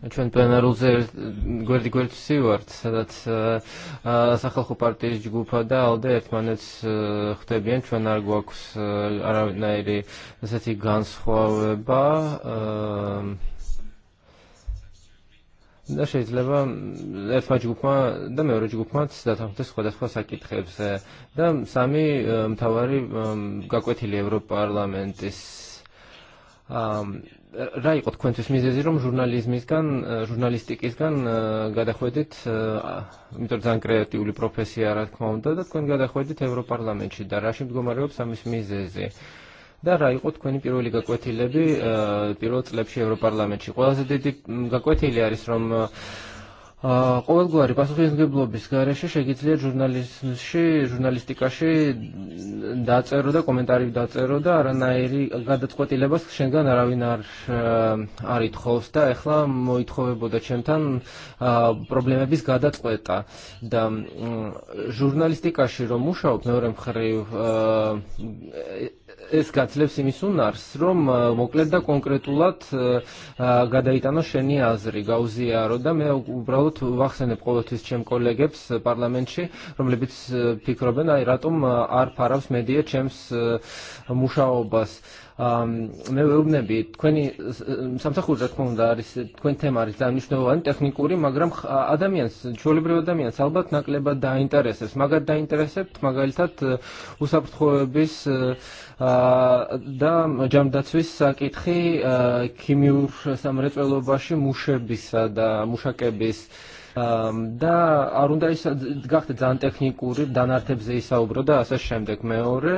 ċen plena rużer gwerdi gwerd siwart, sadat saħħalħu partiġ gupa da u dert manet xtebjen ċen argwaks l-Arabit najri zeti għans ba. Da xejt leba, erf maġ gupma, da mewri gupma t-sdat għam t-skwa da skwa sakit xebse. Da sami mtawari għakwet il-Europarlament is რა იყო თქვენთვის მიზეზი რომ ჟურნალიზმისგან ჟურნალისტიკისგან გადახვედით იმიტომ ძალიან კრეატიული პროფესია რა თქმა უნდა და თქვენ გადახვედით ევროპარლამენტში და რაში მდგომარეობს ამის მიზეზი და რა იყო თქვენი პირველი გაკვეთილები პირველ წლებში ევროპარლამენტში ყველაზე დიდი გაკვეთილი არის რომ ყოველგვარი პასუხისმგებლობის გარეშე შეიძლება ჟურნალისტში, ჟურნალისტიკაში დაწერო და კომენტარი დაწერო და არანაირი გადაწყვეტილებას შენგან არავინ არ არ ითხოვს და ეხლა მოითხოვებოდა ჩემთან პრობლემების გადაწყვეტა და ჟურნალისტიკაში რომ მუშაობ მეორე მხრივ ესკაცლებს იმის უნარს, რომ მოკლედ და კონკრეტულად გადაიტანოს შენი აზრი, გაუზიარო და მე უბრალოდ ვახსენებ ყოველთვის ჩემ კოლეგებს პარლამენტში, რომლებიც ფიქრობენ, აი რატომ არ ფარავს მედია ჩემს მუშაობას. Uh, მეუბნები თქვენი სამსახურზე თქმა უნდა არის თქვენ თემა არის და მნიშვნელოვანი ტექნიკური მაგრამ ადამიანს ჩვეულებრივ ადამიანს ალბათ ნაკლებად დაინტერესებს მაგათ დაინტერესებთ მაგალითად უსაფრთხოების და ჯამდაცვის საკითხი ქიმიურ სამრეწველობაში მუშებისა da მუშაკების და არ უნდა ის გახდეთ ძალიან ტექნიკური დანართებზე ისაუბრო და ასე შემდეგ მეორე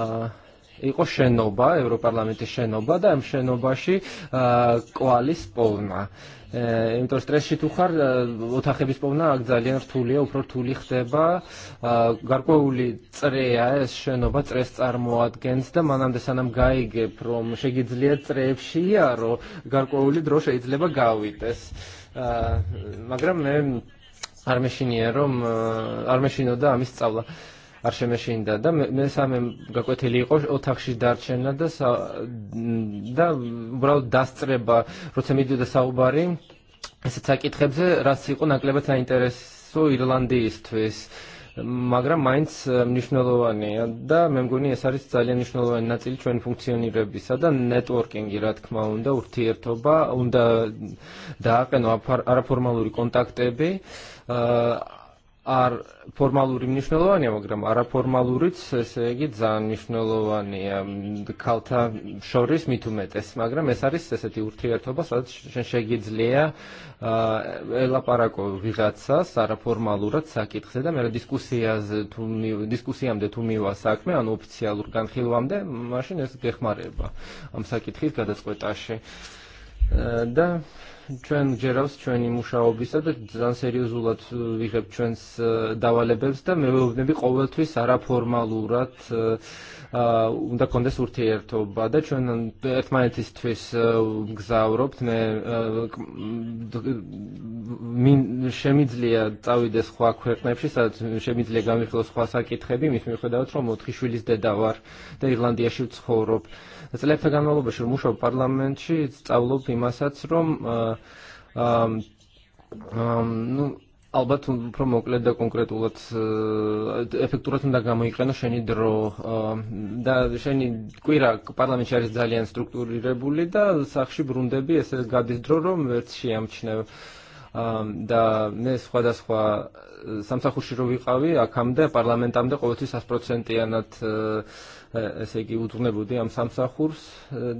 აა Euro Parlamenti uh, eh, uh, uh, eh, da jem იყო შენობა, ევროპარლამენტის შენობა და ამ შენობაში კვალის პოვნა. იმიტომ სტრესში თუ ხარ, ოთახების u აქ ძალიან რთულია, უფრო რთული ხდება. გარკვეული წრეა ეს შენობა, წრეს წარმოადგენს და მანამდე სანამ გაიგებ, რომ შეგიძლია წრეებში იარო, გარკვეული დრო შეიძლება გავიტეს. მაგრამ მე არ მეშინია რომ არ მეშინოდა ამის სწავლა. აა għax meċin da, da misamim me għakot li għox u taħxi darċenna da sa, da braw dastreba rutemidju da sawbari, s-sittak itħebze rassi kun għakleba ta' interessu irlandijistwis. Magra majnz nixnolovani, da memguni jesarit talja nixnolovani natil ċwen funzjoni rebisa, da networking irat kma unda urtir toba, unda da għenu għarapur maluri kontaktebi, uh, ar formaluri მნიშვნელოვანი, მაგრამ არაფორმალურიც ესე იგი ძალიან მნიშვნელოვანია ქალთა შორის მით უმეტეს, მაგრამ ეს არის ესეთი ურთიერთობა, სადაც შენ შეგიძლია ელაპარაკო ვიღაცას არაფორმალურად საკითხზე და მე დისკუსიაზე თუ დისკუსიამდე თუ მივა საქმე, ანუ ოფიციალურ განხილვამდე, მაშინ ეს გეხმარება ამ საკითხის გადაწყვეტაში. Da, ჩვენ ჯერავს ჩვენი მუშაობისა და ძალიან სერიოზულად ვიღებ ჩვენს დავალებებს და მე ვეუბნები ყოველთვის არაფორმალურად უნდა კონდეს ურთიერთობა და ჩვენ ერთმანეთისთვის გზავრობთ მე მინ შემიძლია წავიდე სხვა ქვეყნებში სადაც შემიძლია გამიხილოს სხვა საკითხები მის მიუხედავად რომ 4 შვილის დედა ვარ და ირლანდიაში ვცხოვრობ წლებში განმავლობაში მუშაობ პარლამენტში, სწავლობ იმასაც, რომ ну ალბათ უფრო მოკლედ და კონკრეტულად ეფექტურად უნდა გამოიყენო შენი დრო და შენი კვირა პარლამენტში არის ძალიან სტრუქტურირებული და სახში ბრუნდები ესე გადის დრო რომ ვერც შეამჩნევ და მე სხვადასხვა სამსახურში რო ვიყავი აქამდე პარლამენტამდე ყოველთვის 100%-იანად აა ესე იგი უძღვნებოდი ამ სამსახურს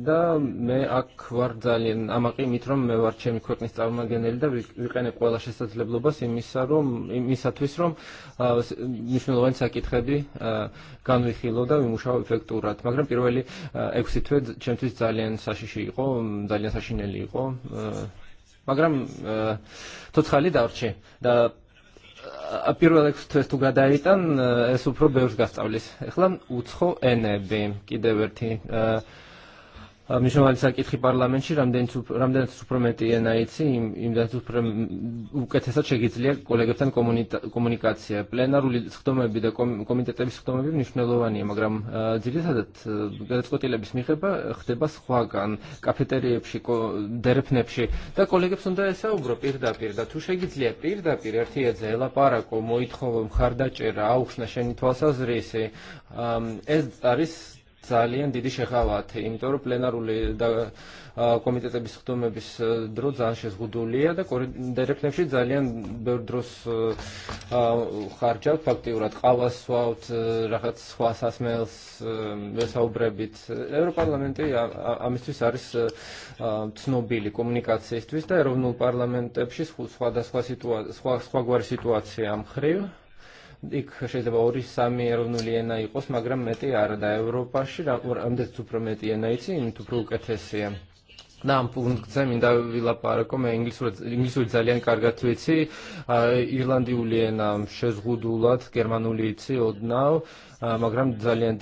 და მე აქ ვარ ძალიან ამაყიმით რომ მე ვარ ჩემი ქვეყნის წარმომადგენელი და ვიყენებ ყველა შესაძლებლობას იმისა რომ იმისათვის რომ მნიშვნელოვანი საკითხები განვიხილო და ვიმუშაო ეფექტურად მაგრამ პირველი 6 თვე ჩემთვის ძალიან საშიში იყო ძალიან საშინელი იყო მაგრამ ცოცხალი დავრჩი და Apirwelek f'twestu għadajtan, e, e, supro bewx għastawlis. Iħlan utħu enebbi, kide verti. Uh, e, Mġnuħan sa' kitħi parlament xi ramden suprometi jenajtsi jimden suprometi u kħetħesa ċekit liek kollega f'tan komunikazzja. Plenaru li s-ħtome bida komitet għabi s-ħtome bide nix nelovani, magram dzilit eh, għadet eh, għadet kotila miħeba xteba s-ħuħakan kafeteri bxi derbne bxi. Da kollega da' jessa u gro pirda pirda tu xekit li pirda pirda jadze, jedzela para komu jitħu mħarda ċera għawx naxen jitwasa zrisi. Ez għaris ძალიან დიდი შეხალათ, იმიტომ რომ პლენარული და კომიტეტების ხდომების დრო ძალიან შეზღუდულია და კორიდერებში ძალიან ბევრ დროს ხარჯავთ ფაქტიურად ყავას სვავთ რაღაც სხვა სასმელს ვესაუბრებით. ევროპარლამენტი ამისთვის არის ცნობილი კომუნიკაციისთვის და ეროვნულ პარლამენტებში სხვადასხვა სიტუაცია სხვაგვარი სიტუაცია მხრივ იქშეძლება li სამი ეროვნული ma' იყოს, მაგრამ მეტი არ და ევროპაში რა რამდენიც უფრო მეტი ენა იცი, იმით უფრო უკეთესია. Nam punt minda vila para kome zalian karga Irlandi uli gudulat, come inglisur ძალიან კარგად ვიცი ირლანდიული ენა შეზღუდულად გერმანული იცი ოდნავ მაგრამ zalian,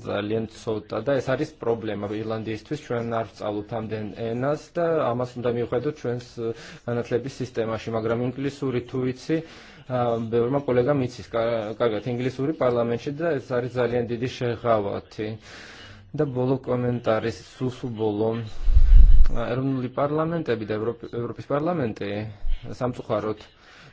zalian საუბარს Da, es aris problema, Irlandi ძალიან ცოტა და ეს არის პრობლემა ირლანდიისთვის ჩვენ არ ვწავლობთ ამდენ ენას და ამას უნდა მივხვდეთ ჩვენს განათლების სისტემაში მაგრამ ინგლისური თუ იცი ბევრმა კოლეგამ იცის კარგად ინგლისური პარლამენტში და ეს არის ძალიან დიდი შეღავათი da bolo komentare su su bolo ეროვნული პარლამენტები და ევროპის პარლამენტი სამწუხაროდ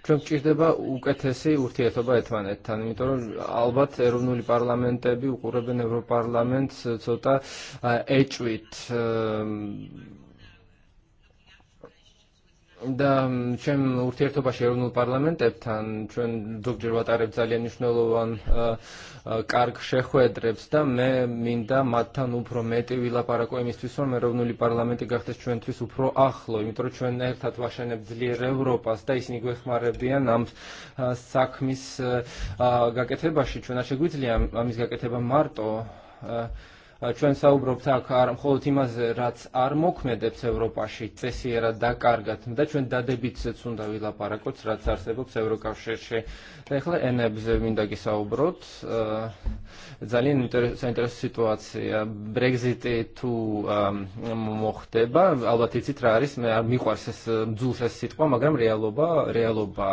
ჩვენ გვჭირდება უკეთესი ურთიერთობა ერთმანეთთან, albat erunuli parlamente ეროვნული პარლამენტები უყურებენ ევროპარლამენტს ცოტა Ečvit. Da, ċem urtiertu baxirunu parlament ebtan, ċen dugġirwa tarib zaljen nixnoluwan karg xeħu edrebs, da me minda mattan u prometi vila parako emistvisom, me rovnu li parlamenti għaxtes ċen tvisu pro aħlo, imitro ċen ertat waxen ebdlir Europas, da jisni għuħmarrebdijan am sakmis għaketeba xie ċen għaxe marto, ჩვენ საუბრობთ აქ არ მხოლოდ იმაზე, რაც არ მოქმედებს ევროპაში, წესიერად და კარგად და ჩვენ დადებითზეც უნდა ვილაპარაკოთ, რაც არსებობს ევროკავშირში. და ეხლა ენებზე მინდა გისაუბროთ. ძალიან საინტერესო სიტუაცია. ბრეგზიტი თუ მოხდება, ალბათ იცით რა არის, მე არ მიყვარს ეს მძულს ეს სიტყვა, მაგრამ რეალობა, რეალობა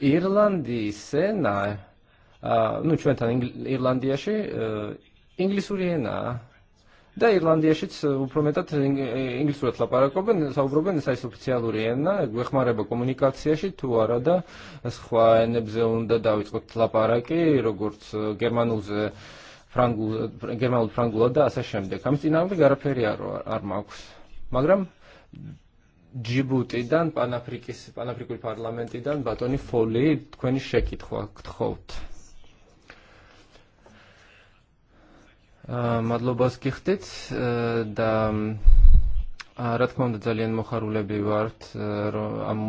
Irlandi sena, eh, nu ċventan Irlandija xie, eh, jena. Da Irlandija u prometat eh, Inglisurat laparako ben saubroben sa isopcialuriena, gwehmareba komunikatsieši tu ara da სხვა ენებზე უნდა დავიწყოთ ლაპარაკი, როგორც გერმანულზე, ფრანგულ, გერმანულ ფრანგულად და ასე შემდეგ. ამის წინააღმდეგ არაფერი არ არ მაქვს. მაგრამ ჯიბუტიდან, პანაფრიკის, პანაფრიკული პარლამენტიდან ბატონი ფოლი თქვენი შეკითხვა გთხოვთ. მადლობას გიხდით და რა თქმა უნდა ძალიან მოხარულები ვართ ამ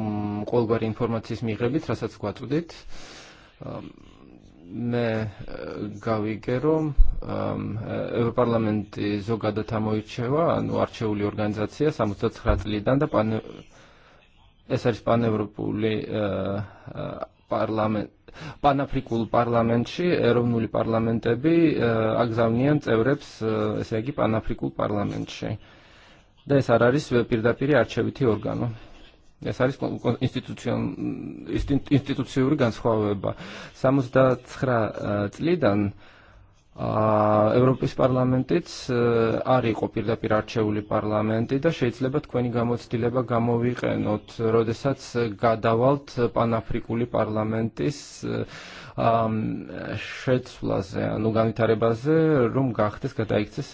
ყოველგვარი ინფორმაციის მიღებით, რასაც გვაწვდით. მე გავიგე რომ ევროპარლამენტი ზოგადად ამოირჩევა, ანუ არჩეული ორგანიზაცია 69 წლიდან და ეს არის პანევროპული parlament, პანაფრიკულ პარლამენტში, ეროვნული პარლამენტები აგზავნიან წევრებს, ესე იგი პანაფრიკულ პარლამენტში. და ეს არ არის პირდაპირ არჩევითი ორგანო. ეს არის ინსტიტუციური განსხვავება. 69 წლიდან kopir da da parlamenti ევროპის პარლამენტიც არ იყო პირდაპირ არჩეული პარლამენტი და შეიძლება თქვენი გამოცდილება გამოვიყენოთ, როდესაც გადავალთ პანაფრიკული პარლამენტის შეცვლაზე, ანუ განვითარებაზე, რომ გახდეს გადაიქცეს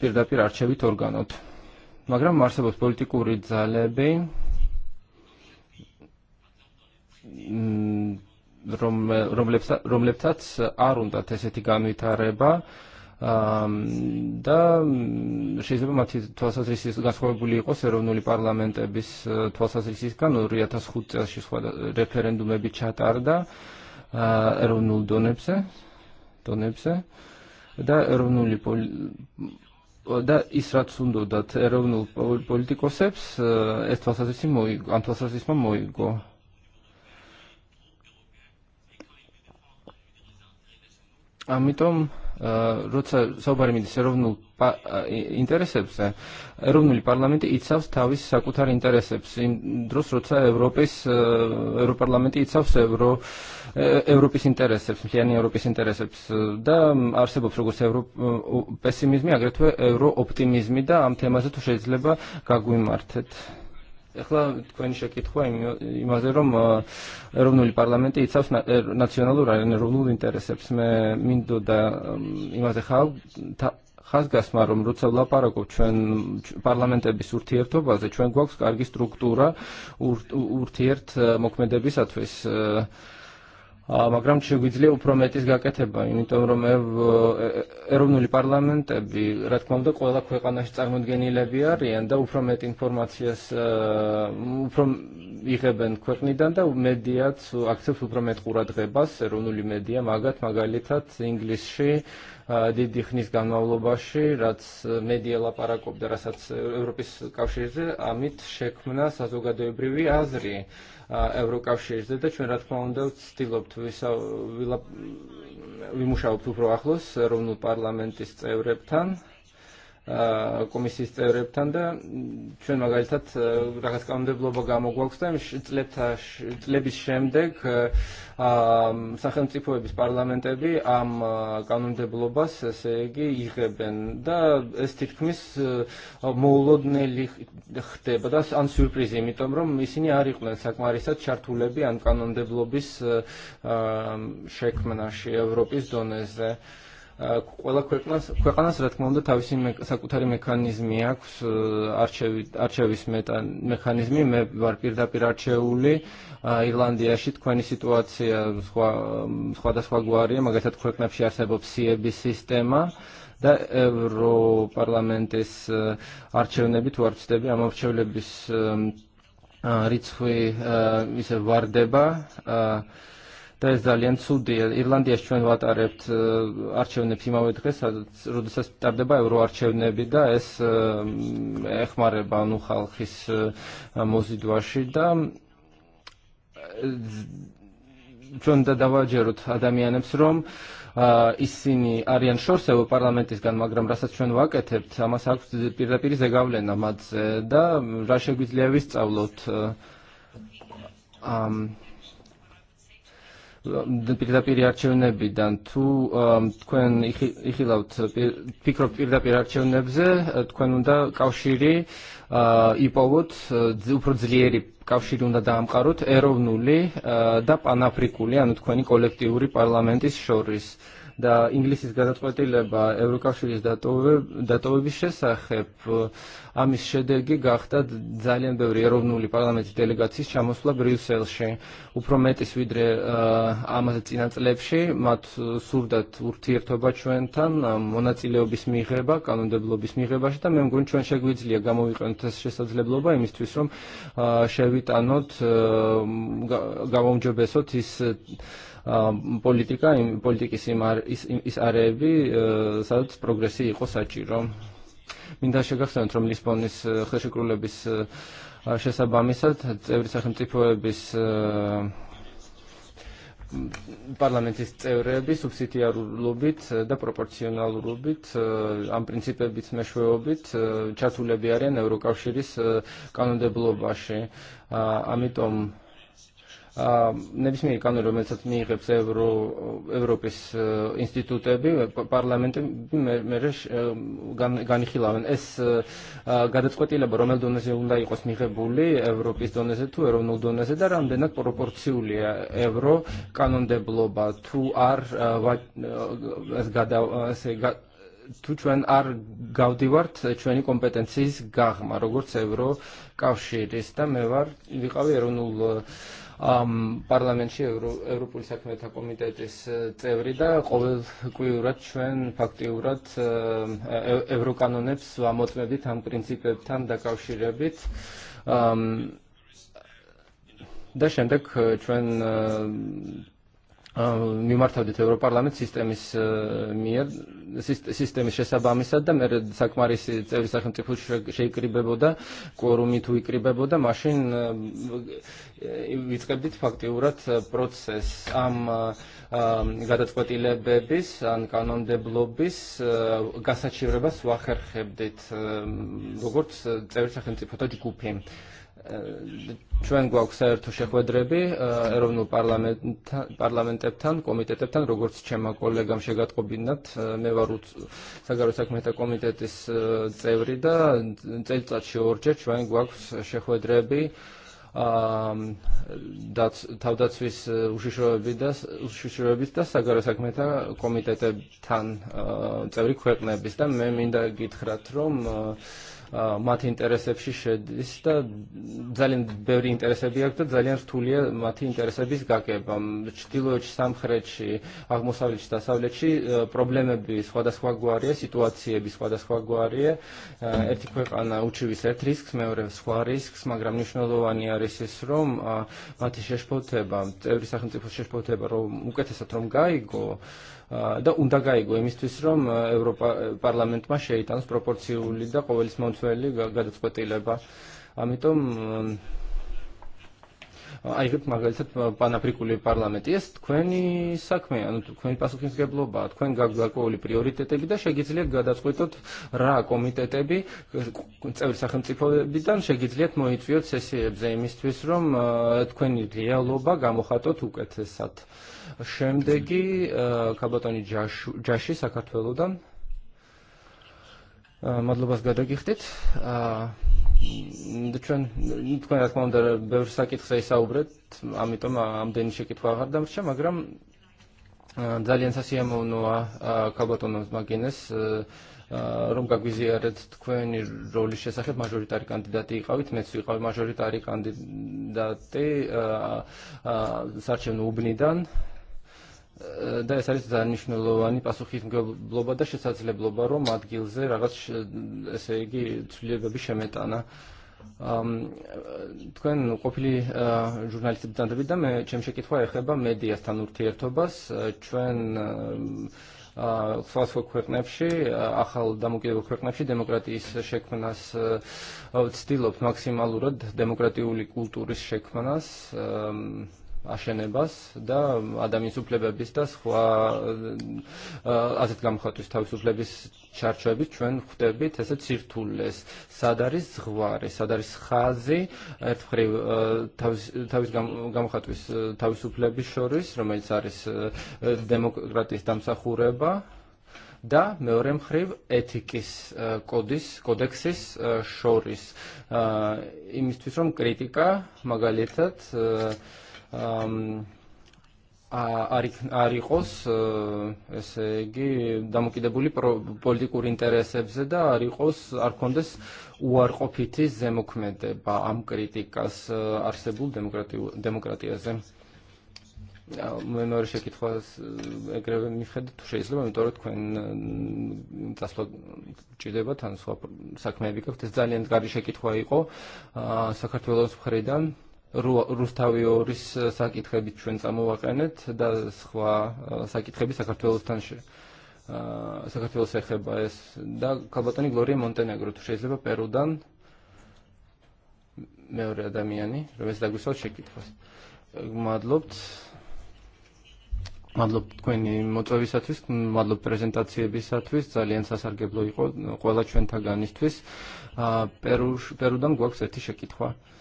პირდაპირ არჩევით ორგანოდ. მაგრამ არსებობს პოლიტიკური ძალები რომლებსაც არ უნდა ესეთი განვითარება და შეიძლება მათი თვალსაზრისის განსხვავებული იყოს ეროვნული პარლამენტების kan 2005 წელში სხვა რეფერენდუმები ჩატარდა ეროვნულ დონებზე დონებზე და ეროვნული da israt sundu dat eronu politikosebs est vasasismo antvasasismo moigo Ამიტომ როცა საუბარი მიდის ეროვნულ ინტერესებზე, ეროვნული პარლამენტი იცავს თავის საკუთარ ინტერესებს. იმ დროს როცა ევროპის ევროპარლამენტი იცავს ევრო ევროპის ინტერესებს, მთლიანი ევროპის ინტერესებს და არსებობს როგორც ევრო პესიმიზმი, აგრეთვე ევრო და ამ თემაზე თუ შეიძლება გაგვიმართეთ. Ехла конечно китхуем имазером ровнули парламенте и цав националура ровнули интересებს მე მინდოდა იმაზე ხავ ხაზგასმა რომ როცა ვლაპარაკობ ჩვენ პარლამენტების ურთიერთობაზე ჩვენ გვაქვს კარგი სტრუქტურა ურთიერთ მოქმედებისათვის აა მაგრამ შეგვიძლია უფრო მეტის გაკეთება, იმიტომ რომ ეროვნული პარლამენტები, რა თქმა უნდა, ყველა ქვეყანაში წარმოდგენილები არიან და უფრო მეტ ინფორმაციას უფრო იღებენ ქვეყნიდან და მედიაც აქცევს უფრო მეტ ყურადღებას, ეროვნული მედია მაგათ მაგალითად ინგლისში დიდი ხნის განმავლობაში, რაც მედია ლაპარაკობდა, რასაც ევროპის კავშირზე, ამით შექმნა საზოგადოებრივი აზრი ევროკავშირზე და ჩვენ რა თქმა უნდა ვცდილობთ ვიმუშაობთ უფრო ახლოს ეროვნულ პარლამენტის წევრებთან კომისიის წევრებთან და ჩვენ მაგალითად რაღაც კანონმდებლობა გამოგვაქვს და წლებთა წლების შემდეგ სახელმწიფოების პარლამენტები ამ კანონმდებლობას ესე იგი იღებენ და ეს თითქმის მოულოდნელი ხდება და ან სიურპრიზი, იმიტომ რომ ისინი არ იყვნენ საკმარისად ჩართულები ამ კანონმდებლობის შექმნაში ევროპის დონეზე. აა ყველა ქვეყნას ქვეყანას რა თქმა უნდა თავისი საკუთარი მექანიზმი აქვს არჩევის მექანიზმი მე ვარ პირდაპირ არჩეული ირლანდიაში თქვენი სიტუაცია სხვა სხვადასხვა გვარია მაგალითად ქვეყნებში არსებობს სიების სისტემა და ევროპარლამენტის არჩევნები თუ არ ვწდები ამ არჩევნების რიცხვი ისე ვარდება აა და ეს ძალიან ცუდია. ირლანდიაში ჩვენ ვატარებთ არჩევნებს იმავე დღეს, სადაც euro ტარდება ევროარჩევნები და ეს ეხმარება ანუ ხალხის მოზიდვაში და ċon da davaġerut għadamjan ebsrom, issini Arjan Xorse u parlamentis izgan magram rasat ċon waqetebt, eh, ma saqt pirda pirize gawlenna madz eh, da raxe gwizlevis għawlot eh, Pikda piri għarċew nebi dan tu um, tkun iħilawt pikro pikda piri għarċew nebze tkun unda kawxiri uh, ipawut u prodzlieri kawxiri unda da amkarut erovnu li uh, da pana prikuli għanu tkun kollektivuri parlamentis xorris და ინგლისის გადაწყვეტილება ევროკავშირის დატოვების biex შესახებ ამის შედეგი გახდა ძალიან ბევრი ეროვნული პარლამენტის დელეგაციის ჩამოსვლა ბრიუსელში. უფრო მეტის ვიდრე ამაზე წინა წლებში, მათ სურდათ ურთიერთობა ჩვენთან, მონაწილეობის მიღება, კანონმდებლობის მიღებაში და მე მგონი ჩვენ შეგვიძლია გამოვიყენოთ ეს შესაძლებლობა იმისთვის, რომ შევიტანოთ გამომჯობესოთ is politika, politiki simar isarebi, e, sadut progressi jikosaċiro. E, Min da xegħaf centrum li sponis xeċikru le bis xesabba misad, e, t-ebri saħim tipu parlamentis t-ebri subsidiar l-ubit, da proporzjonal l-ubit, għan principe bit meċu l-ubit, ċatu le biaren, eurokawxiris, kanu Amitom, Ne bismi kanur me të të Evropis institute ebi, parlamente ebi meresh gani khilaven. Es გადაწყვეტილება, რომელ დონეზე donese იყოს მიღებული ევროპის დონეზე თუ ეროვნულ დონეზე და რამდენად პროპორციულია ევრო კანონმდებლობა თუ არ ეს გადა ესე თუ ჩვენ არ გავდივართ ჩვენი კომპეტენციის გაღმა, როგორც ევრო და მე ვარ ვიყავი ეროვნულ პარლამენტში ევროპული საქმეთა კომიტეტის წევრი და ყოველკვირად ჩვენ ფაქტიურად ევროკანონებს ვამოწმებით ამ პრინციპებთან დაკავშირებით და შემდეგ ჩვენ Mi marta għodit Euro Parlament sistemi s-mir, uh, sistemi s-sabba mi s-saddam, erred sakmari s-tevi s-saxan t-ifu xej kribebu da, kuru mi tu kribebu da, maċin vizkabdit uh, fakti urat uh, proces am għadat fati lebebis, an kanon de blobis, għasa ċivreba s-waxer xebdit, bogurt t-tevi s-saxan t ჩვენ გვაქვს საერთო შეხვედრები ეროვნულ პარლამენტებთან, კომიტეტებთან, როგორც ჩემმა კოლეგამ შეგატყობინათ, მე ვარ საგარეო საქმეთა კომიტეტის წევრი და წელიწადში ორჯერ ჩვენ გვაქვს შეხვედრები თავდაცვის უშიშროების და საგარეო საქმეთა კომიტეტებთან წევრი ქვეყნების და მე მინდა გითხრათ, რომ აა matin intereseb xie xedista, bżalin bevri interesebi għak bżalin rtulje matin interesebi zgakeb għam ċtilu ċ samħreċi għak ċi tasavli ċi probleme bi skwada skwa gwarje, situacije bi skwada skwa gwarje, erti kwek għanna uċivi set risk, mewre skwa risk, nix nodu għani għaris jisrom, mati xiex poteba, evri saħn tipu xiex poteba, ro mukete satrom gajgo, Ah, da unda gajgu, e, mistwisrom eh, Europa eh, parlament ma xejtan, sproporzju li da kow il-smont ferli għadat spatila ba. Għamitom eh, għajgħib magħalset pana prikuli parlament jest, kwen sakme, kwen pasukins għablobat, kwen għagħu li prioritete bida, xegħizliet għadat kujtot ra komitete bi, saħem ciklo bidan, xegħizliet mojit fjot sessi ebżej mistwisrom, tkwen li għabloba għamuħatot uket sat. Xemdegi, kabotoni ġaxi sakartveludan, madluba zgada għiħtit. Dċen, tkun għat mam dar bewr sakit xsaj sawbret, għamitom għamdin xekit għagħadda, mċem għagram daljen sasijem unu kabotun maġines, rumga gwizi għarret tkun ir-roli xie saħib maġoritari kandidati għawit mezzu għaw maġoritari kandidati sarċen u bnidan, Da და ეს არის დანიშნულოვანი პასუხით მგებლობა და შესაძლებლობა რომ ადგილზე რაღაც ესე იგი ცვლილებები შემეტანა da ყოფილი ჟურნალისტები დანდებით და მე ჩემ შეკითხვა ეხება მედიასთან ურთიერთობას ჩვენ სხვადასხვა ქვეყნებში, ახალ დამოკიდებულ ქვეყნებში დემოკრატიის შექმნას ვცდილობთ მაქსიმალურად დემოკრატიული კულტურის შექმნას აშენებას და ადამიანის უფლებების და სხვა ასეთ გამოხატვის თავისუფლების ċarċobi ċwen ħtebi tesib sir tulles. Sadari zgwari, sadari sħazi, ertħri tawis gamħatwis tawis uplebi xoris, romel saris eh, eh, demokratis tamsa xureba, da meorem xriv etikis eh, kodis, kodeksis xoris. Imistwisrom kritika, magalitat, uh, არ იყოს ესე იგი დამოკიდებული პოლიტიკურ ინტერესებზე და არ იყოს არ კონდეს უარყოფითი ზემოქმედება ამ კრიტიკას არსებულ დემოკრატიაზე. მეორე შეკითხვას ეგრევე მიხედეთ თუ შეიძლება, იმიტომ რომ თქვენ დასლა ჭირდებათ ან სხვა საქმეები გაქვთ. ეს ძალიან კარგი შეკითხვა იყო საქართველოს მხრიდან. E, sakit რუსთავიორის საკითხებით ჩვენ წამოვაყენეთ და სხვა საკითხები საქართველოსთან საქართველოს ეხება ეს და ქალბატონი გლორია მონტენეგრო თუ შეიძლება პერუდან მეორე ადამიანი რომელიც დაგვისვათ შეკითხვას მადლობთ Madlob თქვენი მოწვევისათვის, მადლობ პრეზენტაციებისათვის, ძალიან სასარგებლო იყო ყველა ჩვენთაგანისთვის. პერუდან გვაქვს ერთი შეკითხვა. აა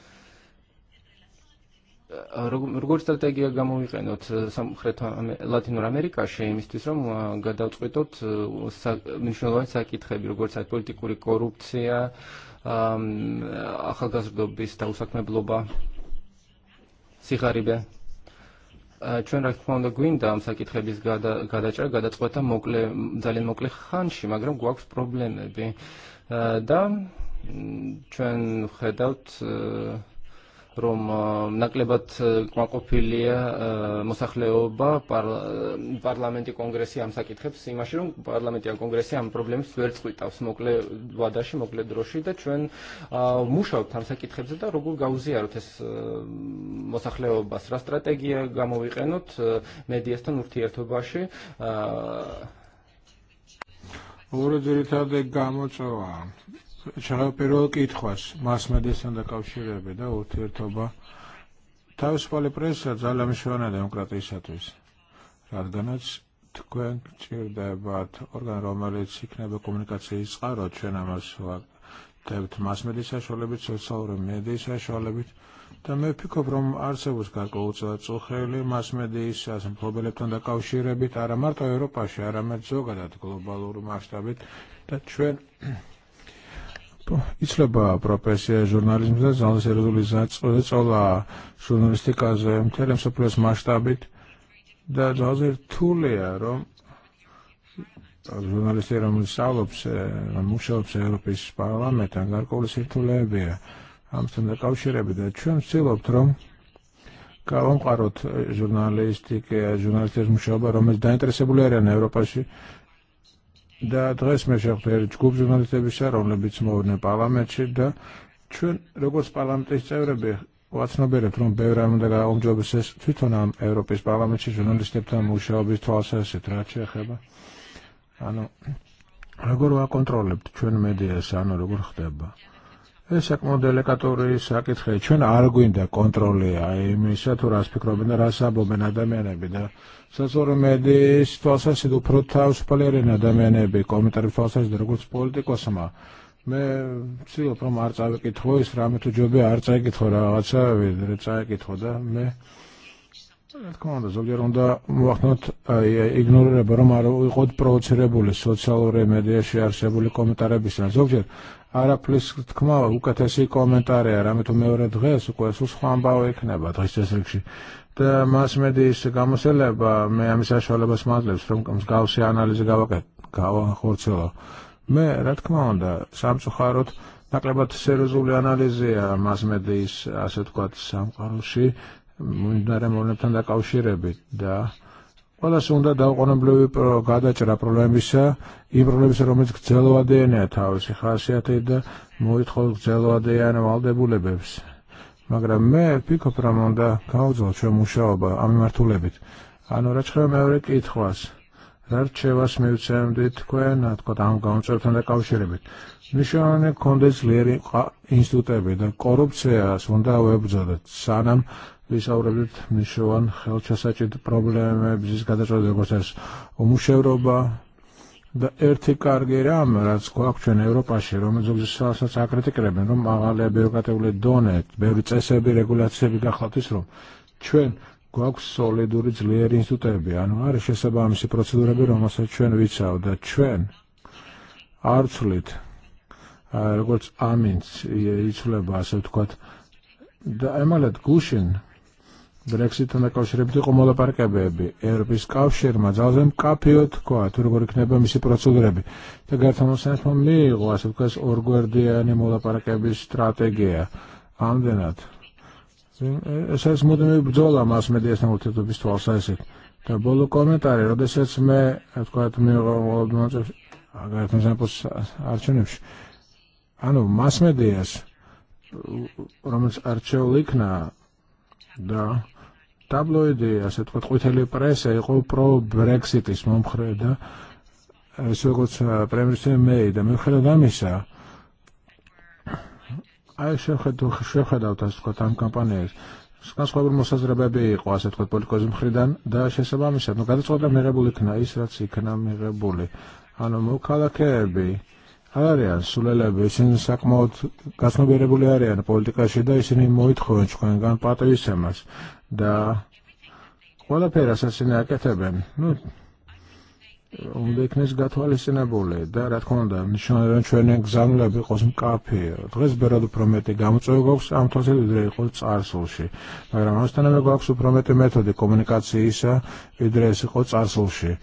როგორც სტრატეგია გამოვიყენოთ სამხრეთ ლათინურ ამერიკაში იმისთვის რომ გადავწყვეტოთ მნიშვნელოვანი საკითხები როგორც არის პოლიტიკური კორუფცია ახალგაზრდობის დაუსაქმებლობა სიხარიბე ċen rajt fonda gwinda am sakitħebis għadaċar għadaċqota mokle dalin mokle ħanxi, magram għuaks problemi eh, Da, ċen xedawt eh, რომ ნაკლებად კმაყოფილია მოსახლეობა პარლამენტი კონგრესი ამ საკითხებს იმაში რომ პარლამენტი ან კონგრესი ამ პრობლემებს ვერ Mokle მოკლე ვადაში მოკლე დროში და ჩვენ მუშაობთ ამ საკითხებზე და როგორ გავუზიაროთ ეს მოსახლეობას რა სტრატეგია გამოვიყენოთ მედიასთან ურთიერთობაში ორი ძირითადი გამოწვევა ċarapiro kitħas, mas medistan da kawxirebi, da u tirtoba. Tawis pali pressa zalla mxona demokratisatus. Radganaz tkwen ċirdebat organ romali ciknebe komunikazzjoni sqarot ċena maswa. Tebt mas medisa xolebit, sosawri medisa xolebit. Tamme pikoprom arsevus kakowca tsukheli mas medisa simplobeleptan da kawxirebit, ara marta Europa xe, ara mezzogadat globalur maštabit, ta ċwen იცლება პროფესია ჟურნალიზმი და ძალიან სერიოზული წოლა ჟურნალისტიკაზე მთელი მსოფლიოს მასშტაბით და ძალიან რთულია რომ ჟურნალისტი რომელიც სწავლობს მუშაობს ევროპის პარლამენტთან გარკვეული სირთულეებია ამასთან დაკავშირებით და ჩვენ ვცდილობთ რომ გავამყაროთ ჟურნალისტიკა ჟურნალისტების მუშაობა რომელიც დაინტერესებული არიან ევროპაში და დღეს მე შეხვდი ჯგუფ ჟურნალისტებისა, რომლებიც მოვიდნენ პარლამენტში და ჩვენ როგორც პარლამენტის წევრები ვაცნობერებთ, რომ ბევრი რამ უნდა გაუმჯობესდეს თვითონ ამ ევროპის პარლამენტში ჟურნალისტებთან მუშაობის sitra ċeħeba għanu rogor როგორ ვაკონტროლებთ ჩვენ მედიას, sanu rogor ხდება? Isak modelekaturi isak itħe, ċen arguin da kontrolli għaj, misa tu raspikro bina bo bina damene bida. Sazur medi sfosa sidu prottaw spalerina damene bi, komitar fosa sdragut spolti sama. Me sio prom arca għavik itħu, isrami tu ġobi arca għik itħu raħaca, vidrica għik itħu da, me. Komanda, zogġerun da muaknot ignorire baromaru, iħod provocire bulli, socialu remedie, xie arsebuli komitare bisna. zogjer. Għara plis tkma u katesi komentari għara mitu mewre dħes u kwesu sħan baw ikneba e tħisċes rikxi. Ta ma smedi s-għamu s-leba me għamisa e xoħle bas matlib s-frum kam s-għaw si analiz għawa kħet għawa xurċilo. Me rat kma għanda sam suħarut nakleba t-seru zuli analizi ma smedi s-għaset kwa t-sam xi mund naremu l-nebtan da kawxi rebit da. Għala sunda daw għonem blu għada ċera problemissa, i problemissa romit kċelu għadejne tawsi, xasja tejda mu jitħol kċelu għadejne għaldebu lebebs. Magra me piko pramonda kawzo ċe muxawba, għami martu lebit. Għannu raċħra mewrek itħwas. Rarċe was miwcem dit kwen għat kot għam għam ċertan dekaw xiribit. Nixħane kondez leri instutebit, korupzija sunda u ebżadet, sanam ვისაუბრებით მნიშვნელოვან ხელჩასაჭედ პრობლემების გადაწყვეტილებას უმუშევრობა da erti kargi ram raz kwaqċen Europa xirum zogġi salsa sakret ikrebin rum għale birokratew li donet bewri tsesebi regulazzjebi għaxħat isrum ċwen kwaq soliduri zlier institutebi għanu għar xeseba għamsi procedura birum għasa ċwen vicaw da ċwen arzulit regolz għamint jizleba e, għasa tkwat da emalet guxin Brexit e ka shqipti komo dhe parke bebi. Europis ka shqir ma zazem ka pjot koa, të rëgër knebe misi procedurëbi. Të gërë në sens më migu, asë kës orgër dhe një mu bebi strategia. Andinat. Sens mu dhe mi bëgjolla mas me desnë u të të bistual bollu komentari, rëdhe sens me, atë koa të migu, gërë të në sempus arqenimsh. Anu, mas me desë, Romans arċew likna da ტაბლოიდი, ასე eh, eh, da ყვითელი პრესა იყო პრო-ბრექსიტის მომხრე და ეს როგორც პრემიერ-მინისტრი მეი და მიუხედავად ამისა აი შეხედავთ შეხედავთ ასე თქვა ამ კამპანიას განსხვავებული მოსაზრებები იყო ასე თქვა პოლიტიკოს მხრიდან და შესაბამისად, ნუ გადაწყვეტა მიღებული იქნა ის, რაც იქნა მიღებული. ანუ მოქალაქეები არ არიან სულელები, ისინი საკმაოდ გასნობიერებული არიან პოლიტიკაში და ისინი მოითხოვენ pato პატივისცემას da wala pera sa sinna kateben. Nu, Undek nisgat għalli sina bulli, dara tkonda, nixan renċen egzam la biqos mkapi, tħiz bera du prometi għam tsogoks għam tħasil idrejħu tsar sulxi. Għara maħstana l-għak su prometi metodi komunikazzijisa idrejħu tsar sulxi.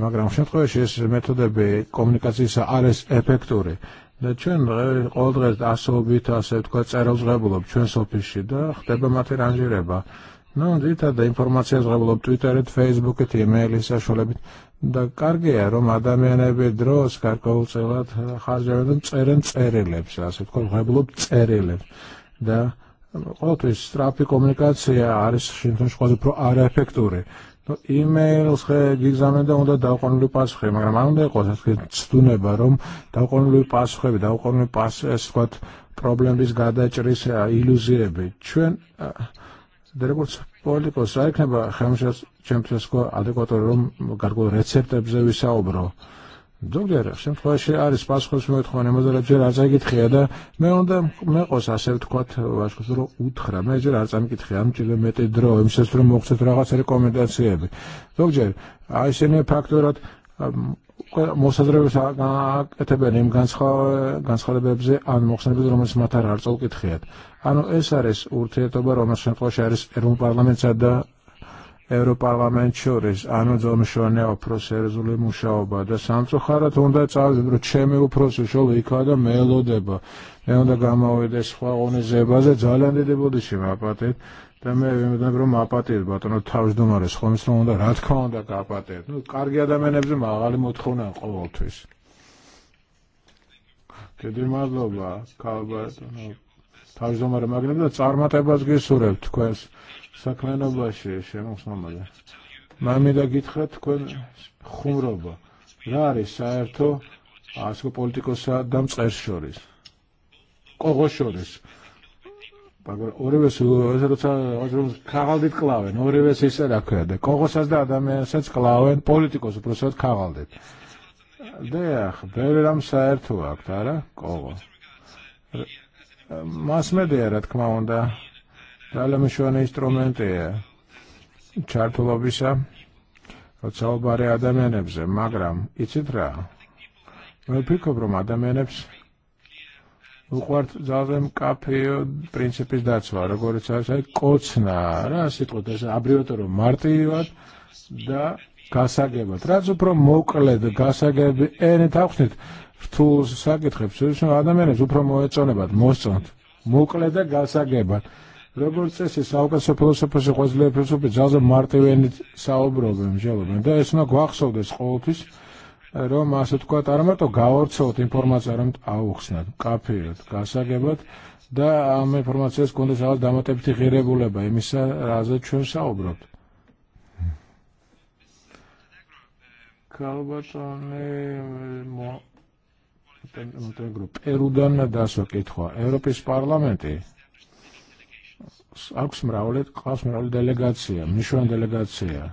Ma gram xentħu jxis metode bi komunikazzijisa għalis efekturi. ყოველ დღეს ასობით ასე თქვა tsar użrebulu, bċen sopixi, da xtebe mati ranġireba. Nu, di tada informacija zgablo Facebook, Facebookit, e-mailis, għaxolabit. Da kargi kargjeru, ma da mene bidros, u celat, ħagġavedum ceren cerilebs, għasit kol ħablu cerilebs. Da, għotu strapi komunikazzija għaris xintun xkwazi pro għara efekturi. No, e-mail sħe għizamen da unda daw kon li pasħe, ma għamma unda kosa sħe stune barum, daw kon li pasħe, daw kon li pasħe skwat problem bizgada ċerisa e e iluziebi. ċwen, uh, ah, Drebots poli posajkneba xemxas ċemtlesko adekvatorum gargu recepta e bżewi saubro. Dugder, xem tħoċi għaris pasħos me tħoni mażara ġerarza għitħieda, me onda me qosa sew tkot għax kutru utħra, me ġerarza għitħieda mċile me t-idro, mċestru muqċetru għas rekomendazzjebi. Dugder, għajsini pakturat მოსაზრების აკეთებენ იმ განსხვავებებზე ან მოხსენებებზე რომელიც მათ არ არწულ კითხიათ. ანუ ეს არის ურთიერთობა რომელს შემთხვევაში არის ეროვნულ პარლამენტსა და ევროპარლამენტ შორის, ანუ ძონშონე უფრო სერიოზული მუშაობა და სამწუხაროდ უნდა წავიბროთ ჩემი უფრო შოლიქა და მელოდება. მე უნდა გამოვიდე სხვა ღონისძიებაზე ძალიან დიდი ბოდიში ვაპატეთ. Temmej, nebru ma patit, bat nu tħawx dumar isħon isħon dar, għad konda ka patit. Nu kargja da men ebżima, għali mu tħuna qovoltwis. Kedi madloba, kalbat, nu tħawx dumar magnib, da tsarma tebaz għisurev, tkwes, saklena baxi, xemu smamadja. Ma mi da gitħet tkwen xumroba. Rari, sajertu, għasku politiko sa dam tsqer xoris. Kogo xoris. Kogo xoris ორივე როცა ქაღალდით კლავენ, ორივეს ისე რა ქვია, კოღოსაც და ადამიანსაც კლავენ, პოლიტიკოს უბრალოდ ქაღალდით. დიახ, ბევრი რამ საერთო აქვს, არა? კოღო. მას მედია რა თქმა უნდა. ძალამშოვანი ინსტრუმენტია. ჩართულობისა როცა ვბარე ადამიანებზე, მაგრამ იცით რა? მე Me რომ er adamenebze უყვართ ძალზემ კაფეო პრინციპის დაცვა, როგორც არის კოცნა, რა სიტყვით ეს აბრევიატურა რომ მარტივად და გასაგებად. რაც უფრო მოკლედ გასაგები ენით ახსნით რთულ საკითხებს, რომ ადამიანებს უფრო მოეწონებათ, მოსწონთ. მოკლედ და გასაგებად. როგორც წესი საუკეთესო ფილოსოფოსი ღვიძლია ფილოსოფი ძალზე მარტივენით საუბრობენ, მსჯელობენ და ესმა გვახსოვდეს ყოველთვის რომ ასე თქვა არამარტო გავავრცელოთ ინფორმაცია, არამედ აუხსნათ, კაფილეთ, გასაგებად და ამ ინფორმაციას კონდეს ახალ დამატებითი ღირებულება იმისა, რაზეც ჩვენ საუბრობთ. Kalbatone Perudan daso kitħwa. Europis parlamenti. აქვს mrawlet, ყავს მრავალი დელეგაცია, მნიშვნელოვანი დელეგაცია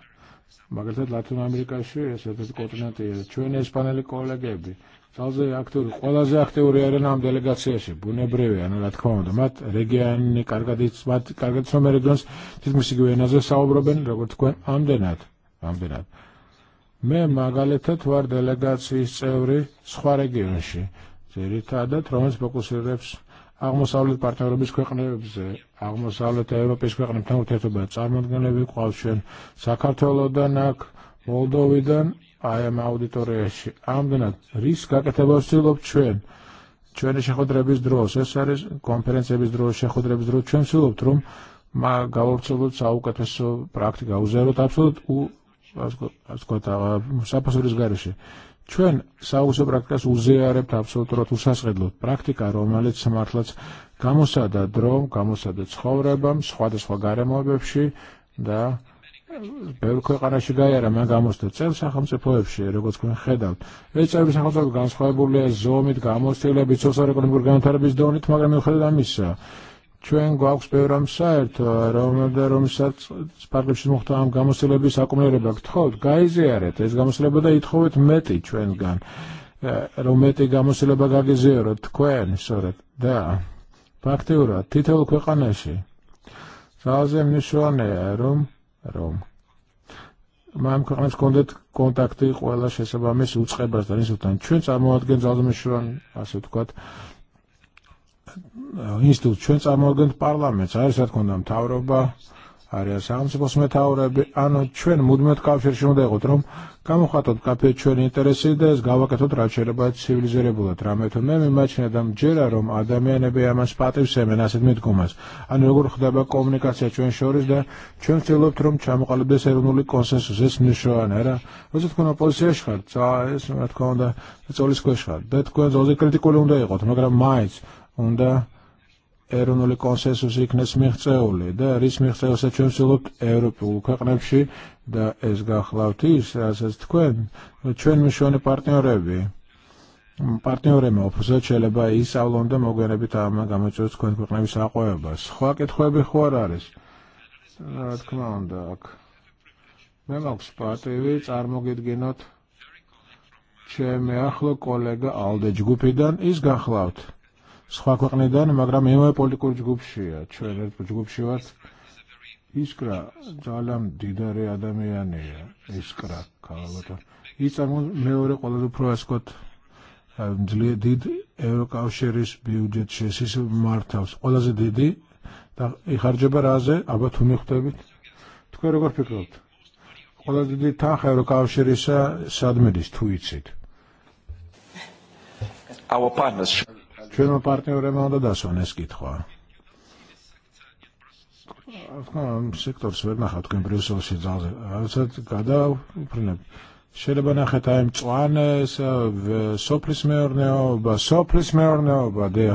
მაგალითად ლათინოამერიკაში ესეთი კონტინენტია ჩვენ ესპანელი კოლეგები ძალზე აქტიური ყველაზე აქტიური არიან ამ დელეგაციაში ბუნებრივია რა თქმა უნდა მათ რეგიონი კარგად იცმათ კარგად იცნო რეგიონს თითქმის იგივე ენაზე საუბრობენ როგორც თქვენ ამდენად ამდენად მე მაგალითად ვარ დელეგაციის წევრი სხვა რეგიონში ძირითადად რომელიც ფოკუსირებს აღმოსავლეთ პარტნიორობის ქვეყნებზე, აღმოსავლეთ ევროპის ქვეყნებთან ურთიერთობა წარმოადგენლები ყავშენ საქართველოდან აქ, მოლდოვიდან, აი ამ აუდიტორიაში. ამდენად რის გაკეთებას ვცდილობთ ჩვენ. ċveni xeħodrebi zdros, essaris konferenzebi zdros, xeħodrebi zdros, ċen silubtrum, ma għalur cilut saw katessu praktika, u zeru ta' absolut u għaskota, musa pasur izgarixi ta' absolutura tu sasredlu praktika drom, sħuħgare საუბრობ bebxi, da, აბსოლუტურად għana პრაქტიკა, ma მართლაც გამოსადა დრომ, saħam se სხვადასხვა გარემოებებში kun xedal. Eċa bi saħam se għan სახელმწიფოებში როგორც თქვენ ხედავთ ეს წევრი სახელმწიფო განსხვავებულია ზომით გამოცდილებით სოციალ-ეკონომიკური განვითარების დონით მაგრამ xedal ამისა ჩვენ გვაქვს ბევრ ამ საერთო, რომელდა რომელსაც სპარგლებში მოხდა ამ გამოსილების აკუმულირება გთხოვთ, გაიზიარეთ ეს გამოსილება და ითხოვეთ მეტი ჩვენგან. რომ მეტი გამოსილება გაგიზიაროთ თქვენ, სწორედ და ფაქტიურად თითოეულ ქვეყანაში ძალზე მნიშვნელოვანია, რომ რომ მაგრამ ქვეყნებს კონდეთ კონტაქტი ყველა შესაბამის უწყებას და ჩვენ წარმოადგენს ძალზე მნიშვნელოვან, ასე ვთქვათ, ინსტიტუტ ჩვენც ამოვაგდენთ პარლამენტს არის რა თქმა უნდა მთავრობა არის სახელმწიფოს მეთაურები ანუ ჩვენ მუდმივად კავშირში უნდა იყოთ რომ გამოხატოთ კაფე ჩვენი ინტერესი და ეს გავაკეთოთ რაც შეიძლება ცივილიზირებულად რამე თუ მე მიმაჩნია და მჯერა რომ ადამიანები ამას პატივს ემენ ასეთ მიდგომას ანუ როგორ ხდება კომუნიკაცია ჩვენ შორის და ჩვენ ვცდილობთ რომ ჩამოყალიბდეს ეროვნული კონსენსუსი ეს მნიშვნელოვანია რა როცა თქვენ ოპოზიციაში ხართ ეს რა თქმა უნდა წოლის ქვეშ ხართ და თქვენ ზოგადად კრიტიკული უნდა იყოთ მაგრამ მაინც უნდა ეროვნული კონსენსუსი იქნეს მიღწეული და რის მიღწევას ჩვენსულობთ ევროპულ ქვეყნებში და ეს გახლავთ ის, რასაც თქვენ ჩვენ მშონი პარტნიორები პარტნიორებმა ოფიციალურად შეიძლება ისავლონ და მოგვიანებით ამ გამოიწვევს თქვენ ქვეყნების აყვავებას. სხვა კითხვები ხო არ არის? რა თქმა უნდა, აქ მე მაქვს პატივი წარმოგიდგინოთ ჩემი ახლო კოლეგა ალდე ჯგუფიდან ის გახლავთ სხვა ქვეყნიდან, მაგრამ მე პოლიტიკურ ჯგუფშია, ჩვენ ერთ ჯგუფში ვართ. ისკრა ძალიან მდიდარი ადამიანია, ისკრა ქალბატონ. იწამო მეორე ყველაზე უფრო ასკოთ დიდ ევროკავშირის ბიუჯეტში ეს ის მართავს. ყველაზე დიდი და იხარჯება რაზე? აბა თუ მიხვდებით. თქვენ როგორ ფიქრობთ? ყველაზე დიდი თანხა ევროკავშირისა სადმედის თუ იცით? Our partnership ჩვენმა პარტნიორებმა უნდა დასვან ეს კითხვა. ახლა სექტორს ვერ ნახავ თქვენ ბრიუსელში ძალზე. რაიცად გადავფრინებ. შეიძლება ნახეთ აი მწვანეს, სოფლის მეურნეობა, სოფლის მეურნეობა და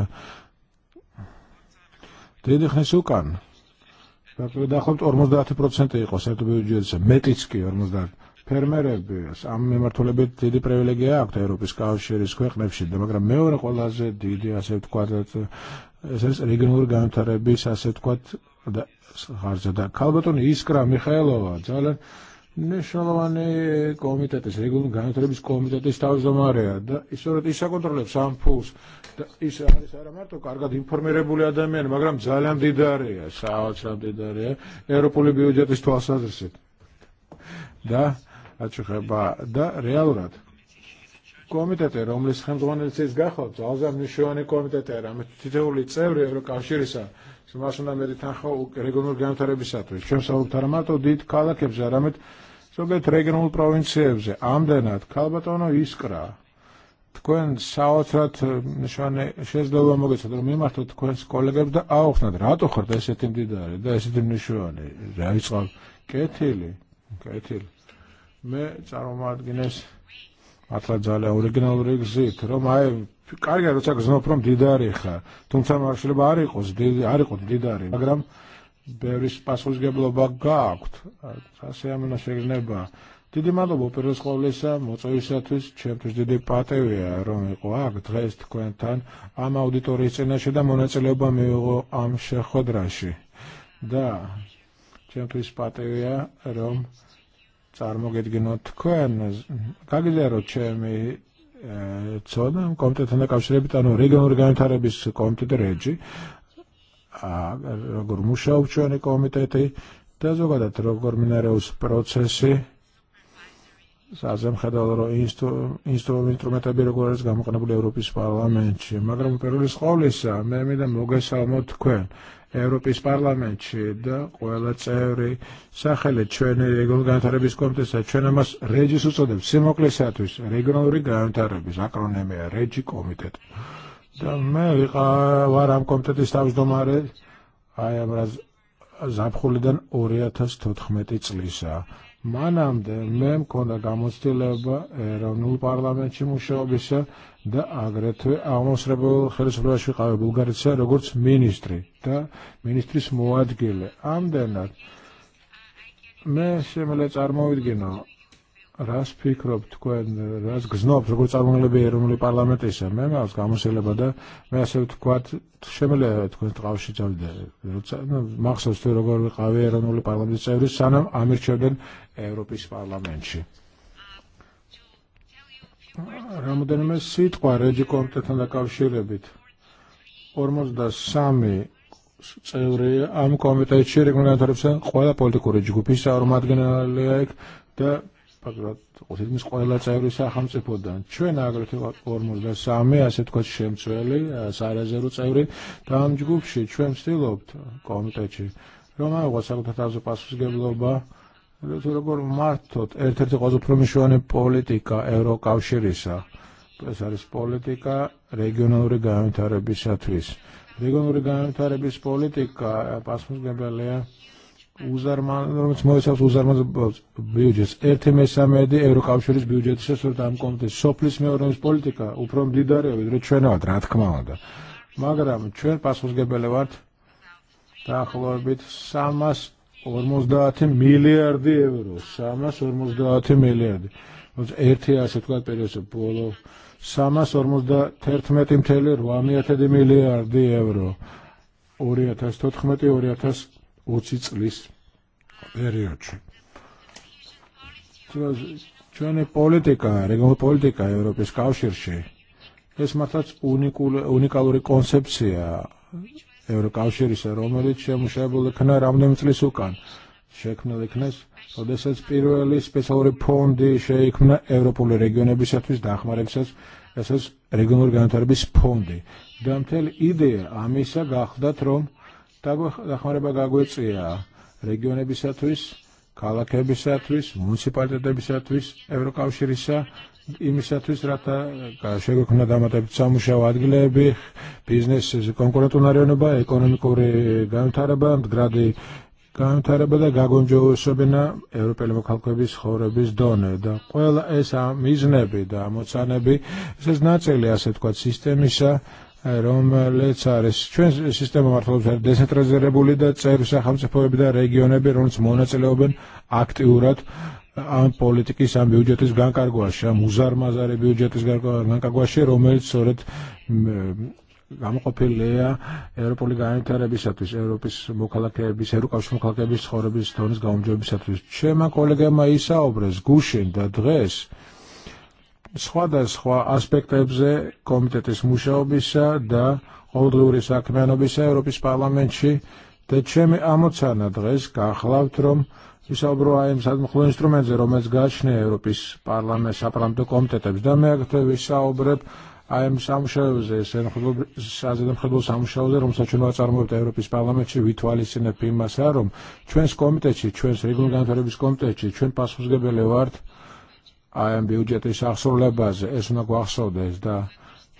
დიდი ხნის უკან. დაახლოებით 50% იყო საერთო ბიუჯეტზე, მეტიც კი 50 ფერმერების ამ მიმართულებით დიდი პრივილეგია აქვთ ევროპის კავშირის ქვეყნებში მაგრამ მეორე ყველაზე დიდი ასე ვთქვათ ეს არის რეგიონული განვითარების ასე ვთქვათ ħarġa da kalbaton iskra Mikhailova ġalan nixolvani komitetis, regulum għan trebis komitetis ta' użomarja, da isorat issa kontrolib sam pus, da issa għara martu kargat informirebuli għadamen, magram ġalan didarja, saħat ġalan didarja, Europoli biuġetis tu Da, აჩუხება და რეალურად კომიტეტი, რომლის ხელმძღვანელიც გახავთ, ძალზედ მნიშვნელოვანი კომიტეტი არა, თითოეული წევრი ევროკავშირისა, მას უნდა მეთანხო რეგიონული განვითარებისათვის. ჩვენ საუბრობთ არა მარტო დიდ ქალაქებზე, არამედ ზოგიერთ რეგიონულ პროვინციებზე. ამდენად, ქალბატონო ისკრა, თქვენ საოცრად მნიშვნელოვანი შეძლება მოგეცათ, რომ მიმართოთ თქვენს კოლეგებს და აუხსნათ, რატო ხართ ესეთი მდიდარი და ესეთი მნიშვნელოვანი, რა იწავ კეთილი, კეთილი მე წარმოადგენს ატლაძალე ორიგინალური გზით, რომ აი კარგია როცა გზნობ რომ მდიდარი ხარ, თუმცა შეიძლება არ იყოს არ იყოს მდიდარი, მაგრამ ბევრი პასუხისგებლობა გააქვთ. ასე ამენა შეგრძნება. დიდი მადლობა უპირველეს ყოვლისა მოწვევისათვის, ჩემთვის დიდი პატივია რომ იყო აქ დღეს თქვენთან ამ აუდიტორიის წინაშე და მონაწილეობა მიიღო ამ შეხვედრაში. da, ჩემთვის პატივია რომ t გინოთ თქვენ გაგიძლიეროთ ჩემი ცოდნა კომიტეტთან დაკავშირებით ანუ რეგიონული განვითარების კომიტეტი რეჯი როგორ მუშაობს ჩვენი კომიტეტი და rogur როგორ მინარევს processi, Sazem l-ro ħedalro instrumenta birgores għam għanabul Europis Parlamentċi. Magram per l-iskolissa, me midem lugas għamot kwen. Europis Parlamentċi, da kwella ċevri, saħħeli ċveni regol għantarabis kontesta, ċveni mas reġi suċodem, simoklisatus, regionaluri għantarabis, akronemi, reġi komitet. Da me viqa waram komitet istawx domare, għajam raz zabħu l-dan urja tas totħmet iċlisa da għagretu għamu srebu xeris პარლამენტში მუშაობისა და აგრეთვე აღმოსრებულ ხელისუფლებაში ministri ბულგარეთსა როგორც მინისტრი და მინისტრის მოადგილე. ამდენად armu id gino. Ras pikrobt tkwen, ras gznob zgurz għamun li bejrum li parlament isem, e mem għaz għamun se bada, me għasib tkwat tkwen txemele tkun tqaw xie ġalde. Maqsab stu rogor li qawirun li parlament isem, e ris sanam għamir ċebden Europis parlamentxi. Ramudan messi tkwa reġi kompetan da kaw xie rebit. Ormoz da sami Sewri, għam komitaj ċiri e għuna tarifsen, xwada politiku reġi kupisa, ormat għina li għajk, da კადრატ ყოფილმის ყველა წევრი სახელმწიფოდან ჩვენ აგრეთვე 53 ასე თქვათ შემცველი სარეზერვო წევრი და ამ ჯგუფში ჩვენ ვცდილობთ კომიტეტში რომ აიღოს საკუთარ პასუხისგებლობა თუ როგორ მართოთ ერთ-ერთი ყველაზე უფრო მნიშვნელოვანი პოლიტიკა ევროკავშირისა ეს არის პოლიტიკა რეგიონალური განვითარებისათვის რეგიონული განვითარების პოლიტიკა პასუხისგებელია უზარმან რომელიც მოიცავს უზარმაზ ბიუჯეტს ერთმესამედი ევროკავშირის ბიუჯეტის შესურთან კომიტეტის სოფლის მეურნეობის პოლიტიკა უფრო მდიდარია ვიდრე ჩვენავთ რა თქმა უნდა მაგრამ ჩვენ პასუხისგებელი ვართ დაახლოებით 350 მილიარდი ევრო 350 მილიარდი ერთი ასე თქვა პერიოდში ბოლო 351.8 მილიარდი ევრო 20 წლის პერიოდში. ჩვენი პოლიტიკა, რეგიონალური პოლიტიკა ევროპის კავშირში ეს მართლაც უნიკალური კონცეფცია ევროკავშირისა, რომელიც შემუშავებული იქნა რამდენიმე წლის უკან. შექმნილ იქნეს, როდესაც პირველი სპეციალური ფონდი შეიქმნა ევროპული რეგიონებისათვის დახმარებისას, ესეც რეგიონული განვითარების ფონდი. და მთელი იდეა ამისა გახდათ, რომ დახმარება გაგვეწია რეგიონებისათვის, ქალაქებისათვის, მუნიციპალიტეტებისათვის, ევროკავშირისა იმისათვის რათა შეგვექმნა დამატებით სამუშაო ადგილები, ბიზნესის კონკურენტუნარიანობა, ეკონომიკური განვითარება, მდგრადი განვითარება და გაგონჯოესებინა ევროპელი მოქალაქეების ცხოვრების დონე და ყველა ეს მიზნები და მოცანები ეს ნაწელი ასე თქვა სისტემისა რომ ლეც არის ჩვენს სისტემა მართლობს დეცენტრალიზებული და წერის სახელმწიფოები და რეგიონები რომც მონაწილეობენ აქტიურად ამ პოლიტიკის ამ ბიუჯეტის განკარგვაში ამ უზარმაზარი ბიუჯეტის განკარგვაში რომელიც სწორედ გამოყოფილია ევროპული განვითარებისათვის, ევროპის მოქალაქეების, ევროკავშირის მოქალაქეების ცხოვრების დონის გაუმჯობესებისათვის. ჩემმა კოლეგებმა ისაუბრეს გუშინ და დღეს სხვადასხვა ასპექტებზე კომიტეტის მუშაობისა და ყოველდღიური საქმიანობისა ევროპის პარლამენტში და ჩემი ამოცანა დღეს გახლავთ რომ ვისაუბრო აი იმ სადმხლო ინსტრუმენტზე რომელიც გააჩნია ევროპის პარლამენტს საპარლამენტო კომიტეტებს და მე აგრეთვე ვისაუბრებ აი იმ სამუშაოზე საზედამხედველ სამუშაოზე რომელსაც ჩვენ ვაწარმოებთ ევროპის პარლამენტში ვითვალისწინებ იმას რომ ჩვენს კომიტეტში ჩვენს რეგიონულ განვითარების კომიტეტში ჩვენ პასუხისმგებელი ვართ għajem biwġet li saħsur le bazi, esna għaxsur da.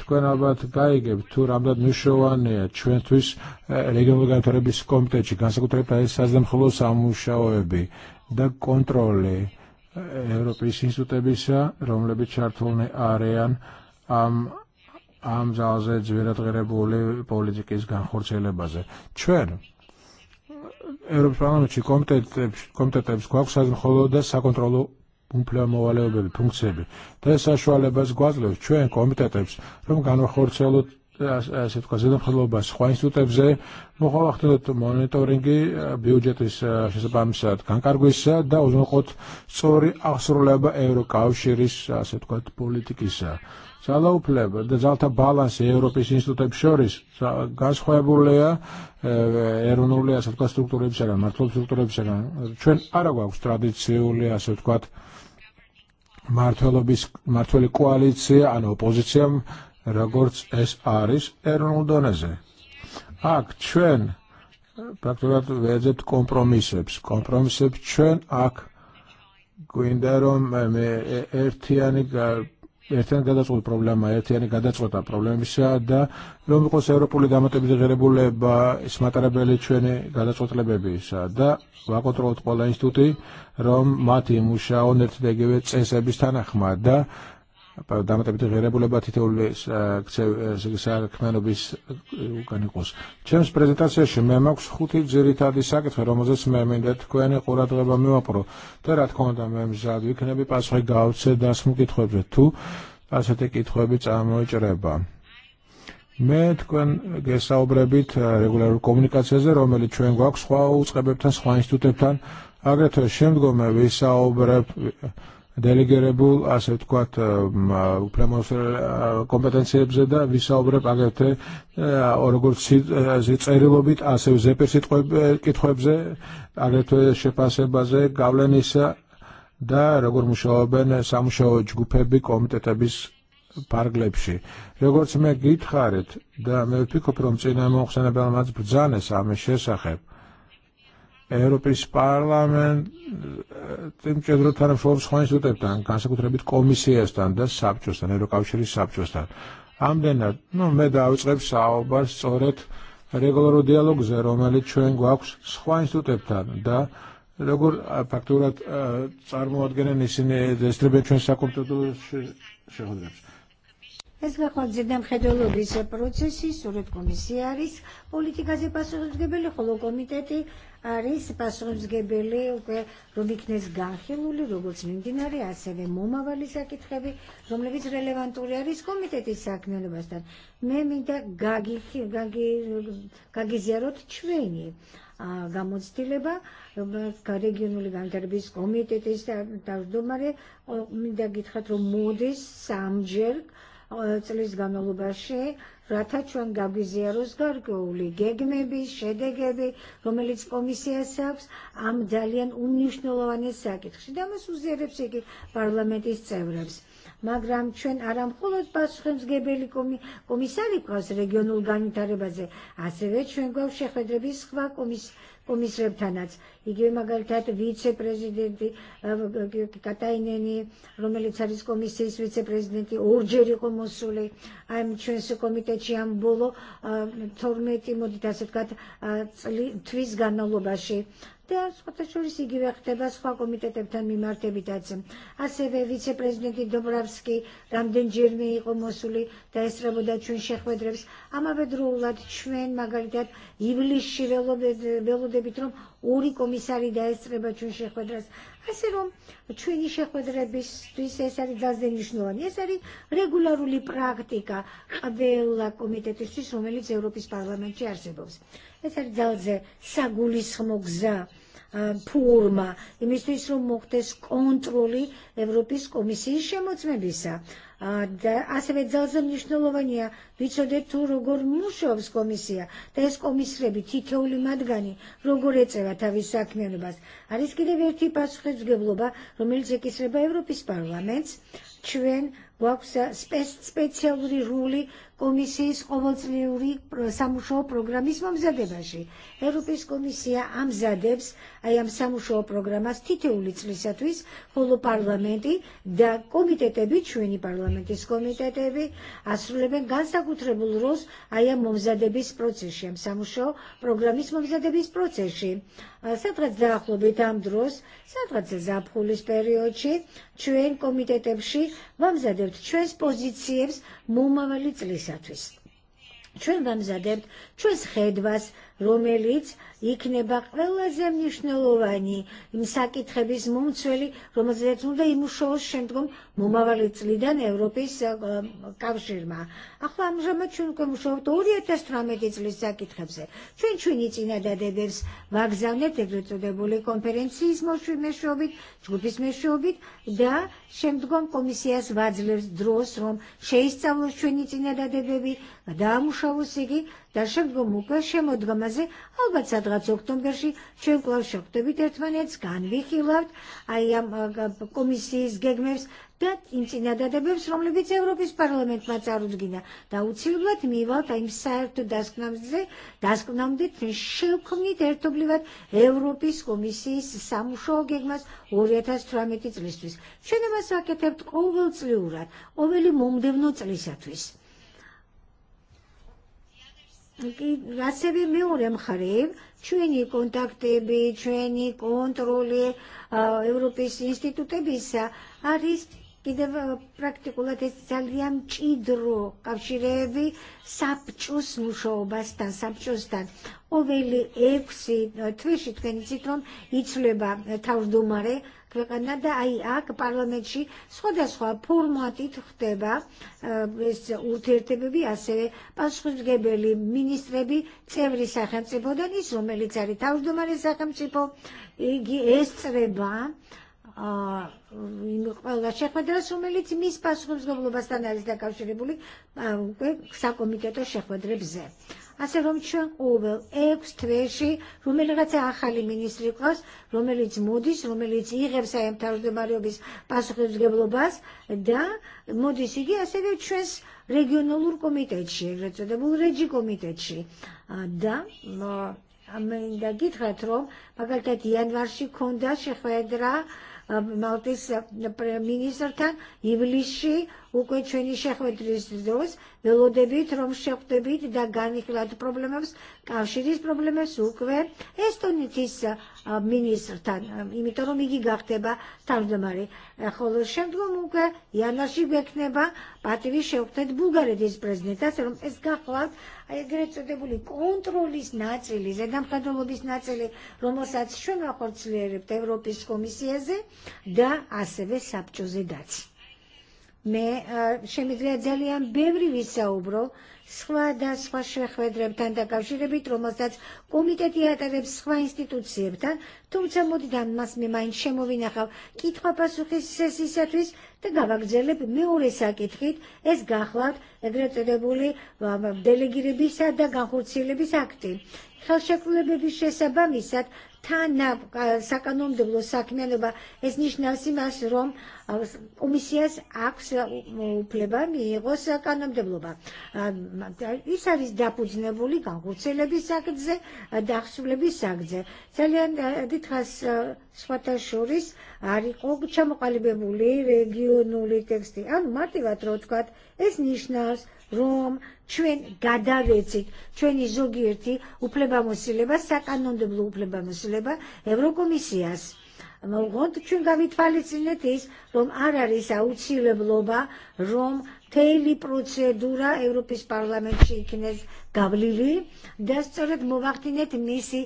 Tkun għabat għajgib, tur għabdad nixu għanni, ċventus eh, regjun għan torebi skomteċi, għan sekut rebta jessazdem xlus għamuxa uħebi. Da kontrolli, eh, Europis institutebisa, rom lebi ċartulni għarijan, għam għam zaħze ġvirat għirebuli politikis għan xurċi Parlament ċi უმფლემოვალეობები, ფუნქციები და ეს საშუალებას გვაძლევს ჩვენ კომიტეტებს, რომ განვახორციელოთ ასე თქვა ზედამხედველობა სხვა ინსტიტუტებზე მოხმაროთ მონიტორინგი ბიუჯეტის შესაბამისად განკარგვისა და უზრუნველყოთ სწორი აღსრულება ევროკავშირის ასე თქვა პოლიტიკისა ძალაუფლება და ძალთა ბალანსი ევროპის ინსტიტუტებს შორის განსხვავებულია ეროვნული ასე ვთქვათ სტრუქტურებისგან, მართლობ სტრუქტურებისგან. ჩვენ არა გვაქვს ტრადიციული ასე ვთქვათ მართლობის მართლი კოალიცია ან ოპოზიცია როგორც ეს არის ეროვნულ დონეზე. an ჩვენ praktikament es aris, kompromisseps ċen ak praktikat kompromiseps, kompromiseps ak, gwindarom e, ertjani l-problema, ta' Europu li ერთიან გადაწყვეტ პრობლემა, ერთიანი გადაწყვეტა პრობლემისა და რომ იყოს ევროპული დამატებითღირებულება სმატარებელი ჩვენი გადაწყვეტლებებისა და ვაკონტროლოთ ყველა ინსტიტუტი, რომ მათ იმუშაონ ერთდეგივე წესების თანახმად და Pardamet abit għirebula batite u l-segħsar kmenu bis ukanikus. ċems prezentazzja ximmemak xħuti ta di saket ferro mażes memin det kwen iqura tgħeba miwapro. Terat konda mem ġadu iknebi pasħi gawtse da smukit xħobġettu, għasetek itħobit għamu ġreba. Med kwen għesawbrebit regularu komunikazzjoni romel iċċwen għak sħaw, sħabibtan sħajn stutebtan, għagħet xemdgħom għesawbreb delegerable għas kwat u um, plemos kompetenzi uh, bżedda visa obreb għagħte orgur uh, zit bit uh, għas u zepe sit kitħobze għagħte xepase baze gavlen isa da regur muxoben samxo ġgupebi bis par Regur zmek zime ħaret da me piko promcina moħsana belmaz bżane sa me xesaxeb. Europees Parliament tim ċedru tan flors ħajn su teptan, kan sa kutrabit komissijastan, da sabċustan, edu kawxiri sabċustan. Għamdenna, no meda uċreb sawbar soret regolaru dialog zero, ma li ċuen għax sħajn su teptan, da regur fakturat ċarmu għadgħenen nisini distribuċjon sa kumtudu xeħodrebs. Ezbaqon zidem xedologis processi surut komisija aris politikazi pasuzgebeli xolo komiteti aris pasuzgebeli uke mindinari, muma romiknes ganxiluli როგორც მიმდინარე ასევე მომავალი საკითხები რომლებიც რელევანტური არის კომიტეტის საქმიანობასთან მე მინდა გაგიხი გაგიზიაროთ ჩვენი გამოცდილება რეგიონული განვითარების კომიტეტის თავმჯდომარე მინდა გითხრათ რომ მოდის სამჯერ წლის განმავლობაში, რათა ჩვენ გაგვიზიაროს გარკვეული გეგმები, შედეგები, რომელიც კომისიას აქვს ამ ძალიან უმნიშვნელოვანი საკითხში და მას უზიარებს იგი პარლამენტის წევრებს. მაგრამ ჩვენ არა მხოლოდ პასუხისმგებელი კომისარი გვყავს რეგიონულ განვითარებაზე, ასევე ჩვენ გვაქვს შეხვედრები სხვა კომისიასთან ummisrebtanაც. იგივე მაგალითად ვიცე-პრეზიდენტი კატაინენი, რომელიც არის კომისიის ვიცე-პრეზიდენტი, ორჯერ იყო მოსული ამ ჩვენს კომიტეტში ამ ბოლო 12 მოდით ასე ვთქვათ და სხვათაშორის იგივე ხდება სხვა კომიტეტებთან მიმართებითაც. ასევე ვიცე-პრეზიდენტი დობრავსკი რამდენჯერმე იყო მოსული და ესწრებოდა ჩვენ შეხვედრებს. ამავე დროულად ჩვენ მაგალითად ივლისში ველოდებით, რომ ორი კომისარი დაესწრება ჩვენ შეხვედრას. ასე რომ ჩვენი შეხვედრებისთვის ეს არის ძალზე მნიშვნელოვანი. ეს არის რეგულარული პრაქტიკა ყველა კომიტეტისთვის, რომელიც ევროპის პარლამენტში არსებობს. ეს არის ძალზე საგულისხმო გზა ფურმა, იმისთვის kontroli Europis კონტროლი ევროპის mozme bisa да, аз ве ძალзам ნიშნულოვანია, ვიცოდეთ თუ როგორ მუშაობს კომისია და ეს კომისრები თითოეული მათგანი როგორ ეწევა თავის საქმიანობას. არის კიდევ ერთი პასუხისმგებლობა, რომელიც ეკისრება ევროპის პარლამენტს. ჩვენ გვაქვს სპეციალური რული Komisijs ovocljuri samušo programi smo amzadebaši. Europis komisija amzadebs, a jam samušo programa stite ulic lisatuis, holo parlamenti, da komitetebi, čueni parlamentis komitetebi, a suleben gansa kutrebul ros, a jam amzadebis procesi, jam samušo programi smo amzadebis procesi. Satrat zaħlubit għam drus, satrat zaħbħu l zadebt mumma għal-izli xatwis. ċun għamżadebt, ċun იქნება ყველაზე მნიშვნელოვანი იმ საკითხების მომცველი, რომელზეც უნდა იმუშაოს შემდგომ მომავალი წლიდან ევროპის კავშირმა. ახლა ამჟამად ჩვენ უკვე მუშაობთ 2018 წლის საკითხებზე. ჩვენ ჩვენი წინადადებებს ვაგზავნეთ ეგრეთ წოდებული კონფერენციის მეშვეობით, ჯგუფის მეშვეობით და შემდგომ კომისიას ვაძლევს დროს, რომ შეისწავლოს ჩვენი წინადადებები, დაამუშავოს იგი და შემდგომ უკვე შემოდგომაზე ალბათ da da ma სადღაც ოქტომბერში ჩვენ კვლავ შევხვდებით ერთმანეთს, განვიხილავთ აი ამ კომისიის გეგმებს და იმ წინადადებებს, რომლებიც ევროპის პარლამენტმა წარუდგინა. დაუცილებლად მივალთ აი საერთო დასკვნამდე, დასკვნამდე ჩვენ შევქმნით ერთობლივად ევროპის კომისიის სამუშაო გეგმას 2018 წლისთვის. ჩვენ ამას ვაკეთებთ ყოველწლიურად, ყოველი მომდევნო წლისათვის. Għassebi mi urem ħarib, ჩვენი კონტაქტები, ჩვენი კონტროლი ევროპის ინსტიტუტების არის კიდევ პრაქტიკულად ეს ძალიან მჭიდრო კავშირები საბჭოს მუშაობასთან, საბჭოსთან. ყოველი 6 თვეში თქვენ იცით რომ იცვლება თავმჯდომარე ქვეყანა და აი აქ პარლამენტში სხვადასხვა ფორმატით ხდება ეს ურთიერთობები, ასევე პასუხისმგებელი მინისტრები წევრი სახელმწიფოდან ის, რომელიც არის თავმჯდომარე სახელმწიფო, იგი ესწრება ყველა შეხვედრას, რომელიც მის პასუხისმგებლობასთან არის დაკავშირებული საკომიტეტო შეხვედრებზე għasiromċa u għek streċi rumil rataħħa li ministri kos, rumil iġmudis, rumil iġiħeb sajem tarġdu marju bis pasuk iġgeblu bas, da mudis iġi għasir iċċes regionalur komitetxi, għazzu da bu reġi komitetxi. Da, ma da gitħat rom, ma għaltet kunda xikunda xieħedra Maltis ministratan jivlixi u kħedċeni kħeċeni xieħedris dos, velo debit rom xieħ debit da għani ħlat problemas, dis problemas u kve, estonitissa მინისტრთან, იმიტომ რომ იგი გახდება თავმჯდომარე. ხოლო შემდგომ უკვე იანვარში გვექნება პატივი შევხვდეთ ბულგარეთის პრეზიდენტას, რომ ეს me xemmi għan bevri visawbro sħwa da sħwa xreħwed rebtan da kawxi rebit romostac komitet jgħata għab sħwa institut sirta tumca dan mas mi majn xemu vinaxaw kitħa pasu xissessi satwis ta għavak dżellib mi uri sa kitħit ez għaxlat egret rebuli delegiri bisa, da għanħut sir bisa' akti. Xalxakru rebi biex sabamisat თანა საკანონმდებლო საქმიანობა ეს ნიშნავს იმას, რომ კომისიას აქვს უფლება მიიღოს საკანონმდებლობა. ის არის დაფუძნებული განხორციელების აქტზე, დახსრულების აქტზე. ძალიან დიდხანს სხვათა შორის არ იყო ჩამოყალიბებული რეგიონული ტექსტი. ანუ მარტივად რო ვთქვათ, ეს ნიშნავს Rom, ċwen għadda recit, ċwen iżogirti u pleba musileba, sak għannon diblu u pleba musileba, Eurokomissijas. Ma għont ċwen għavit falit sinnetis, Rom għara risa u ċile bloba, Rom მთელი პროცედურა ევროპის პარლამენტში იქნეს გავლილი და სწორედ მოვახდინეთ მისი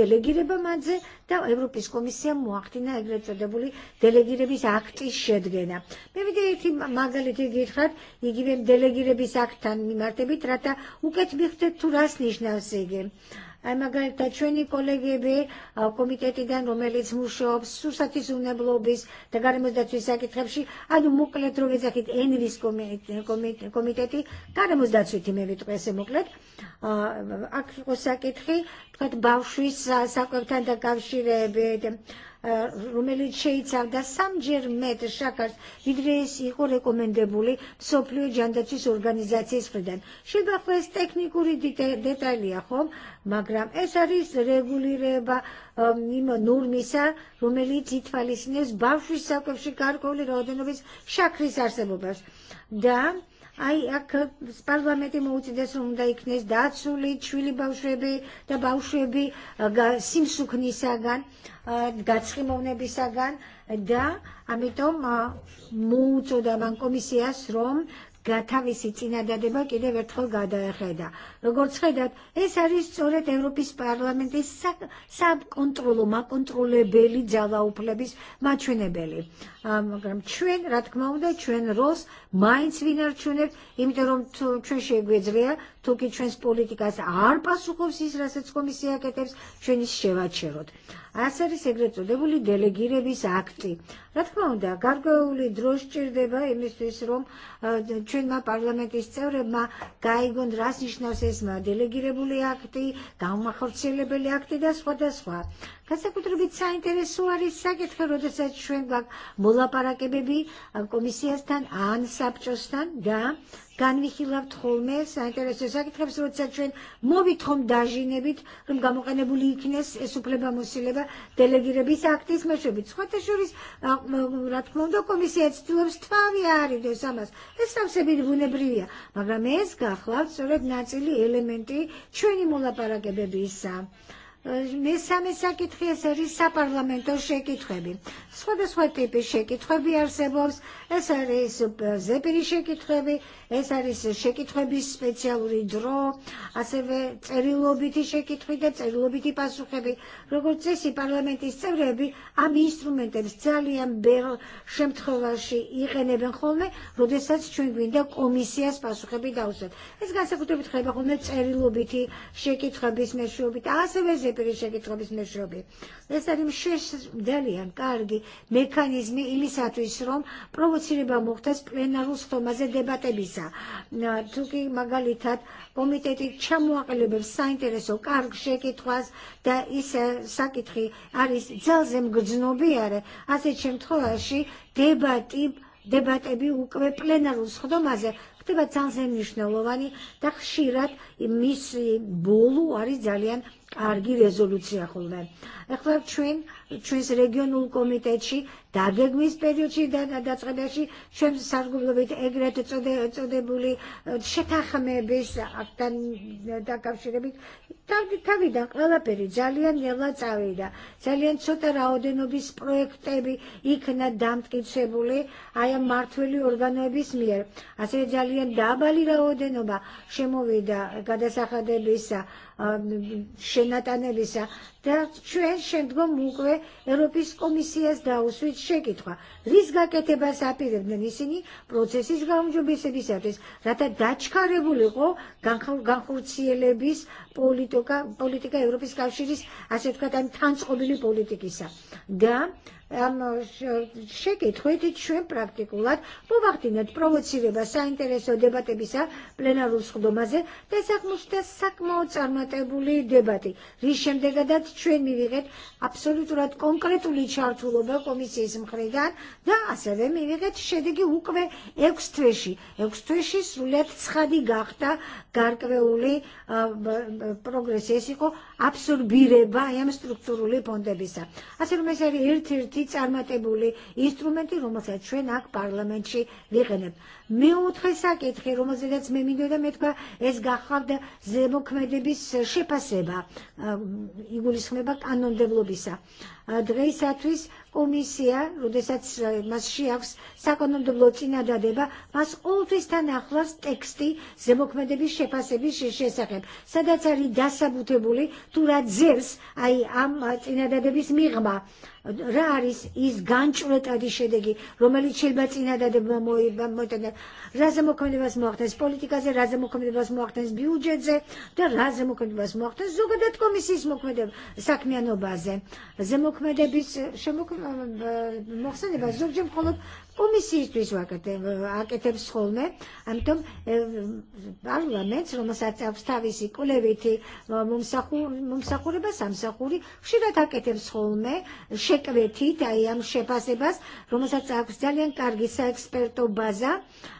დელეგირება მათზე და ევროპის კომისიამ მოახდინა ეგრეთ წოდებული დელეგირების აქტის შედგენა. მე ვიდე ერთი მაგალითი გითხრათ, იგივე დელეგირების აქტთან მიმართებით, aktan mimartebit, rata uket რას turas nix აა მაგალითად ჩვენი კოლეგები კომიტეტიდან რომელიც მუშაობს სურსათის უნებლობის და გარემოსდაცვის საკითხებში ანუ მოკლედ რომ ეძახით ენვის კომიტეტი გარემოსდაცვითი მე ვიტყვი ესე მოკლედ აქ იყო საკითხი თქვათ ბავშვის საკვებთან დაკავშირებით rumeli ċejza da San Germet xakar li dres iħu rekomendabuli soplu ġanda ċis organizazzijas fredem. ċilba fes tekniku ridi detali għom, magram esaris regulli reba nima nurmisa rumeli ċit falisnes bafri sa kof xikar koli rodenu bis Da, აი აქ პარლამენტი მოუწიდეს რომ უნდა იქნეს დაცული Sagan, და ბავშვები სიმსუქნისაგან გაცხიმოვნებისაგან და ამიტომ მოუწოდა მან კომისიას რომ თავისი წინადადება კიდევ ერთხელ გადაეხედა როგორც ხედავთ, ეს არის სწორედ ევროპის პარლამენტის საკონტროლო, მაკონტროლებელი ძალაუფლების მაჩვენებელი. მაგრამ ჩვენ, რა თქმა უნდა, ჩვენ როლს მაინც ვინ არჩუნებთ, იმიტომ რომ ჩვენ შეგვეძლია თუკი ჩვენს პოლიტიკას არ პასუხობს ის, რასაც კომისია აკეთებს, ჩვენ ის შევაჩეროთ. ასე არის ეგრეთ წოდებული დელეგირების აქტი. რა თქმა უნდა, გარკვეული დრო სჭირდება იმისთვის, რომ ჩვენმა პარლამენტის წევრებმა გაიგონ რას ნიშნავს akti, акти, ma' делегирабули акти, akti, хавцелебели акти, десва десва განსაკუთრებით საინტერესოა არის საკითხი, როდესაც ჩვენ გვაქვს მოლაპარაკებები კომისიასთან ან საბჭოსთან და განვიხილავთ ხოლმე საინტერესო საკითხებს, როდესაც ჩვენ მოვითხოვ დაჟინებით, რომ გამოყენებული იქნეს ეს უფლებამოსილება დელეგირების აქტის მეშვეობით. სხვათა შორის, რა თქმა უნდა, კომისია ცდილობს თვავი არიდოს ამას. ეს სამსები ბუნებრივია, მაგრამ nacili elementi, სწორედ mula para kebebi sa მესამე საკითხი ეს არის საპარლამენტო შეკითხვები. სხვადასხვა ტიპის შეკითხვები არსებობს, ეს არის ზეპირი შეკითხვები, ეს არის შეკითხვების სპეციალური დრო, ასევე წერილობითი შეკითხვი და წერილობითი პასუხები. როგორც წესი პარლამენტის წევრები ამ ინსტრუმენტებს ძალიან ბერ შემთხვევაში იყენებენ ხოლმე, როდესაც ჩვენ გვინდა კომისიას პასუხები დავუშვათ. ეს განსაკუთრებით ხდება ხოლმე წერილობითი შეკითხვების მეშვეობით, ასევე ზეპირი per perixegi trobis meċrobi. Nesta Nestarim xiex delijan kargi mekanizmi ili saħtu jisrom provociri ba muhtas plena rusto maze debate bisa. Tuki magalitat komiteti ċamu għakalibev sa interesu karg xeki twas da jisa sakitri għaris dzelzem bijare għazi ċemtħoħaxi debatib debat ebi u kve plenaru sħodomaze Тива цанзен მნიშვნელовани, так шират мис болу ари ძალიან კარგი რეზოლუცია ხოლმე. ახლა ჩვენ ჩვენს რეგიონულ კომიტეტში დაგეგმის პერიოდიდან გადაწყდაში ჩვენ სარგებლობით ეგრეთ წოდებული შეთანხმების აქტთან დაკავშირებით თავიდან ყველაფერი ძალიან ნელა წავიდა ძალიან ცოტა რაოდენობის პროექტები იქნა დამტკიცებული აი ამ მართველი ორგანოების მიერ ასევე ძალიან დაბალი რაოდენობა შემოვიდა გადასახადებისა ще натанелися. Та ჩვენ შემდგომ უკვე ევროპის კომისიას დაუსვით შეკითხვა, რის გაკეთებას აპირებდნენ ისინი პროცესის გაუმჯობესებისათვის, რათა დაჩქარებულიყო განხორციელების politika, პოლიტიკა ევროპის კავშირის ასე ვთქვათ ამ qobili politikisa. Da, għam xekit, xwejtit xwem praktikulat, po vaħtinet provoċiviba sa' interesu debate bisa plenaru sħudomaze, ta' sak musta sak mawt armatebuli debati. Rixem degadat xwen mi viħet absoluturat konkretu li ċartu lobe komisijis mħredan, da' aseve mi viħet xedegi ukve ekstreshi. Ekstreshi sulet sħadi gaħta karkve uli პროგრესი ეს იყო აბსორბირება ამ სტრუქტურული ფონდებისა. ასე რომ ეს irti ერთ-ერთი instrumenti ინსტრუმენტი, რომელსაც ჩვენ აქ პარლამენტში მეოთხე საკითხი, რომელზედაც მე მინდოდა მეთქვა, ეს გახავდა ზემოქმედების შეფასება, იგულისხმება კანონმდებლობისა. დღეისათვის კომისია, როდესაც მას შეაქვს საკანონმდებლო წინადადება, მას ყოველთვის თან ახლავს ტექსტი ზემოქმედების შეფასების შესახებ, სადაც არის დასაბუთებული თუ რა ძევს აი ამ წინადადების მიღმა raris izganċulet għadi xedegi, romeli ċilbazzina da de mojtana, razemu kom li vasmoħtens, politika ze razemu kom li vasmoħtens, biuġet ze, da razemu kom li vasmoħtens, zuga dat komisis mokmede, sakmjano baze, ze bis, xe mokmede, U missis biex għakete bsħolme, għantum parlament, eh, s-rumma s-sat għabstavisi kulleviti mumsaħuri bas, għamsaħuri, xirra ta' għakete bsħolme, ta' jgħam xepa sebas, rumma s-sat kargi sa' eksperto baza,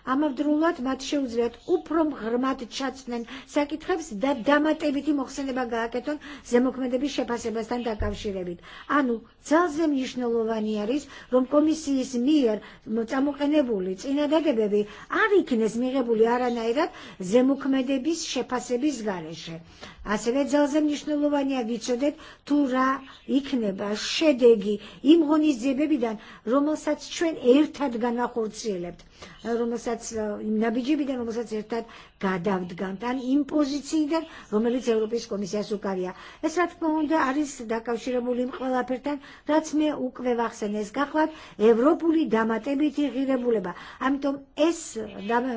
għam għabdrullat ma' t-xew zret u prom għrmat ċaċnen sa' kitħabs da' dama ta' jviti muħsene baga għaketon, zemmuk medebi xepa sebas tan ta' kavxirebit. Anu, zalzem jixnolovani għaris, rum komissijis mir, მოწამოყენებული წინადადებები არ იქნეს მიღებული არანაირად ზემოქმედების შეფასების გარეშე. ასევე ძალზე მნიშვნელოვანია ვიცოდეთ თუ რა იქნება შედეგი იმ ღონისძიებებიდან, რომელსაც ჩვენ ერთად განახორციელებთ რომელსაც ნაბიჯებიდან რომელსაც ერთად გადავდგანთ ან იმ პოზიციიდან რომელიც ევროპის კომისიას უკავია ეს რა თქმა უნდა არის დაკავშირებული იმ ყველაფერთან რაც მე უკვე ვახსენე ეს გახლავთ gire buleba. Amitom ამიტომ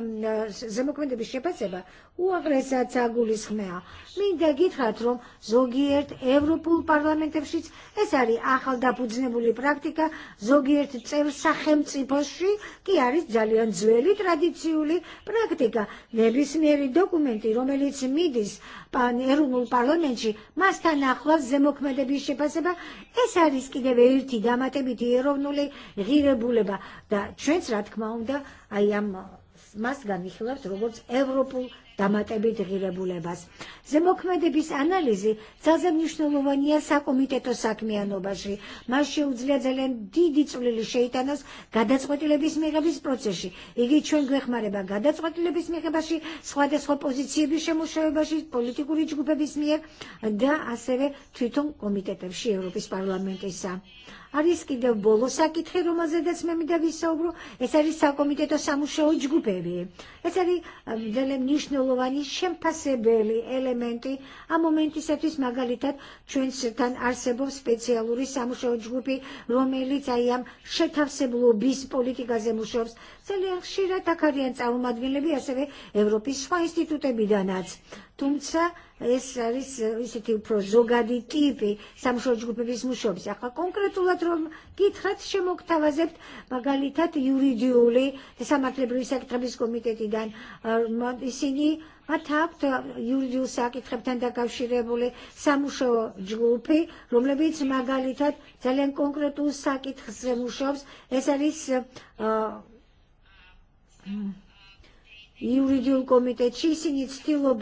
zemokvende bishepa seba, u għavrezzazza għulis xmeħa. Min da għitħatrum zogiert Europol parlament fxiz, esari għaxal da pudznebu li praktika zogiert tsev saħem tsipoxi ki għaris ġaljon zveli tradizjuli praktika. Nebis meri dokumenti romelic midis pan erunul parlamentxi ma stan aħlaz zemok mede biexe paseba, esari skideve irti damate biti erunuli ħirebuleba. Da ċenz ratkma unda għajam mas gan iħlabs robots Europol parlament დამატებით ღირებულებას. ზემოქმედების ანალიზი ძალზე მნიშვნელოვანია საკომიტეტო საქმიანობაში. მას შეუძლია ძალიან დიდი წვლილი შეიტანოს გადაწყვეტილების მიღების პროცესში. იგი ჩვენ გვეხმარება გადაწყვეტილების მიღებაში, სხვადასხვა პოზიციების შემუშავებაში, პოლიტიკური ჯგუფების მიერ და ასევე თვითონ კომიტეტებში ევროპის პარლამენტისა ki sa sa sa ma me komiteto არის კიდევ ბოლო საკითხი, რომელზედაც მე მინდა ვისაუბრო, ეს არის საკომიტეტო სამუშაო ჯგუფები. ეს არის მდელე მნიშვნელოვანი შემფასებელი ელემენტი ამ მომენტისათვის მაგალითად ჩვენთან არსებობს bis politika ჯგუფი, რომელიც აი ამ შეთავსებლობის პოლიტიკაზე მუშაობს. ძალიან ხშირად აქ არიან წარმომადგენლები Evropi ევროპის institute bidanac. Tumca, issa rissiti prożuga di tipi, sam xoġgu pepis muxom, saħħa konkretu la trom, kitħat xemok ta' vazebt magalitat juridjuli, samat li brisak trabis komiteti dan, isini għattabt juridju sak itħabtan da kawxirebuli samu xo ġgupi, rum li magalitat talen konkretu sak itħsremu xobs, issa riss juridju l-komitet xisin jitstilu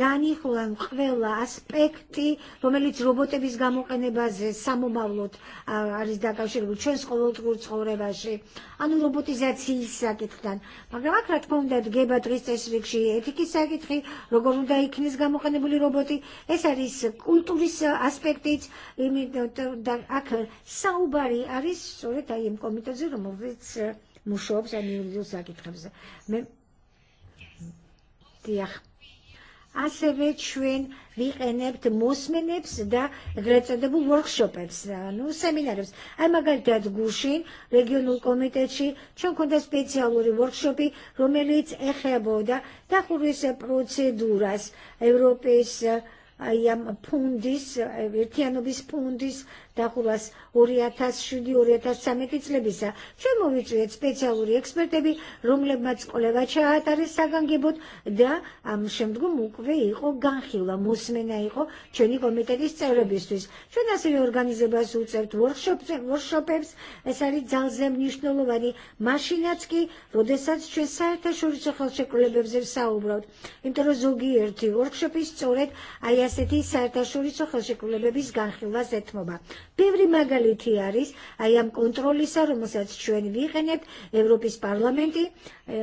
განიხილა ყველა ასპექტი, რომელიც რობოტების გამოყენებაზე სამომავლოდ არის დაკავშირებული ჩვენს ყოველდღიურ ცხოვრებაში, ანუ რობოტიზაციის საკითხთან. მაგრამ აქ რა თქმა უნდა დგება დღის წესრიგში ეთიკის საკითხი, როგორ უნდა იქნეს გამოყენებული რობოტი, ეს არის კულტურის ასპექტიც, იმიტომ და აქ საუბარი არის სწორედ აი იმ კომიტეტზე, რომელიც mux xob, għan jiridu sakit ħabza ასევე ჩვენ ვიყენებთ მოსმენებს და ეგრეთ წოდებულ workshops-ს, ანუ სემინარებს. აი მაგალითად გუშინ რეგიონულ კომიტეტში ჩვენ გვქონდა სპეციალური workshop-ი, რომელიც ეხებოდა დახურვის პროცედურას, ევროპის აი ამ ფუნდის, ერთიანობის ფუნდის დახურვას 2007-2013 წლებისა. ჩვენ მოვიწვიეთ სპეციალური ექსპერტები, რომლებმაც კვლევა ჩაატარეს საგანგებოდ და ამ შემდგომ უკვე იყო განხილვა, მოსმენა იყო ჩვენი კომიტეტის წევრებისთვის. ჩვენ ასევე ორგანიზებას უწევთ workshop-ებს, ეს არის ძალზე მნიშვნელოვანი, მაშინაც კი, როდესაც ჩვენ საერთაშორისო ხელშეკრულებებზე ვსაუბრობთ. იმიტომ რომ ზოგიერთი workshop-ის სწორედ აი ასეთი საერთაშორისო ხელშეკრულებების განხილვას ეთმობა ბევრი მაგალითი არის, აი ამ კონტროლისა, რომელსაც ჩვენ ვიყენებთ ევროპის პარლამენტი,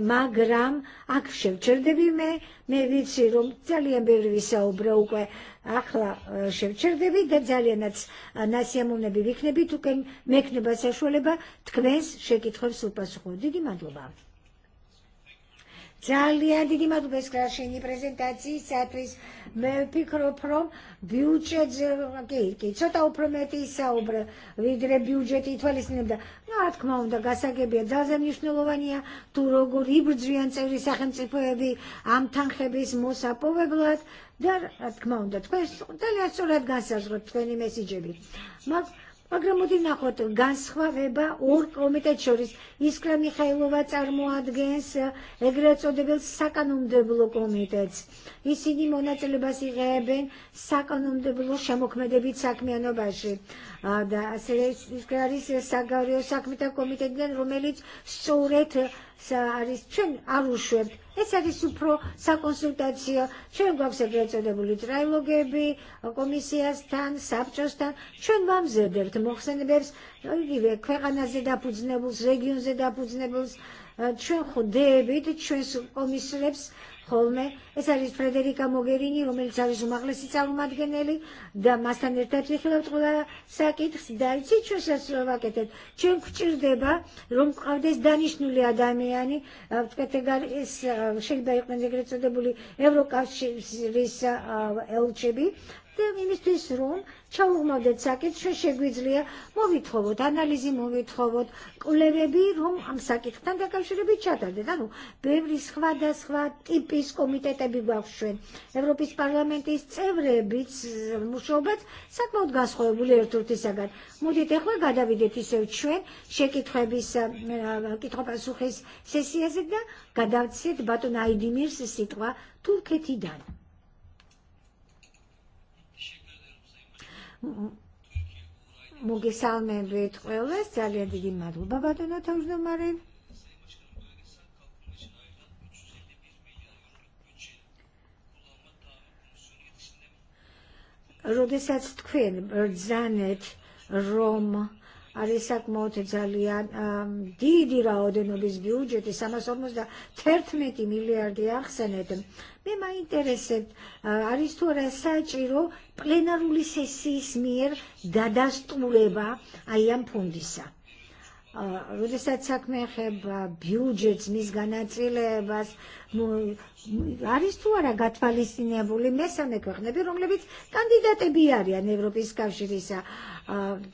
მაგრამ აქ შევჩერდები მე, მე ვიცი რომ ძალიან ბევრი ვისაუბრე უკვე ახლა შევჩერდები და ძალიანაც mekne basa უკვე მექნება საშუალება თქვენს შეკითხვებს უპასუხო. Didi მადლობა di me piccolo prom, ძალიან დიდი მადლობა ეს შენი პრეზენტაციისათვის. მე ვფიქრობ, რომ ბიუჯეტზე კი, კი, ცოტა უფრო მეტი ისაუბრა, ვიდრე ბიუჯეტი ითვალისწინებდა. რა თქმა უნდა, გასაგებია, ძალზე მნიშვნელოვანია თუ როგორ იბრძვიან წევრი სახელმწიფოები ამ თანხების მოსაპოვებლად და რა თქმა უნდა, თქვენ gasa, სწორად განსაზღვროთ თქვენი მესიჯები. მაგრამ აგრამოდი ნახოთ განსხვავება ორ კომიტეტს შორის ისკრა მიხაილოვა წარმოადგენს ეგრეთ წოდებულ საკანონმდებლო კომიტეტს ისინი Sakanum de საკანონმდებლო შემოქმედებით საქმიანობაში და ასე ის არის საგარეო საქმეთა კომიტეტიდან რომელიც სწორედ sa għaris ċen għarru xweb, essa għarissu pro sa konsultazzja, ċen għam segreto da bulli trajlo gebi, komisija stan, sabċo stan, ċen għam zeber, t-moħsen bers, għive, kveħana zeda puznebus, zeda ċen xudebi, ċen ხოლმე. ეს არის ფრედერიკა მოგერინი, რომელიც არის უმაღლესი წარმომადგენელი და მასთან ერთად ვიხილავთ ყველა საკითხს და იცი ჩვენ შესვაკეთეთ. ჩვენ გვჭირდება რომ გვყავდეს დანიშნული ადამიანი, ვთქვათ ეს შეიძლება იყვნენ ეგრეთ წოდებული ევროკავშირის ელჩები, Եվ ինչպես ռում, չաուղմոդեցակից շեշեգույցլիա, մովիտ խովոտ, անալիզի մովիտ խովոտ, կուլերեբի ռում ամսակիղտան դակավշրեբի չատար դետանու, բևրի սխվա դա սխվա տիպիս կոմիտետები բավշվեն, Եվրոպիս պարլամենտիս ծևրեբից մուշոբաց, սակ մոտ գասխոյբուլ երտուրտիսական, մոտի տեխվա գադավիդետի սև չվեն, շեկիթխեբիս, կիթխոպասուխես սեսիազետ դա, գադավցիտ բատոն այդիմիր սսիտղա, թուրքետիդան. salme მოგი di madu. ძალიან დიდი ta' ბატონო თავმჯდომარე როდესაც თქვენ rdzanet, Roma, għal-issak mot di di raħu didi rawdinu bizbjuġet, sama sommus da 30 miljardi għaxsenetem. Mima intereset, għal-istura istu saċiru plenaru li sessi smir da dastuleba għajjan pundisa. Rudisat sak meħeb bjuġet mizganatzilebas, għal-istura għat palestinebu li mesa mekħnebirum lebit e bijarja n-Evropiska xirisa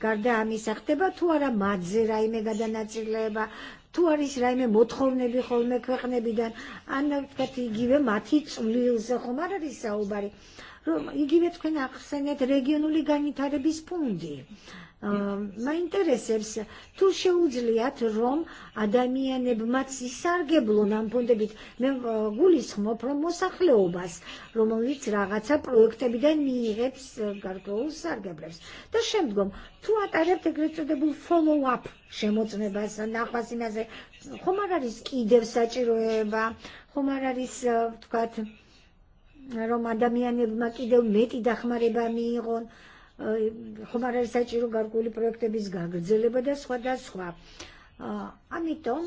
გარდა ამისა ხდება თუ არა მათზე რაიმე გადანაწილება თუ არის რაიმე მოთხოვნები ხოლმე ქვეყნებიდან ან ვთქვათ იგივე მათი წვლილზე ხომ არ არის საუბარი რომ იგივე თქვენ ახსენეთ რეგიონული განვითარების ფონდი Ehm, ma jinteressers tu xe li għat rom għadamija nibmat sisar sarge nam punta bit men eh, guli sħmo promo saħlobas romon li traħaca projekta bidan nireps eh, garkow sarge geblevs ta xemdgom tu għat għarab tegretu debu follow up xemot nebas naħwas inaze xomar għaris kidev saċiru eba xomar għaris eh, tkat Roma damjan ibmak idew met idaħmar iba miħon ხომარ არის საჭირო გარკვეული პროექტების გაგრძელება და სხვა და სხვა. ამიტომ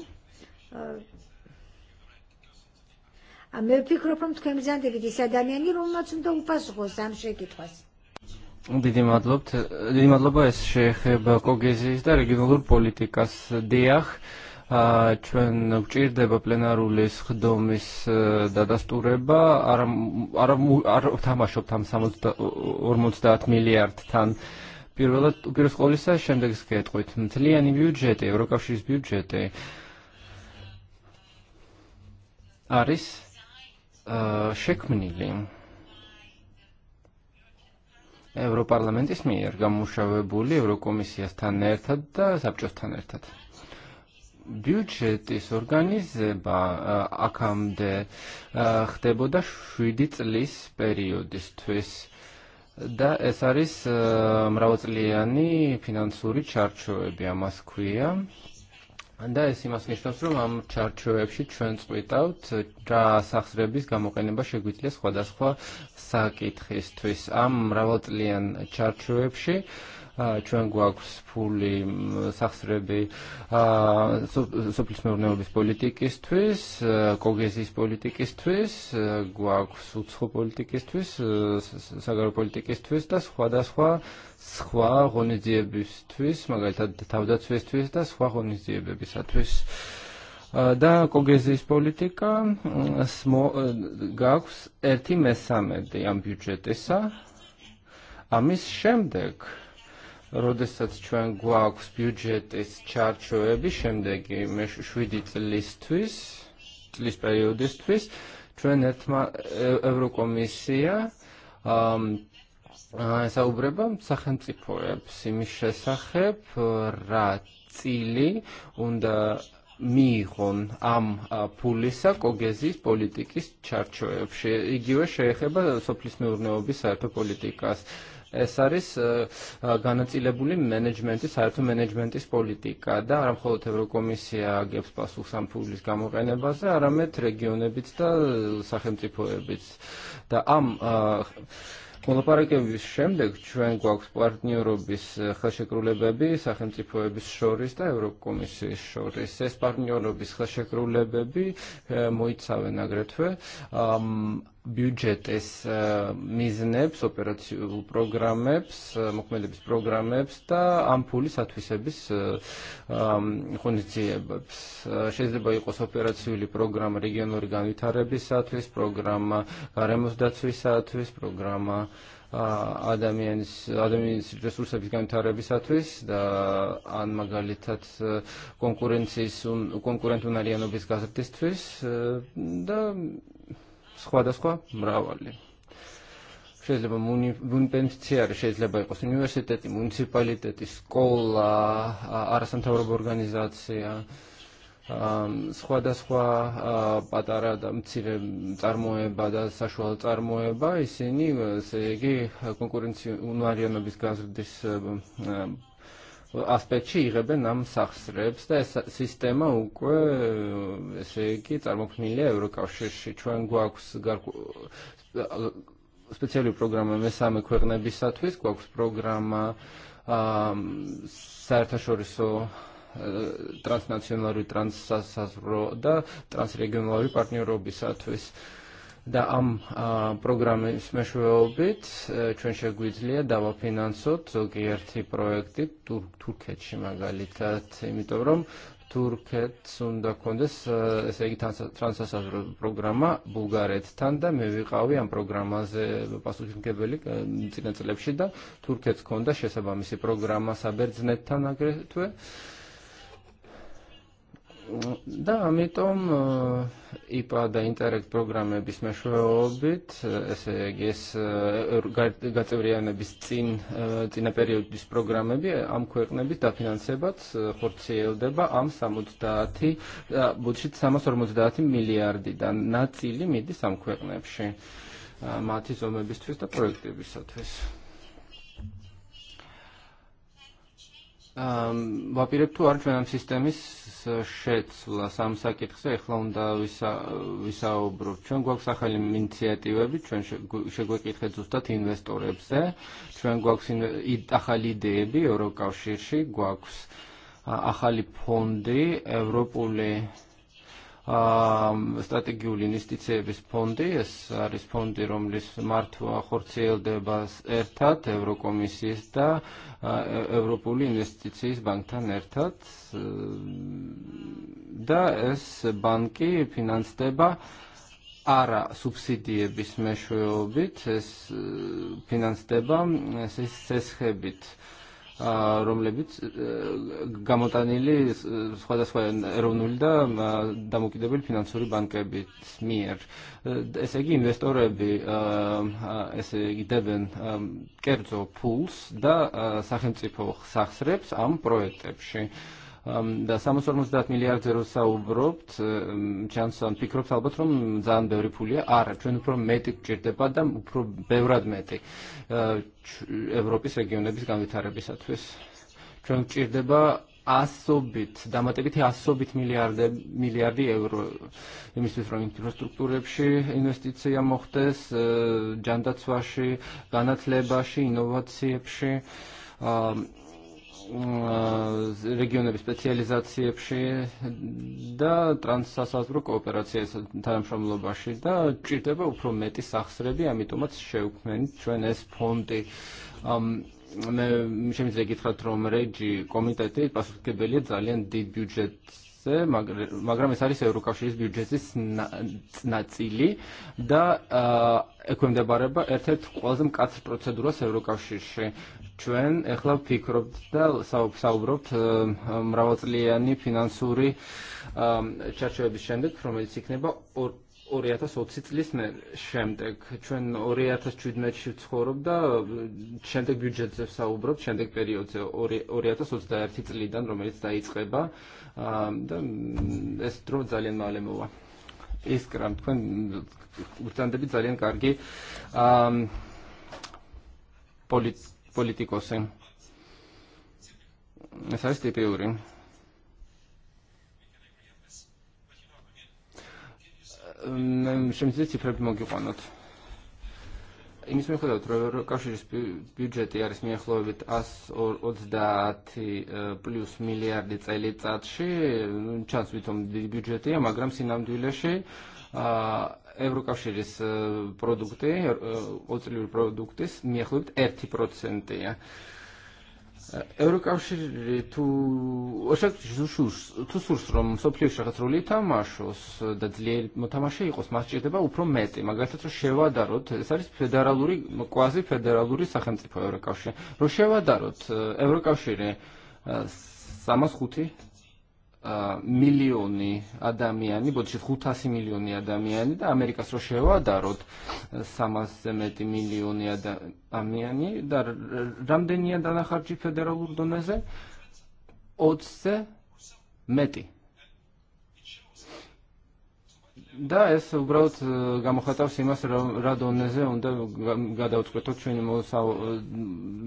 მე ვფიქრობ, რომ თქვენ მზადებით ის ადამიანი, რომელმაც უნდა უპასუხოს ამ შეკითხვას. Didi მადლობთ. didi მადლობა ეს შეეხება კოგეზიის და რეგიონულ პოლიტიკას. politikas აა ჩვენ გვჭირდება პლენარული სხდომის დადასტურება არ არ არ თამაშობთ ამ 50 მილიარდთან პირველად უპირველეს ყოვლისა შემდეგს გეტყვით მთლიანი ბიუჯეტი ევროკავშირის ბიუჯეტის ორგანიზება აქამდე ხდებოდა 7 წლის პერიოდისთვის და ეს არის მრავალწლიანი ფინანსური ჩარჩოები ამას ქვია Għanda jessi ma sniċtos rum għam ċarċu ebxi ċwen tswitawt ġa saħsrebis għam uqeneba xegwit li sħwada sħwa sakit xistwis għam rawat li għan ċarċu ebxi. Ah, ċwen għagħs pulli mm, saħsrebi ah, suplismurnew bis politikis twis, ah, kogezis politikis twis, għagħs utsu politikis twis, sagaru politikis twis, da sħwa da sħwa, sħwa għoniziebis twis, magalta tawda twis twis, da sħwa għoniziebis twis. Da kogezis politika mm, eh, għagħs erti mesamed jam budžetisa, għamis xemdek rodessat ċuan għuax budget is ċarċu e biċem degi mex xwidi t-listwis, t-list periodistwis, ċuan etma Eurokomissija, um, uh, Sa ubreba mtsaxen tipo eb, si mishe saxeb ra cili unda mihon am uh, pulisa kogezis politikis charcho eb, si igiwe xeheba soplis meurne obisa eto politikas ეს არის განაწილებული მენეჯმენტის, საერთო მენეჯმენტის პოლიტიკა და არა მხოლოდ ევროკომისია აგებს პასუხს ამ ფულის გამოყენებაზე, არამედ რეგიონებიც და სახელმწიფოებიც. და ამ მოლაპარაკების შემდეგ ჩვენ გვაქვს პარტნიორობის ხელშეკრულებები სახელმწიფოების შორის და ევროკომისიის შორის. ეს პარტნიორობის ხელშეკრულებები მოიცავენ აგრეთვე budžetes მიზნებს, ოპერაციულ პროგრამებს, მოქმედების პროგრამებს და ამ ფულის ათვისების ღონისძიებებს. შეიძლება იყოს ოპერაციული პროგრამა რეგიონული განვითარებისათვის, პროგრამა გარემოს დაცვისათვის, პროგრამა ადამიანის ადამიანის რესურსების განვითარებისათვის და ან მაგალითად კონკურენციის კონკურენტუნარიანობის გაზრდისთვის და სხვადასხვა მრავალი. შეიძლება მუნიფიცარი შეიძლება იყოს უნივერსიტეტი, მუნიციპალიტეტი, სკოლა, არასამთავრობო ორგანიზაცია, სხვადასხვა პატარა და მცირე წარმოება და საშუალო წარმოება, ისინი ესე იგი კონკურენციული უნარიანობის გაზრდის U aspetċire bennam saħsreb stess sistema u kwe e, se kiet għal-mok euro kaw xie ċwen għakus speciali programma mesame kwerna bisa wis għakus programma sarta xorso e, transnazjonali, transsasro, da transregionali partneru bisa wis da għam uh, program smeshu e, għobit, ċun uh, xegwit li għadda għu finanzot, so projekti, turket xima għalitat imitobrom, turket sunda Kondes, uh, segi transasas programma, Bulgaret tanda, mi viqawi għam programma ze bapasu ġin kebelik, turket konda, Shesabamisi seba misi programma saber znet tan agretwe, tom Да, ми том и пада интерект программе бис мешробит, эсе гес гацевриана бис uh цина период бис dati би ам ქვეყნები დაფინანსებად ხორციელდება ამ 70 ბუდში 350 მილიარდიდან mati zome bis ქვეყნებში მათი ზომებისთვის და პროექტებისათვის. ვაპირებთ არჩვენ ამ სისტემის შეცვლა სამ საკითხზე ახლა უნდა ვისაუბროთ ჩვენ გვაქვს ახალი ინიციატივები ჩვენ შეგვეკითხეთ ზუსტად ინვესტორებზე ჩვენ გვაქვს ახალი იდეები ევროკავშირში გვაქვს ახალი ფონდი ევროპული strategju li nistice rispondi, jess rispondi rom li smartu ħorzijl deba ertat, Eurokomissijs da, e, Europoli nisticeis banktan ertat, e, da es banki finanz deba, ara subsidie bis meshojobit, es e, finanz deba, es eshebit რომლებიც გამოტანილი სხვადასხვა ეროვნულ და დამოკიდებელ ფინანსური ბანკების მიერ. ესე იგი ინვესტორები ესე იგი დებენ კერძო ფულს და სახელმწიფო სახსრებს ამ პროექტებში. Uh, Da samo sormu zdat milijard euro sa ubrobt, ċansan pikrob tal-batrum zan bevri pulja, għara, ċun upro metik ċirtepa dam, upro bevrad metik. Evropis regionebis għan vitarebis għatwis. ċun ċirteba għassobit, damatebiti għassobit miljardi euro imistitru infrastrukturebxi, investizzija moħtes, ġandat uh, swaxi, għanat lebaxi, innovazzjebxi. Um, uh, регионы специализации общие, да, трансасазбру кооперация с Таймшам Лобаши, да, читаба упромети сахсреби, ამიტომაც შევქმნით ჩვენ ეს ფონდი. მე შემიძლია გითხრათ რომ რეჯი კომიტეტი პასუხისმგებელია ძალიან დიდ ბიუჯეტზე, მაგრამ ეს არის ევროკავშირის ბიუჯეტის ნაწილი და ექვემდებარება ერთ-ერთ ყველაზე მკაცრ პროცედურას ევროკავშირში ჩვენ ეხლა ვფიქრობთ და საუბრობთ მრავალწლიანი ფინანსური ჩარჩოების შემდეგ, რომელიც იქნება 2020 წლის შემდეგ. ჩვენ 2017-ში ვცხოვრობ და შემდეგ ბიუჯეტზე ვსაუბრობ, შემდეგ პერიოდზე 2021 წლიდან, რომელიც დაიწყება და ეს დრო ძალიან მალე მოვა. ის კრამ თქვენ ვწანდები ძალიან კარგი პოლიტიკა politikose. Ne politikosen. Esa este peurin. Xemżiet jifreb mogi mi Imis miħu da, trojru kaxir budžeti jaris miħu e vit as odzdati e, plus miliardi cajli e, caċi, ċans vitom di budžeti, ma gram sinam dujleši, Evrokavxeris eh, produkti, otsilivi eh, produkti smiehlut 1%. Evrokavxeri eh, tu oċak tu sursrom sopliju xaħatruli tamaxos da dlijel tamaxej iqos maċċeteba u prometi ma għalta xeva darot saris federaluri kważi federaluri saħem tipo Evrokavxeri. Ro xeva darot Evrokavxeri sama skuti მილიონი ადამიანი, ბოდში 500 მილიონი ადამიანი და ამერიკას რო შევადაროთ 300-ზე მეტი მილიონი ადამიანი და რამდენია დანახარჯი ფედერალურ დონეზე? 20-ზე მეტი. Da, es ubraut eh, gamuħataw si mas radu neze, un da gada utkotu ċini mu saw eh,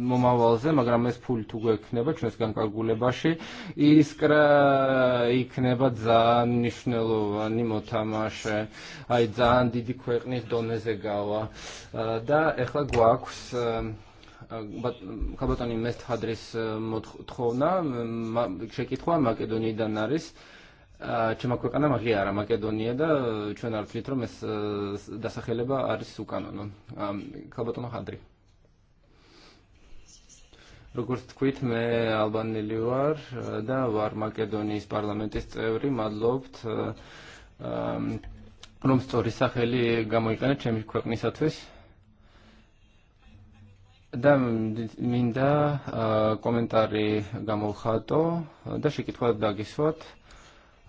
mu mawalze, ma gram es pultu għu kneba, ċunes gan kalgule baxi, iskra i kneba dzan nishnelu animo tamaxe, aj dzan didi kwerni do neze gawa. Eh, da, eħla gwakus, kabotani mest ħadris mod tħona, xekitħua makedoni dan naris, Ċemakku għana maħli għara Makedonija eh, da ċun għar flitru mis da saħħeleba għar su kanonu. Kalbatonu Rukurs Rukur tkwit me Alban li war, eh, da war Makedonijs parlamentist evri madlobt eh, ehm, rum stori saħħeli għamu jkana ċemmi kwekni satwis. Da minda komentari għamu da xikit għad da għiswat.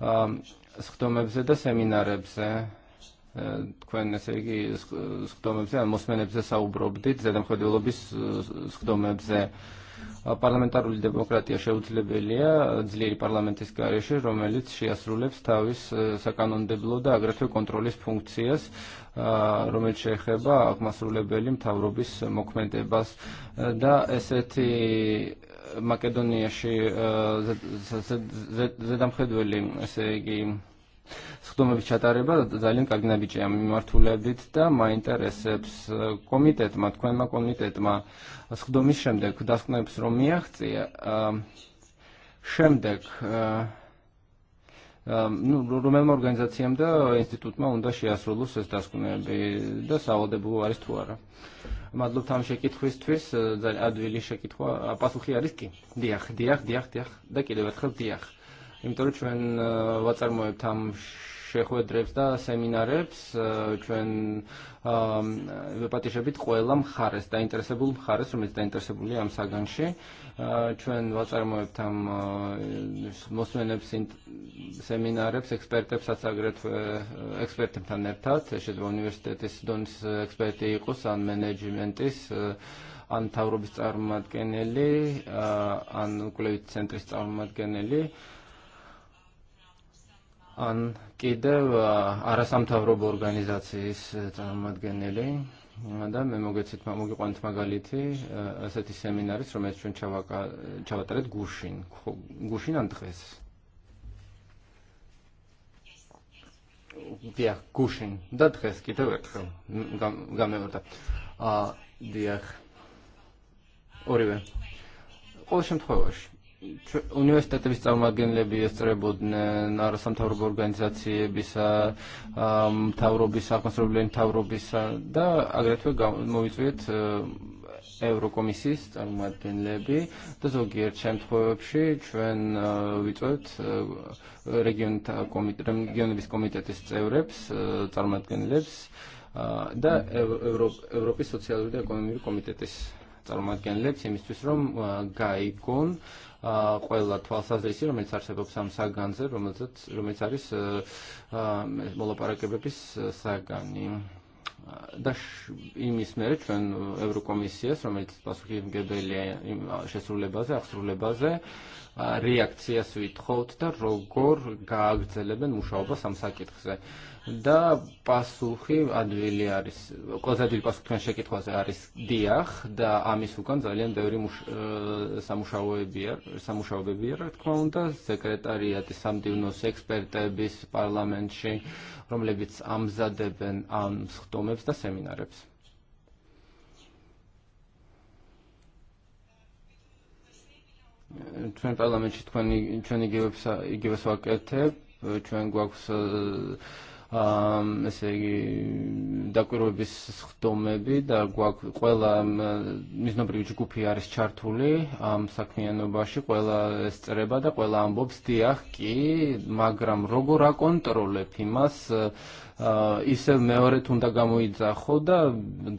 Sħtom ebze da seminar ebze, e, tkwen nesegi sħtom ebze, mosmen ebze sa ubrobdit, zedem xodil lobis e, sħtom ebze parlamentaru li demokratija შეუძლებელია ძლიერი პარლამენტის გარეშე, რომელიც შეასრულებს თავის საკანონმდებლო და აგრეთვე კონტროლის ფუნქციას, რომელიც შეეხება აღმასრულებელი მთავრობის მოქმედებას და ესეთი Makedonija xi ma' ესე eh, komitet ma' ჩატარება ma' komitet ma' მიმართულებით და მაინტერესებს კომიტეტმა, თქვენმა romijaxi, xemdek, შემდეგ დასკვნებს რომ მიაღწია da' eh, eh, institut ma' unda xie ინსტიტუტმა l შეასრულოს ეს დასკვნები და სავალდებულო არის თუ għaristu għara madlu tam xe kit twist twist eh, zal għadu li xe kit għapasu xli riski. Dijax, dijax, dijax, dijax, dak li għadħal dijax. Imtorċ minn għatar eh, mu tam შეხვედრებს და სემინარებს ჩვენ ვეპატიჟებით ყველა მხარეს დაინტერესებულ მხარეს რომელიც დაინტერესებული ამ საგანში ჩვენ ვაწარმოებთ ამ მოსმენებს სემინარებს ექსპერტებსაც აგრეთვე ექსპერტებთან ერთად შეიძლება უნივერსიტეტის დონის ექსპერტი იყოს ან მენეჯმენტის ან თავრობის წარმომადგენელი ან კვლევით ცენტრის წარმომადგენელი ან კიდევ არასამთავრობო ორგანიზაციის წარმომადგენელი და მე მოგეცით მოგიყვანთ მაგალითი ასეთი სემინარის რომელიც ჩვენ ჩავატარეთ გუშინ გუშინ ან დღეს დიახ გუშინ და დღეს კიდევ ერთხელ გამევარდა აა დიახ ორივე ყოველ შემთხვევაში Universiteti biex għin li biex trebud nara sam tawru organizazzije bisa um, tawru bisa konstrublin tawru bisa da għagretu agretwe muvitwit uh, Eurokomissist għal Martin Lebi, da zogir ċemt ħuħbxi ċven vitwet regjoni bis komitetist Eureps, tal Martin Lebs, da Europi Sociali Ekonomi Komitetis tal Martin Lebs, rom uh, għajkun, ყველა თვალსაზრისი, რომელიც არსებობს ამ საგანზე, რომელზეც რომელიც არის მოლაპარაკებების საგანი. Dax imis merit fen Eurokomissijas, რომელიც პასუხი მგებელია იმ შესრულებაზე, აღსრულებაზე, რეაქციას ვითხოვთ და როგორ გააგრძელებენ მუშაობას ამ საკითხზე da pasuħi għadu li għaris, koza di l-pasu kħan xekit koza għaris dijax, da għamis u kanza li għandawri samuxaw bebir, tkonta, sekretari ti samdi unos eksperta bis parlament xej, romlebic għamza deben għam sħtomebs da seminar seminarebs. ċen parlament xitkwani ċen għiwis għak għeteb, ċen għak ესე იგი დაკვირვების ხდომები და გვაქვს kupi aris chartuli არის ჩართული ამ საქმიანობაში, ყველა ესწრება და ყველა ამბობს დიახ კი, მაგრამ როგორ აკონტროლებ იმას ისევ მეორედ უნდა გამოიძახო და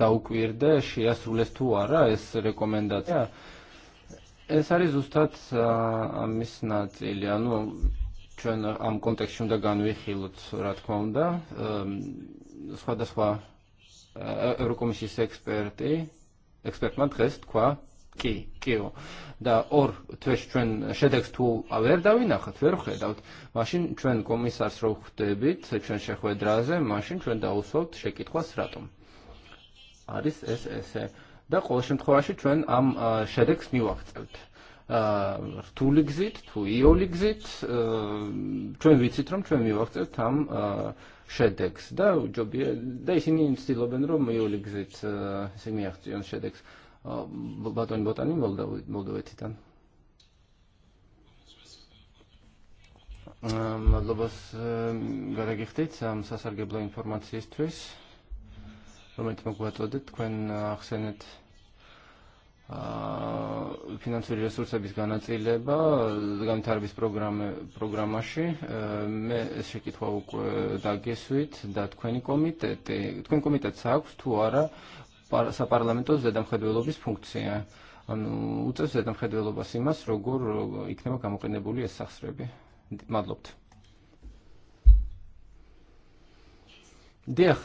დაუკვირდე შეასრულეს თუ არა ეს რეკომენდაცია. ეს არის ზუსტად ამის ნაწილი, ანუ ჩვენ ამ კონტექსტში უნდა განვიხილოთ რა თქმა უნდა სხვადასხვა ევროკომისიის ექსპერტი ექსპერტმა დღეს თქვა კი კიო და ორ თვეში ჩვენ შედეგს თუ ვერ დავინახეთ ვერ ვხედავთ მაშინ ჩვენ კომისარს რო ხვდებით ჩვენ შეხვედრაზე მაშინ ჩვენ დავუსვავთ შეკითხვას რატომ არის ეს ესე და ყოველ შემთხვევაში ჩვენ ამ შედეგს მივაღწევთ რთული გზით, თუ იოლი გზით, ჩვენ ვიცით, რომ ჩვენ მივაღწევთ ამ შედეგს და ჯობია და ისინი ცდილობენ, რომ იოლი გზით ისე მიაღწიონ შედეგს. ბატონი ბოტანი მოლდოვეთიდან. მადლობას გადაგიხდით ამ სასარგებლო ინფორმაციისთვის, რომელიც მოგვაწოდეთ თქვენ ახსენეთ finanzjeri resursa biz ganatileba tarbis programma xie, me შეკითხვა უკვე დაგესვით და თქვენი კომიტეტი თქვენ კომიტეტს აქვს თუ არა საპარლამენტო ზედამხედველობის imas, rogur iknema ზედამხედველობას იმას როგორ იქნება გამოყენებული ეს სახსრები მადლობთ დიახ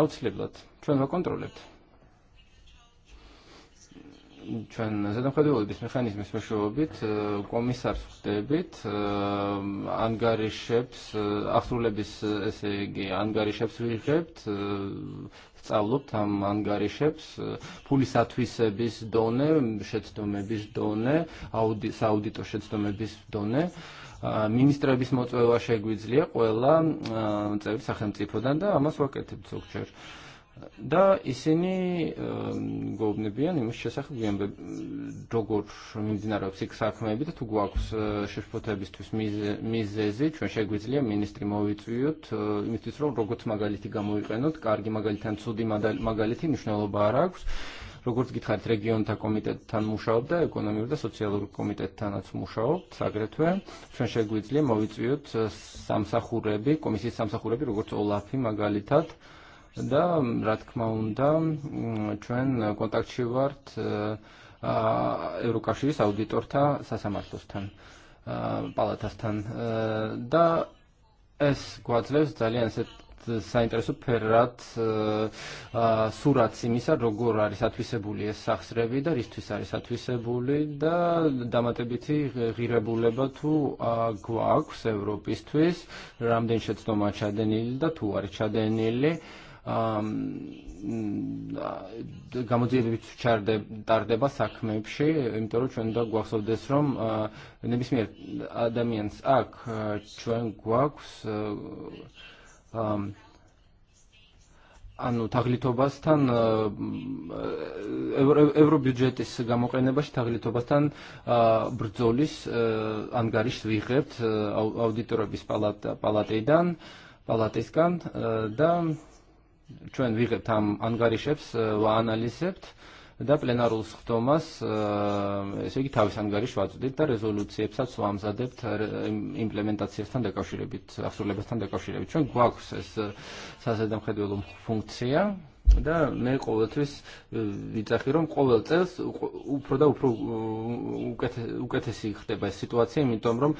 აუცილებლად ჩვენ ვაკონტროლებთ ċan zadan għodis meħanizmi għobit, eh, komissar suħtebit, għangari eh, xebs, eh, aħtru lebis SEG, għangari xebs vilħebt, tsawlub tam angari xebs, pulisat bis done, xedstome bis done, saudito xedstome bis done, ministrების მოწვევა შეგვიძლია ყველა წევრი სახელმწიფოდან და ამას ვაკეთებთ ზოგჯერ და ისინი გვეუბნებიან იმის შესახებ გვიანბებ როგორ მიმდინარეობს იქ საქმეები და თუ გვაქვს შეშფოთებისთვის მიზეზი ჩვენ შეგვიძლია მინისტრი მოვიწვიოთ იმისთვის რომ როგორც მაგალითი გამოიყენოთ კარგი მაგალითი ან ცუდი მაგალითი მნიშვნელობა არ აქვს როგორც გითხარით რეგიონთა კომიტეტთან მუშაობ და ეკონომიკურ და სოციალურ კომიტეტთანაც მუშაობთ აგრეთვე ჩვენ შეგვიძლია მოვიწვიოთ სამსახურები კომისიის სამსახურები როგორც ოლაფი მაგალითად Да, рад к маунда, ჩვენ კონტაქტში ვართ ევროკავშირის აუდიტორთა სასამართლოსთან, პალატასთან და ეს გვაძლევს ძალიან ესეთ საინტერესო ფერად სურათს იმისა, როგორ არის ათვისებული ეს სახსრები და რისთვის არის ათვისებული და დამატებითი ღირებულება თუ გვაქვს ევროპისთვის, რამდენ შეცდომა ჩადენილი და თუ არის ჩადენილი. აა გამოძიებით ჩარდება საქმეებში, იმიტომ რომ ჩვენ და გვახსოვდეს რომ ნებისმიერ ადამიანს აქ ჩვენ გვაქვს ანუ თაღლითობასთან ევრობიუჯეტის გამოყენებაში თაღლითობასთან ბრძოლის ანგარიშს ვიღებთ აუდიტორების პალატიდან პალატისგან da, ჩვენ ვიღებთ ამ ანგარიშებს ვაანალიზებთ და პლენარულ ხდომას ესე იგი თავის ანგარიშს ვაწვდით და რეზოლუციებსაც ვამზადებთ იმპლემენტაციასთან დაკავშირებით, აღსრულებასთან დაკავშირებით. ჩვენ გვაქვს ეს საზედამხედველო ფუნქცია და მე ყოველთვის ვიძახი რომ ყოველ წელს უფრო და უფრო უკეთესი ხდება სიტუაცია იმიტომ რომ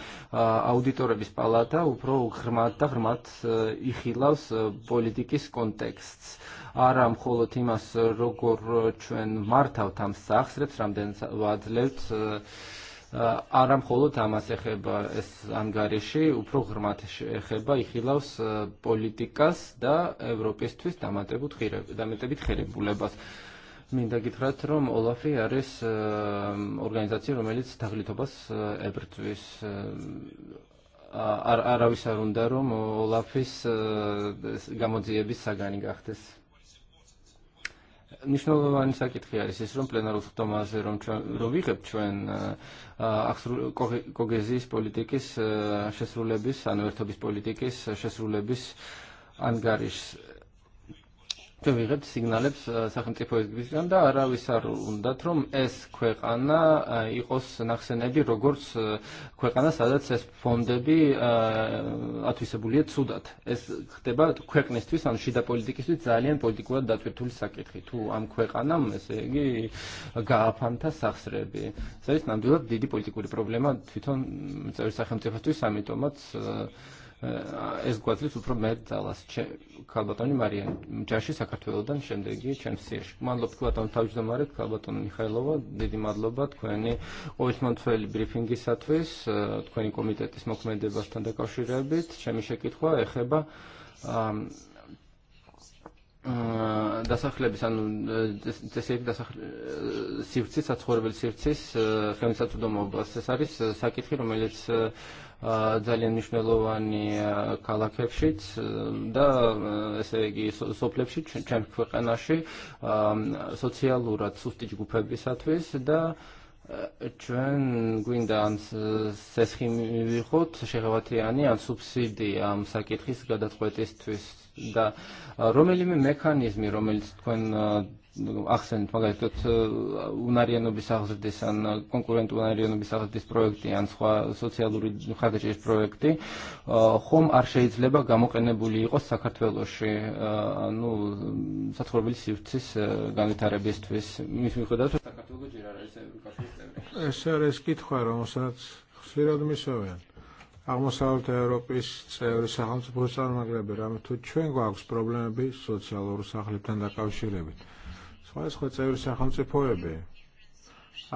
აუდიტორების პალატა უფრო ღრმად და ღრმად იხილავს პოლიტიკის კონტექსტს არა მხოლოდ იმას როგორ ჩვენ მართავთ ამ არამხოლოდ ამას ეხება ეს ანგარიში, უფრო ღრმად ეხება იხილავს პოლიტიკას და ევროპისთვის დამატებით ხერებულებას. მინდა გითხრათ, რომ ოლაფი არის ორგანიზაცია, რომელიც თაღლითობას ებრძვის არავის არ უნდა რომ Olafis გამოძიების საგანი გახდეს მნიშვნელოვანი საკითხი არის ის, რომ პლენარულ ხდომაზე რომ რომ ვიღებ ჩვენ კოგეზიის პოლიტიკის შესრულების, politikis, ერთობის პოლიტიკის შესრულების Tu vიღებ სიგნალებს სახელმწიფოების გან და არავისარ უნდათ რომ ეს ქვეყანა იყოს ნახსენები როგორც ქვეყანა სადაც ეს ფონდები ათვისებულია ცუდად. ეს ხდება ქვეყნისთვის ან შიდა პოლიტიკისთვის ძალიან პოლიტიკურად დატვირთული საკითხი. თუ ამ ქვეყანამ ესე იგი გააფანთა სახსრები. ეს არის ნამდვილად დიდი პოლიტიკური პრობლემა თვითონ წევრი სახელმწიფოსთვის ამიტომაც აა ეს გვაძლევს უფრო მეტ ძალას ქალბატონი მარიამ ჯაში საქართველოსდან შემდეგი ჩემს სიაში მადლობთ ქალბატონ თავმჯდომარე ქალბატონ მიხაილოვა დიდი მადლობა თქვენი ყოველთმანთველი ბრიფინგისათვის თქვენი კომიტეტის მოქმედებასთან დაკავშირებით ჩემი შეკითხვა ეხება დასახლების ანუ ესე იგი სივრცის საცხოვრებელი სივრცის ხელმისაწვდომობას ეს არის საკითხი რომელიც ძალიან მნიშვნელოვანი ქალაქებშიც და ესე იგი სოფლებში ჩემს ქვეყანაში სოციალურად სუსტი ჯგუფებისათვის და ჩვენ gwinda ამ სესხი მივიღოთ შეღავათიანი xeħawatijani għan subsidi საკითხის გადაწყვეტისთვის და რომელიმე მექანიზმი რომელიც თქვენ Aħsent, magħal, magħalkot eh, unarjenu bisaħżdis għan eh, konkurentu unarjenu bisaħżdis projekti għan sħa soċjaluri ħadġiex projekti xom arxej tleba gamoqenebuli iqos საქართველოში ну საცხოვრებლის სივრცის განვითარებისთვის მის მიხედვით საქართველოს ჯერ არ არის ევროპაში წევრი ეს არის კითხვა რომელსაც ხშირად მისევენ აღმოსავლეთ ევროპის წევრი სახელმწიფოს წარმომადგენლები, რამე თუ ჩვენ გვაქვს პრობლემები სოციალურ სახლებთან დაკავშირებით სხვადასხვა წევრი სახელმწიფოები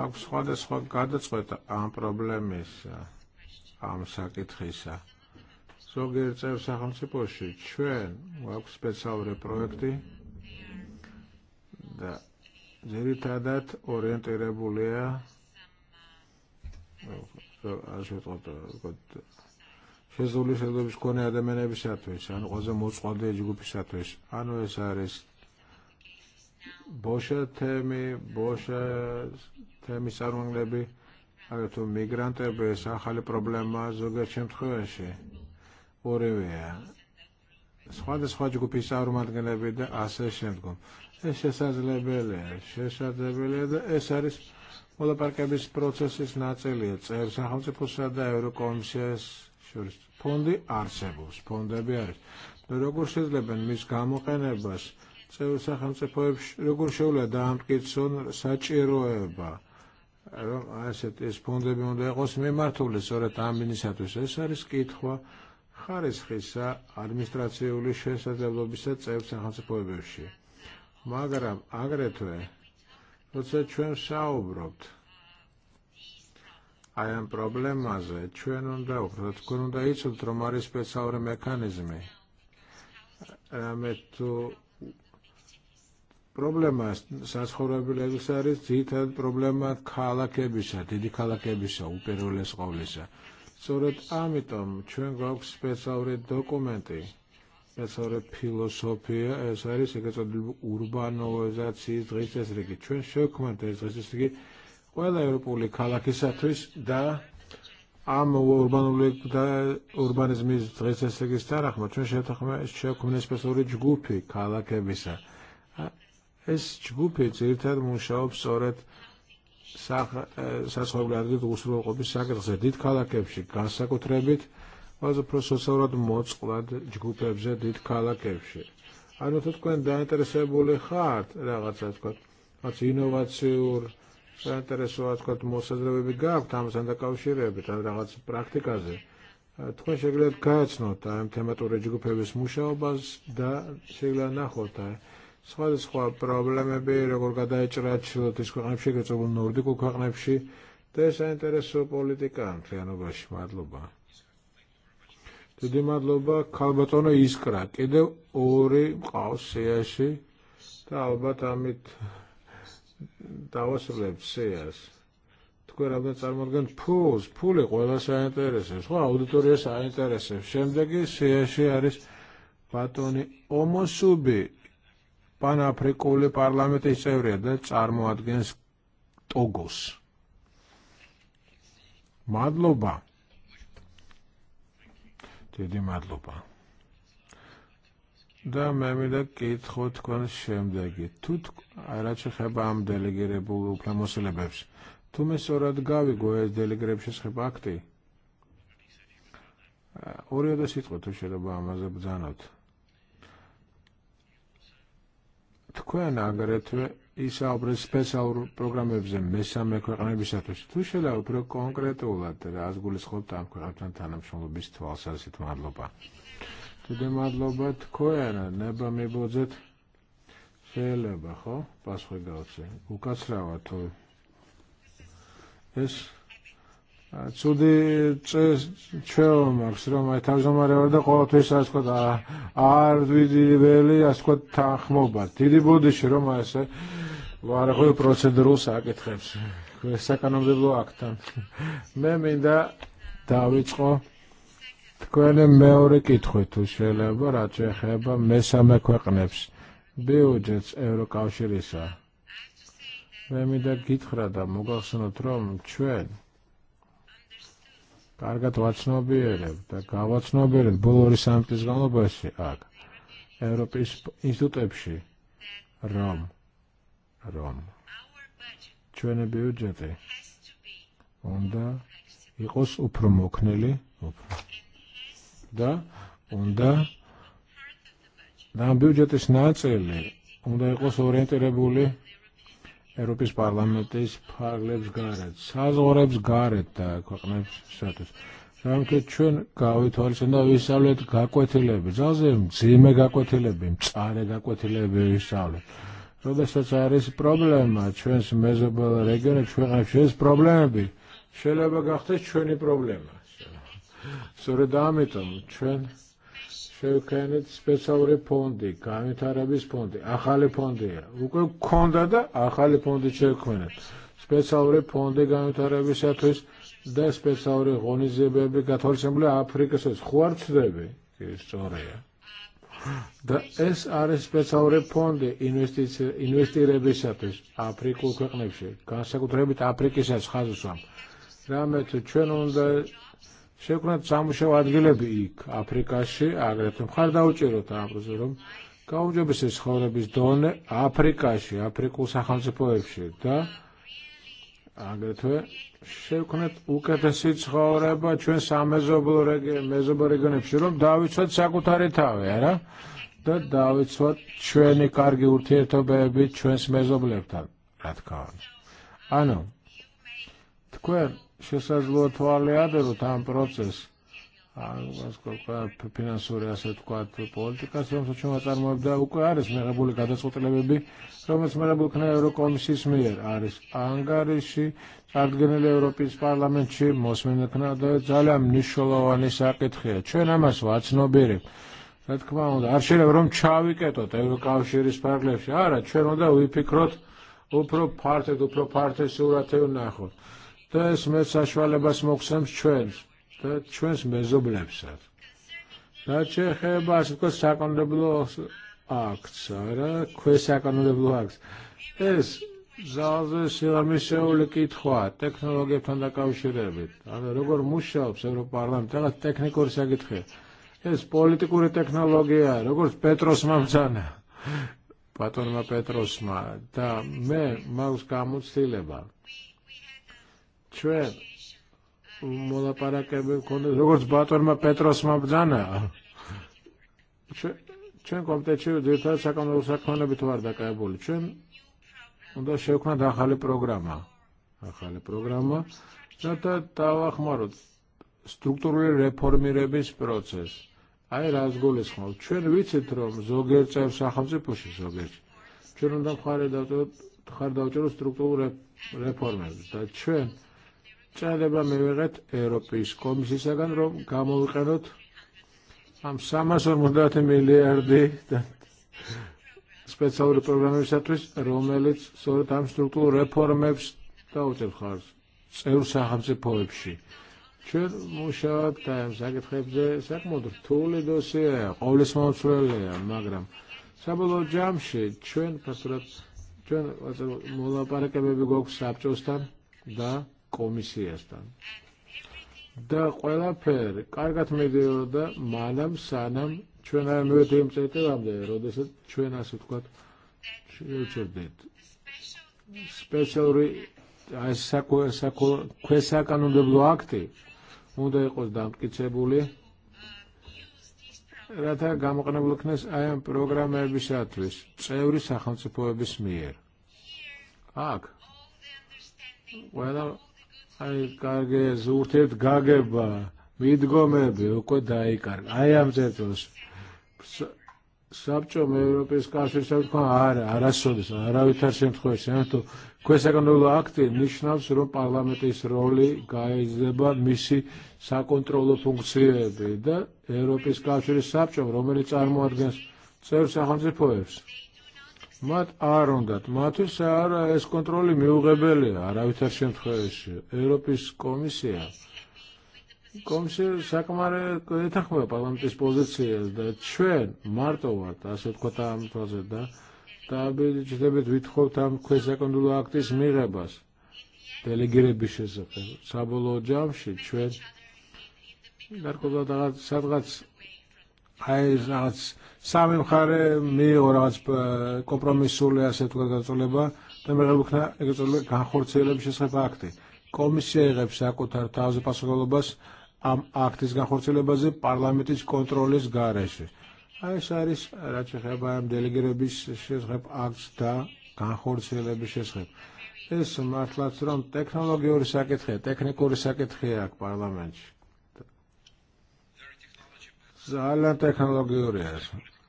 აქვს სხვადასხვა გადაწყვეტა ამ პრობლემის ამ საკითხისა. ზოგიერთ წევს სახელმწიფოში ჩვენ გვაქვს სპეციალური პროექტი და ძირითადად ორიენტირებულია ასე ვთქვათ შეზღუდული შეხედულების მქონე ადამიანებისათვის, ანუ ყველაზე მოწყვლე ჯგუფისათვის. ანუ ეს არის Boxa temi, boxa temi lebi, sarmanglebi għaletu migrante besa għalli problema zoga Uri Urivija. Sħad sħad ġgu pisaru lebi da għasa xentkom. Eċe saz le, eċe saz lebele da esaris. Mola parke bis processis naceliet, ersa se pussa da euro komisjes xurst. Pondi arsebus, pondi bjaris. Dorogu xizleben mis kamu kanebas წევრ სახელმწიფოებში როგორ შეიძლება დაამტკიცონ საჭიროება რომ ასეთ ეს ფონდები უნდა იყოს მიმართული სწორედ ამ მინისათვის ეს არის კითხვა ხარისხისა ადმინისტრაციული შესაძლებლობისა წევრ სახელმწიფოებში მაგრამ აგრეთვე როცა ჩვენ საუბრობთ għaj għan problema ze, ċwen un daw, tkun un daw jitsul tromari spezzawri mekanizmi. Għamettu პრობლემა საცხოვრებელს არის ძირითადად kebisa, ქალაქებისა, დიდი ქალაქებისა უპირველეს ყოვლისა. სწორედ ამიტომ ჩვენ გვაქვს სპეციალური დოკუმენტი სპეციალური ფილოსოფია ეს არის ეგ წოდებული урბанизаციის დღის წესრიგი ჩვენ შევქმნით ეს დღის წესრიგი ყველა ევროპული ქალაქისათვის და ამ урბанული და урбанизმის დღის წესრიგის თანახმად ჩვენ შევქმნით სპეციალური kala kebisa ეს ჯგუფი ძირითადად მუშაობს სწორედ საცხოვრებლად უსრულყოფის საგრძე დიდ ქალაქებში განსაკუთრებით għazupro s-sorad mozzqlad ġgupeb ġedid kala kebxie. Għannu tutkwen da interesebu li ħart, ragazza tkot, għaz innovazzjur, sa interesu għad tkot mossa drewi bigab, tam sanda kaw xirebi, ta' ragazza praktika zi. Tkun xeglet kaċno, temat u u baz da სხვადასხვა პრობლემები, როგორ გადაეჭრა ჩრდილოეთის ქვეყნებში, გაწეულ ნორდიკულ ქვეყნებში და საინტერესო პოლიტიკა ამ მთლიანობაში. მადლობა. დიდი მადლობა ქალბატონო ისკრა. კიდევ ორი მყავს სიაში და ალბათ ამით დავასრულებ სიას. თქვენ რამდენ წარმოადგენთ ფულს, ფული ყველა საინტერესებს, ხო, აუდიტორია საინტერესებს. შემდეგი სიაში patoni ბატონი subi sevri, Da togus. Madluba. madluba. პანაფრიკული პარლამენტის წევრია და წარმოადგენს ტოგოს. მადლობა. დიდი მადლობა. და მე მინდა კითხო თქვენ შემდეგი. თუ რაც Tu ამ დელეგირებულ უფლებამოსილებებს, თუ მე სწორად გავიგო ეს დელეგირებს შესახებ აქტი, ორი და სიტყვა თუ შეიძლება ამაზე ბძანოთ. tkun აგრეთვე ისაუბრეს სპეციალურ პროგრამებზე მესამე ქვეყნებისათვის. თუ შეიძლება უფრო u რას გულისხმობთ ამ ქვეყნებთან თანამშრომლობის თვალსაზრისით მადლობა. დიდი მადლობა თქვენ, ნება მიბოძეთ შეიძლება ხო? პასუხი გავცე. უკაცრავად თუ ეს ცუდი ჩვეო მაქვს რომ აი თავმჯდომარეობა და ყოველთვის ასე ვთქვა არ ვიდიველი ასე ვთქვა თანხმობა დიდი ბოდიში რომ ასე ვარახვი პროცედურს აკითხებს საკანონმდებლო აქტთან მე მინდა დავიწყო თქვენი მეორე კითხვით თუ შეიძლება რაც ეხება მესამე ქვეყნებს ბიუჯეტს ევროკავშირისა მე მინდა გითხრა და მოგახსენოთ რომ ჩვენ კარგად ვაცნობიერებ და გავაცნობიერეთ ბოლო 2-3 წლის განმავლობაში აქ ევროპის ინსტიტუტებში რომ რომ ჩვენი ბიუჯეტი უნდა იყოს უფრო მოქნილი da და უნდა და ბიუჯეტის ნაწილი უნდა იყოს ორიენტირებული Europis parlamentis parlebs garet, sazorabs garet ta ქვეყნებს სტატუს. Ramket ჩვენ გავითვალისწინდა ვისწავლეთ გაკვეთილები, ძალზე მძიმე გაკვეთილები, მწარე გაკვეთილები ვისწავლეთ. როდესაც არის chun ჩვენს მეზობელ რეგიონებში, ქვეყნებში ეს პრობლემები შეიძლება გახდეს ჩვენი პრობლემა. სწორედ ამიტომ ჩვენ pondi, შევქენეთ სპეციალური ფონდი, განვითარების ფონდი, ახალი ფონდია. უკვე გქონდა და ახალი ფონდი შევქმნით. სპეციალური ფონდი განვითარებისათვის და სპეციალური ღონისძიებები გათვალისწინებული აფრიკასაც ხო არ Da es are და ეს investire სპეციალური ფონდი ინვესტირებისათვის აფრიკულ ქვეყნებში, განსაკუთრებით აფრიკის ხაზოსამ. რამე თუ ჩვენ უნდა შექმნათ სამუშაო ადგილები იქ, აფრიკაში, აგრეთვე მხარ დაუჭიროთ ამაზე, რომ გაუმჯობესეს ცხოვრების დონე აფრიკაში, აფრიკულ სახელმწიფოებში და აგრეთვე შევქმნათ უკეთესი ცხოვრება ჩვენ სამეზობლო მეზობლო რეგიონებში, რომ დავიცვათ საკუთარი თავი, არა? და დავიცვათ ჩვენი კარგი ურთიერთობები ჩვენს მეზობლებთან, რა თქმა უნდა. ანუ თქვენ შესაძლოა ალეადერო თან პროცესს გასკორა ფინანსური ასე თქვათ პოლიტიკას, რომელსაც შემოწარმოებდა უკვე არის მიღებული გადაწყვეტილებები, რომელიც მიღებული იქნა ევროკომისიის მიერ არის ანგარიში, წარდგენილი ევროპის პარლამენტში მოსმენქნა და ძალიან მნიშვნელოვანი საკითხია. ჩვენ ამას ვაცნობიერებთ. რა თქმა უნდა, არ შეიძლება რომ ჩავიკეტოთ ევროკავშირის ფარგლებში. არა, ჩვენ უნდა ვიფიქროთ უფრო ფართედ, უფრო ფართე სურათი ვნახოთ და ეს მეც საშუალებას მოგცემს ჩვენს და ჩვენს მეზობლებსაც. რაც ეხება ასე ვთქვათ საკანონმდებლო აქტს, არა, ქვესაკანონმდებლო აქტს. ეს żawy silamisewli kitħwa, teknologi panda kawxirebit. Għana rogor muxxaw b'Europarlament, għana teknikur segitħi. Ez politikuri teknologija, rogor Petros mamzana. Paton ma ta me ma uskamu stileba. Cioè, mola para che con il sbator ma Petros Mabdana. Cioè, ċen kom teċi u dirta ċakam u sakkona bitwarda kajbul. ċen unda xewkna daħali programma. Daħali programma. ċata tawax marut. Strukturi reformi rebis proces. Għaj razgulis xmaw. ċen vicit rom zogir ċev saħamzi puxi zogir. ċen unda mħari dawtu tħardaw ċeru strukturi reformi. ċen წელება მივიღეთ ევროპის კომისიისაგან, რომ გამოვიყენოთ ამ 350 მილიარდი სპეციალური პროგრამებისათვის, რომელიც სწორედ ამ სტრუქტურულ რეფორმებს დაუწევს ხარს წევრ სახელმწიფოებში. ჩვენ მუშაობთ ამ საკითხებზე საკმაოდ რთული დოსიეა, ყოვლისმომცველია, მაგრამ საბოლოო ჯამში ჩვენ ფასურად ჩვენ მოლაპარაკებები გვაქვს საბჭოსთან და კომისიასთან. და ყველაფერი კარგად მედიოდა მანამ სანამ ჩვენ არ მივედი იმ წერტილამდე, როდესაც ჩვენ ასე ვთქვათ შევჭერდით. სპეციალური აი საკო საკო ქვესაკანონმდებლო აიკარგეს ურთიერთგაგება, მიდგომები უკვე დაიკარგა. აი ამ წელს საბჭომ ევროპის კავშირთან თქვა არა, არასოდეს, არავითარ შემთხვევაში, ანუ ქვესაკონტროლო აქტი ნიშნავს, რომ sa როლი გაიზრდება eh, da საკონტროლო ფუნქციები და ევროპის კავშირის საბჭომ, რომელიც წარმოადგენს წევრ სახელმწიფოებს მათ არ უნდათ, მათთვის არ ეს კონტროლი მიუღებელია არავითარ შემთხვევაში. ევროპის კომისია კომისია საკმარე ეთანხმება პარლამენტის პოზიციას და ჩვენ მარტო ვართ, ასე ვთქვათ ამ თვალზე და დაბეჭდებით ვითხოვთ ამ ქვესაკონდულო აქტის მიღებას დელეგირების შესახებ. საბოლოო ჯამში ჩვენ გარკვეულად რაღაც სადღაც რაღაც სამი მხარე მიიღო რაღაც კომპრომისული ასე თქვა გაწოლება და მიღებული იქნა ეგრეთ განხორციელების შესახებ აქტი. კომისია იღებს საკუთარ თავზე პასუხისმგებლობას ამ აქტის განხორციელებაზე პარლამენტის კონტროლის გარეშე. აი ეს არის რაც ეხება ამ დელეგირების შესახებ აქტს და განხორციელების შესახებ. ეს მართლაც Zallan teknologi u rieħs.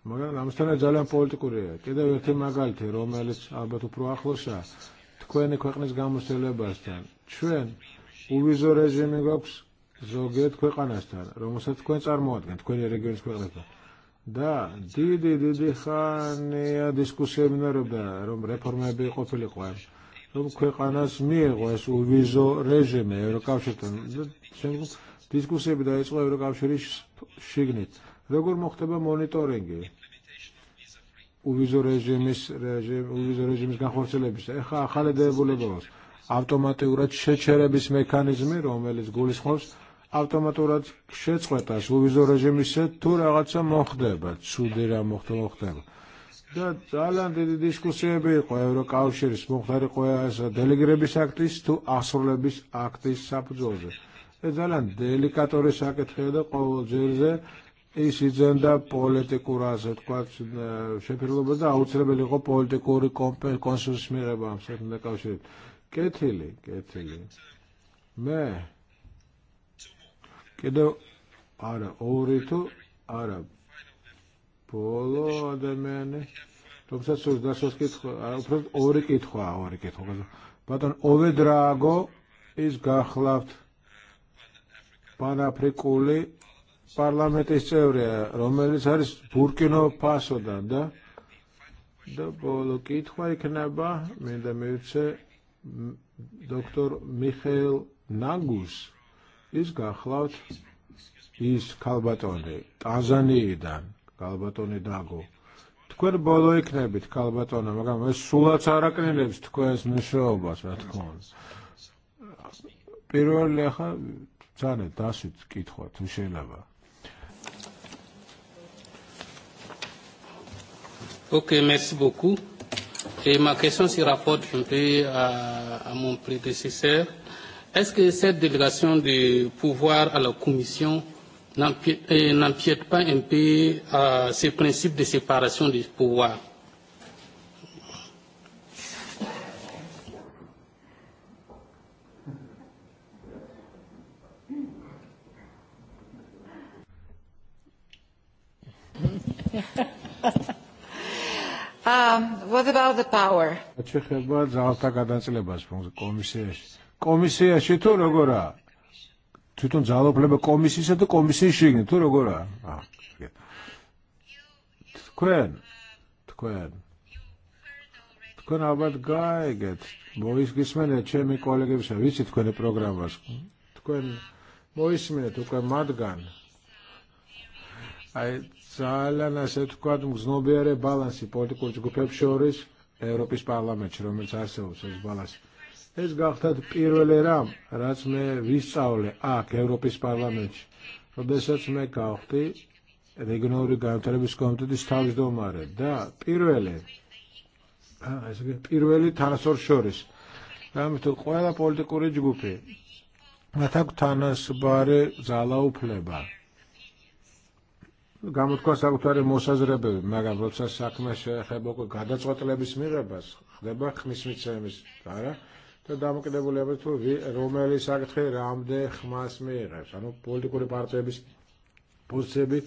Magan, amstana zallan politiku rieħs. Kida jirti magalti, romelis u xa. Tkweni kweknis għamu s-tele selebastan. ċwen, u vizu reġimi għoks, zogiet kwekkanastan. Romusat tkwen ċarmodgen, tkwen jirregjonis kwekkanastan. Da, di, di, di, di, xani ħanija diskussija minna rubda, rom reforma bi qofili qwem. Rom mi miħwes u vizu reġimi, Eurokavxitan. Diskussija bida jiswa Eurokavxirix შიგნით. როგორ მოხდება მონიტორინგი? უვიზო რეჟიმის რეჟიმ უვიზო რეჟიმის განხორციელების ეხა ახალი დებულებაა ავტომატურად შეჩერების მექანიზმი რომელიც გულისხმობს ავტომატურად შეწყვეტას უვიზო რეჟიმისა თუ რაღაცა მოხდება ცუდი რა მოხდება და ძალიან დიდი დისკუსიები იყო ევროკავშირის მომხდარი ყველა ეს დელეგირების აქტის თუ ასრულების აქტის საფუძველზე ძალიან დელიკატორი საკითხია და ყოველჯერზე ის იძენდა პოლიტიკურ ასე თქვა შეფერილობა და აუცილებელი იყო პოლიტიკური კონსულს მიღება ამ საკითხთან დაკავშირებით. კეთილი, კეთილი. მე კიდევ არა, ორი თუ არა. ბოლო ადამიანი uri დასოს uri უფრო uri კითხვა, uri კითხვა. uri ოვედრაგო uri გახლავთ პანაფრიკული პარლამენტის წევრია, რომელიც არის ბურკინო Da და და ბოლო kneba, minda mevce, doktor Mikhail Nagus, iz ის iz Kalbatoni, ქალბატონი ტანზანიიდან Kalbatoni dago. თქვენ bolo იქნებით ქალბატონა მაგრამ ეს სულაც არ აკნინებს თქვენს მნიშვნელობას nisho obas, უნდა Pirol leha, წარე დასვით კითხვა თუ შეიძლება. Ok, merci beaucoup. Et ma question se rapporte un peu à, à mon prédécesseur. Est-ce que cette délégation de pouvoir à la Commission euh, n'empiète pas un peu à ce principe de séparation des pouvoirs Um, what about the power? ċeħeba zaħta għadan s-lebas, komisiex. Komisiex, ċitun għura. ċitun zaħlu plebe komisiex, għadu komisiex xigni, tur għura. Ah, tkwen, tkwen. Tkwen għabad għajget. Bojis għismene ċemi kollegi b-servizzi tkwen i-programmas. Tkwen, mene, tkwen madgan. Għajt, Sala naset kwad mgznobiere balansi politiku ġgupeb xoris Europis parlament ċromil ċarsew balas. Ez għaxtad pirveli ram, raz me visawle ak Europis parlament. Rodesac me kaħti regionori għantarebis komtu distavis domare. Da, pirveli. Pirveli tanasor xoris. Għamitu kwella politiku ġgupi. Ma tak tanas bare zala upleba. pleba გამოთქვას საკუთარი მოსაზრებები, მაგრამ როცა საქმე შეეხება უკვე გადაწყვეტილების მიღებას, ხდება ხმის მიცემის, არა? და დამოკიდებულება თუ რომელი საკითხი რამდე ხმას მიიღებს, ანუ პოლიტიკური პარტიების პოზიციები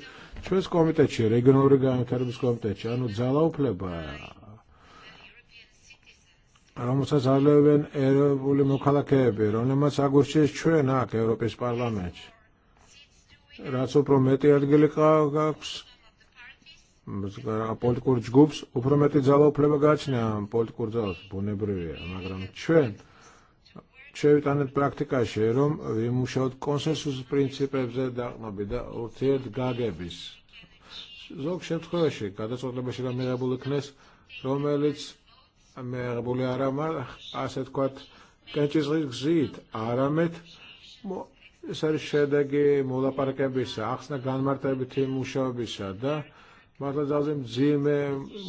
ჩვენს კომიტეტში, რეგიონალური განვითარების კომიტეტში, ანუ ძალაუფლება რომელსაც ალევენ ეროვნული მოქალაქეები, რომელმაც აგურჩიეს ჩვენ აქ ევროპის Parlamenti. Razu prometi għadgilika għaks. Appolt kur gubs u prometi dżawa plebegaċna, appolt kur dżaws, bune brivi, nagram ċven. ċevit tanet praktika xerum, vi muxawt konsensus principe bżedda nabida u tjed għagebis. Zog xem tħoċi, kada sot lebex il mirabu l-knes, romelic mirabu li għaramar, għaset kwat kenċis rizgżid, għaramet, არის შედეგი მოლაპარაკებისა, ახსნა განმარტებითი მუშაობისა და მართლაც მძიმე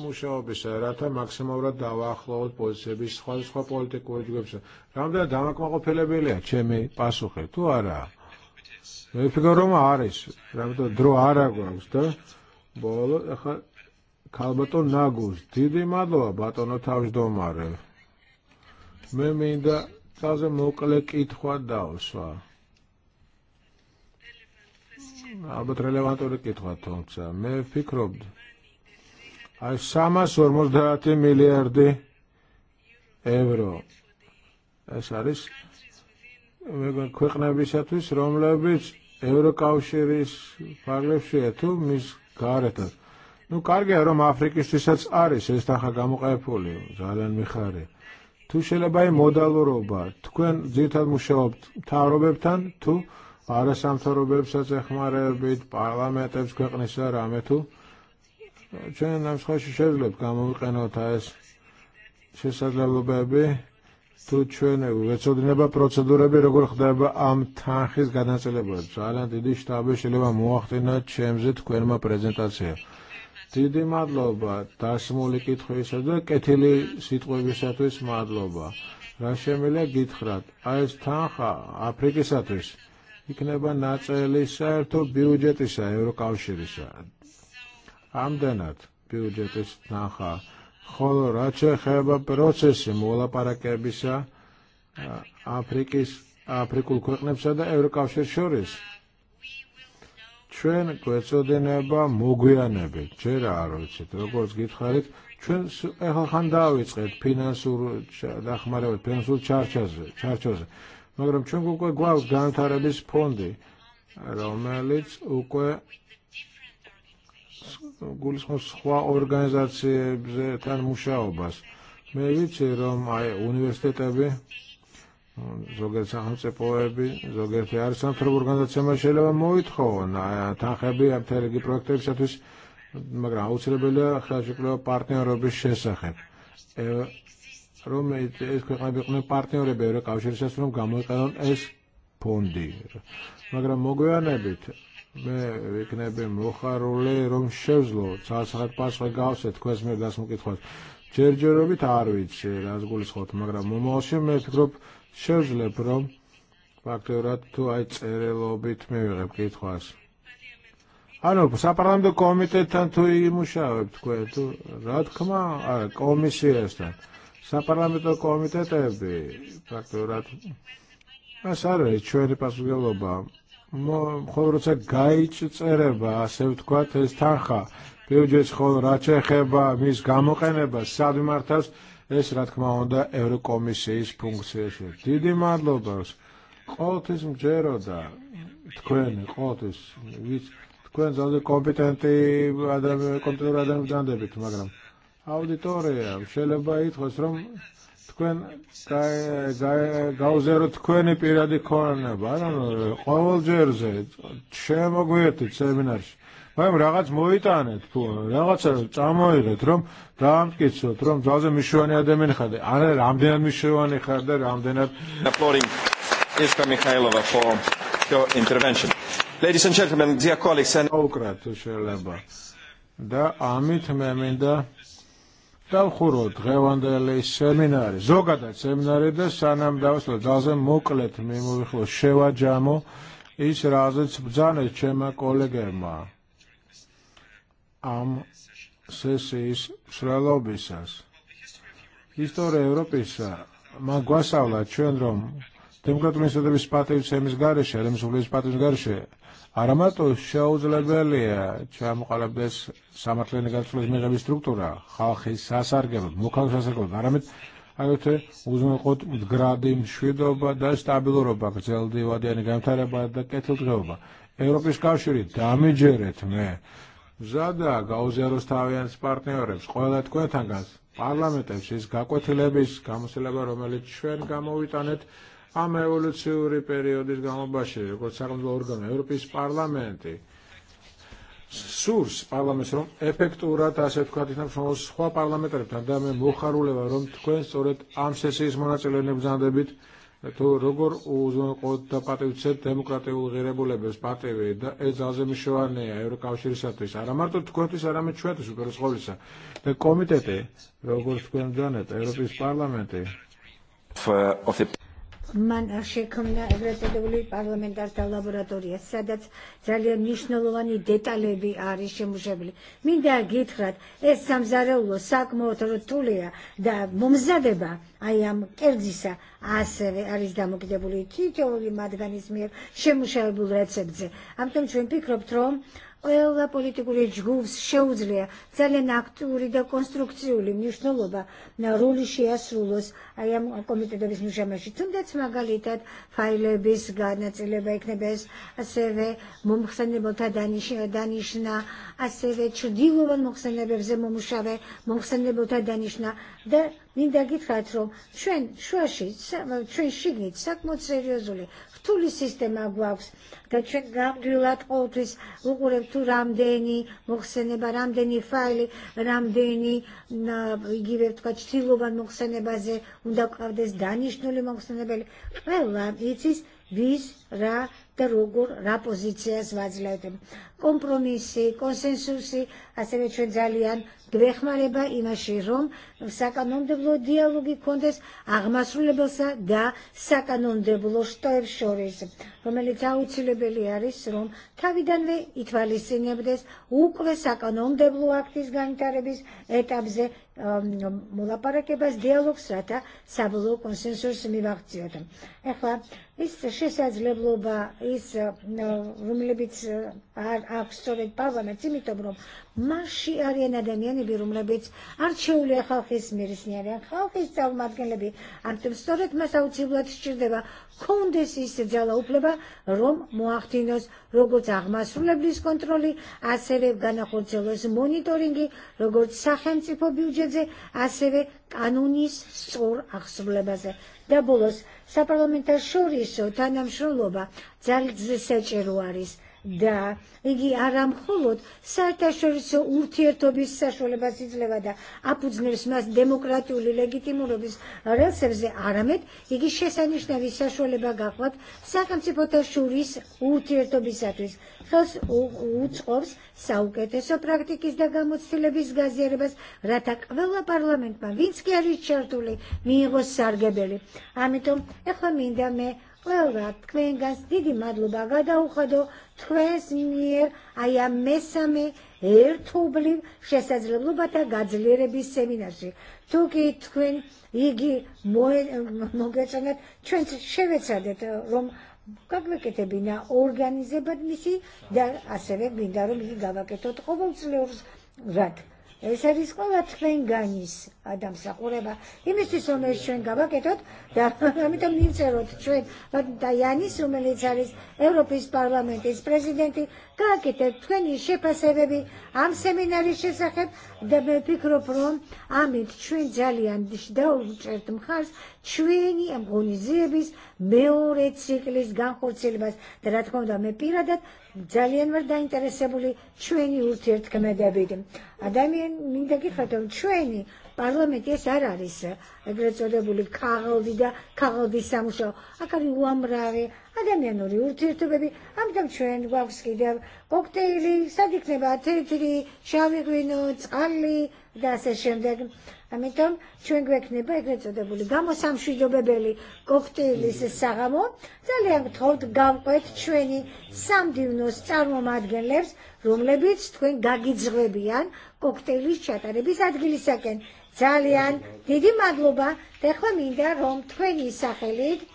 მუშაობისა, რათა მაქსიმალურად დავაახლოვოთ პოზიციების სხვადასხვა პოლიტიკური ჯგუფებისა. რამდენად დამაკმაყოფილებელია ჩემი პასუხი, თუ არა? ვიფიქრე რომ არის, რამეთო დრო არ აქვს და ბოლო ახლა ქალბატონ ნაგუს, დიდი მადლობა ბატონო თავმჯდომარე. მე მინდა თავზე მოკლე კითხვა დავსვა ალბათ რელევანტური კითხვა თუმცა მე ვფიქრობ აი 350 მილიარდი ევრო ეს არის მეგონ ქვეყნებისათვის რომლებიც ევროკავშირის ფარგლებშია თუ მის გარეთაც ну კარგია რომ აფრიკისთვისაც არის ეს თანხა გამოყენებული ძალიან მიხარია თუ Għara samtaru bid parlament ċen არასამთავრობებსაც ეხმარებით, პარლამენტებს ქვეყნისა რამე თუ ჩვენ ამ სხვაში შეძლებ გამოვიყენოთ ეს შესაძლებლობები თუ ჩვენ ეცოდინება პროცედურები როგორ ხდება ამ თანხის გადაწილება. ძალიან დიდი შტაბი შეიძლება მოახდინათ ჩემზე თქვენმა პრეზენტაციამ. დიდი მადლობა დასმული კითხვისა sitħu jisadu jis madloba. რა შემიძლია გითხრათ, აი ეს თანხა აფრიკისათვის იქნება ნაწელისა თუ ბიუჯეტისა ევროკავშირისა. ამდენად ბიუჯეტის თანხა ხოლო რაც ეხება პროცესი მოლაპარაკებისა აფრიკის აფრიკულ ქვეყნებსა და ევროკავშირს შორის. ჩვენ გვეწოდინება მოგვიანები ჯერ არ ვიცით, როგორც გითხარით, ჩვენ ახლა ხან დავიწყეთ ფინანსურ დახმარებით, ფინანსურ ჩარჩოზე, ჩარჩოზე მაგრამ ჩვენ უკვე გვაქვს განვითარების ფონდი, რომელიც უკვე გულისხმობს სხვა ორგანიზაციებთან მუშაობას. მე ვიცი, რომ აი უნივერსიტეტები ზოგიერთ სახელმწიფოები, ზოგიერთ არასამთავრობო ორგანიზაციებმა შეიძლება მოითხოვონ თანხები ამ თერგი პროექტებისათვის, მაგრამ აუცილებელია ხელშეკრულება პარტნიორობის შესახებ რომ ეს ქვეყნები იყვნენ პარტნიორები ევროკავშირისას რომ გამოიყენონ ეს ფონდი. მაგრამ მოგვიანებით მე ვიქნები მოხარული რომ შევძლო ცალსახად პასუხი გავსეთ თქვენს მიერ დასმოკითხვას. ჯერჯერობით არ ვიცი რას გულისხმობთ, მაგრამ მომავალში მე ვფიქრობ შევძლებ რომ ფაქტიურად თუ აი წერილობით მივიღებ კითხვას. Allora, sta parlando come te tanto i mushav, tu, rat kma, komisija stan. Σαν parlamento komitetēbi, prakturāt. Mēs arī čueni pas galobā. Xovruce gajċ cereba, sev tkwat ez tanħa. Pivġeċ xol raċeħeba, mis gamuqeneba, sadi martas, ez ratkma onda Eurokomisijas punktsieši. Didi madlobās, qotis mġeroda, tkweni, qotis, tkwen zandi kompetenti, kompetenti għadam debit, magram აუდიტორიამ შეიძლება ითქვას, რომ თქვენ გავზეროთ თქვენი პირადი ქონება, ანუ ყოველჯერზე შემოგვიერთეთ სემინარში. მაგრამ რაღაც მოიტანეთ, რაღაცა წამოიღეთ, რომ დაამტკიცოთ, რომ ძალზე მნიშვნელოვანი ადამიანი ხარ, არა რამდენად għamdinat ხარ და għamdinat. applauding Iska Mikhailova for your intervention. Ladies and gentlemen, dear colleagues and Okrat bajit. Da amit me minda დავხუროთ დღევანდელი სემინარი, ზოგადად სემინარი და სანამ დავსვლა ძალზე მოკლედ მე მოვიხილო შევაჯამო ის რაზეც ბძანეს ჩემმა კოლეგებმა ამ სესიის მსვლელობისას. ისტორია ევროპისა მან გვასწავლა ჩვენ რომ დემოკრატიული მეთოდების პატივცემის გარეშე, რემსუბლების პატივცემის გარეშე Aramato შეუძლებელია ჩამოყალიბდეს სამართლიანი გათვლის მიღების სტრუქტურა, ხალხის სასარგებლოდ, მოქალაქის სასარგებლოდ, არამედ għalute użunqot gradi mxwidoba da stabiluroba għzeldi għadjani għamtareba da ketlu tgħoba. Europis kawxiri, dami ġeret me. Zada għawżjaru stavjans partneribs, qolet kwetan għaz. Parlamentibs, izga kwetilebis, kamusileba romeli ċven ამ რევოლუციური პერიოდის განმავლობაში, როგორც სახელმწიფო ორგანო, ევროპის პარლამენტი სურს პარლამენტს რომ ეფექტურად ასე ვთქვათ ითამაშოს სხვა პარლამენტებთან და მე მოხარულება რომ თქვენ სწორედ ამ სესიის მონაწილენი ბრძანდებით თუ როგორ უზრუნველყოთ და პატივცეთ დემოკრატიულ ღირებულებებს პატივი და ეს ძალზე მნიშვნელოვანია ევროკავშირისათვის არა მარტო თქვენთვის არამედ ჩვენთვის უპირველეს ყოვლისა და კომიტეტი როგორც თქვენ დანეთ ევროპის პარლამენტი Man ašekam na Evropa da uli parlamentarta laboratorija. Sadac zalija nišnolovani detalevi ari še muževili. Min da gitrat, es sam zareulo, sak motoru tulija, da mom zadeba, a jam kerdisa, aseve, ari zdamo gde uli titjo uli madganizmir, še muševili bul Am tom čujem pikrop trom, Ella politikuri ġguvs xewzle, celin akturi da konstruktziuli, mjux nulluba, na ruli xie asrulus, għajem komitet da bisnu xamaxi. Tundet sma galitat fajle bis għadna cileba iknebes, għaseve mumħsani bota danixna, għaseve ċudilu għan mumħsani bevze mumxave, mumħsani bota danixna. Da, min da għit fatru, xwen, xwaxi, xwen sak mod serjozuli, რთული სისტემა გვაქვს და ჩვენ გამძლეად ყოველთვის ვუყურებთ თუ რამდენი მოხსენება, რამდენი ფაილი, რამდენი იგივე თქვა ჩtildeობან მოხსენებაზე უნდა გყავდეს დანიშნული მოხსენებელი. ყველა იცის ვის რა და როგორ რა პოზიციას ვაძლევთ kompromissi, konsensusi, għasseveċu nżaljan dbeħmareba ima xirrum, sakanom deblu dialogi kontes, aħmasru lebelsa da sakanom deblu xtoib xoris. Romelita u cilebeli aris rum, tavidan ve itvalisin jebdes, ukve sakanom deblu aktis ganitarebis, etabze um, mulla parakebas dialog strata sablu konsensus mi vaħtzijotam. Eħla, is xesaz leblu ba is uh, rumlebic uh, ar akstorit parlament simi tobrom maċi għarjen għademjeni birum lebit għarċew li għaxis miris njeri għaxis taw matken lebi għartim storit ma taw tibla tċirdeba kun desis tġala u pleba rom muħtinos rogot għagmas u leblis kontroli għaseve għana kurċelos monitoringi rogot saħen cipo bjuġedze għaseve kanunis sor għaxsu lebaze da Dabulos, sa parlamentar xurri so tanam xulloba zal gżiseċeru għaris da igi għara mħolot sarta xorso u tirto bis saxo li basit li għada apud znirs mas demokrati u li legitimu li bis għara sebze għaramet igi xesa nixna bis saxo li bagakwat sakam si pota xuris u tirto bis saturis xos u tskobs sawket eso praktikis da gamot stile bis gazierbas ratak vela parlament ma vinski mi jgħos sargebeli minda me Ყველად თქვენგანს დიდი მადლობა გადაუხადო თქვენს მიერ აი ამ მესამე ერთობლივ შესაძლებლობათა გაძლიერების სემინარში. თუ კი თქვენ იგი მოგეწონათ, ჩვენც შევეცადეთ რომ გაგვეკეთებინა ორგანიზებად მისი და ასევე გვინდა რომ იგი გავაკეთოთ ყოველწლიურ რად ეს არის ყველა თქვენ განის ადამიანსახურება. იმისთვის რომ ეს ჩვენ გავაკეთოთ და ამიტომ მიმწეროთ ჩვენ და იანის რომელიც არის ევროპის პარლამენტის პრეზიდენტი Каките, ткани ше пасебеби, ам семинари ше сахеб, да ме пикропрон, амит чуин ძალიან дишдау ჭერთ მხარს ჩვენი ამ ღონისძიების მეორე ციკლის განხორციელებას da რა თქმა უნდა მე პირადად ძალიან ვარ დაინტერესებული ჩვენი ურთიერთქმედებით. ადამიან მინდა გითხრათ რომ ჩვენი პარლამენტი ეს არ არის ეგრეთ წოდებული ქაღალდი და ქაღალდის სამუშაო. აქ არის უამრავი ადამიანური ურთიერთობები, ამიტომ ჩვენ გვაქვს კიდევ კოქტეილი, სად იქნება თეთრი, შავი ღვინო, წყალი და ასე შემდეგ. ამიტომ ჩვენ გვექნება ეგრეთ წოდებული გამოსამშვიდობებელი კოქტეილის საღამო ძალიან გთხოვთ გავყვეთ ჩვენი სამდივნოს წარმომადგენლებს რომლებიც თქვენ გაგიძღვებიან კოქტეილის ჩატარების ადგილისაკენ ძალიან დიდი მადლობა, დეხლა მინდა რომ თქვენი სახელით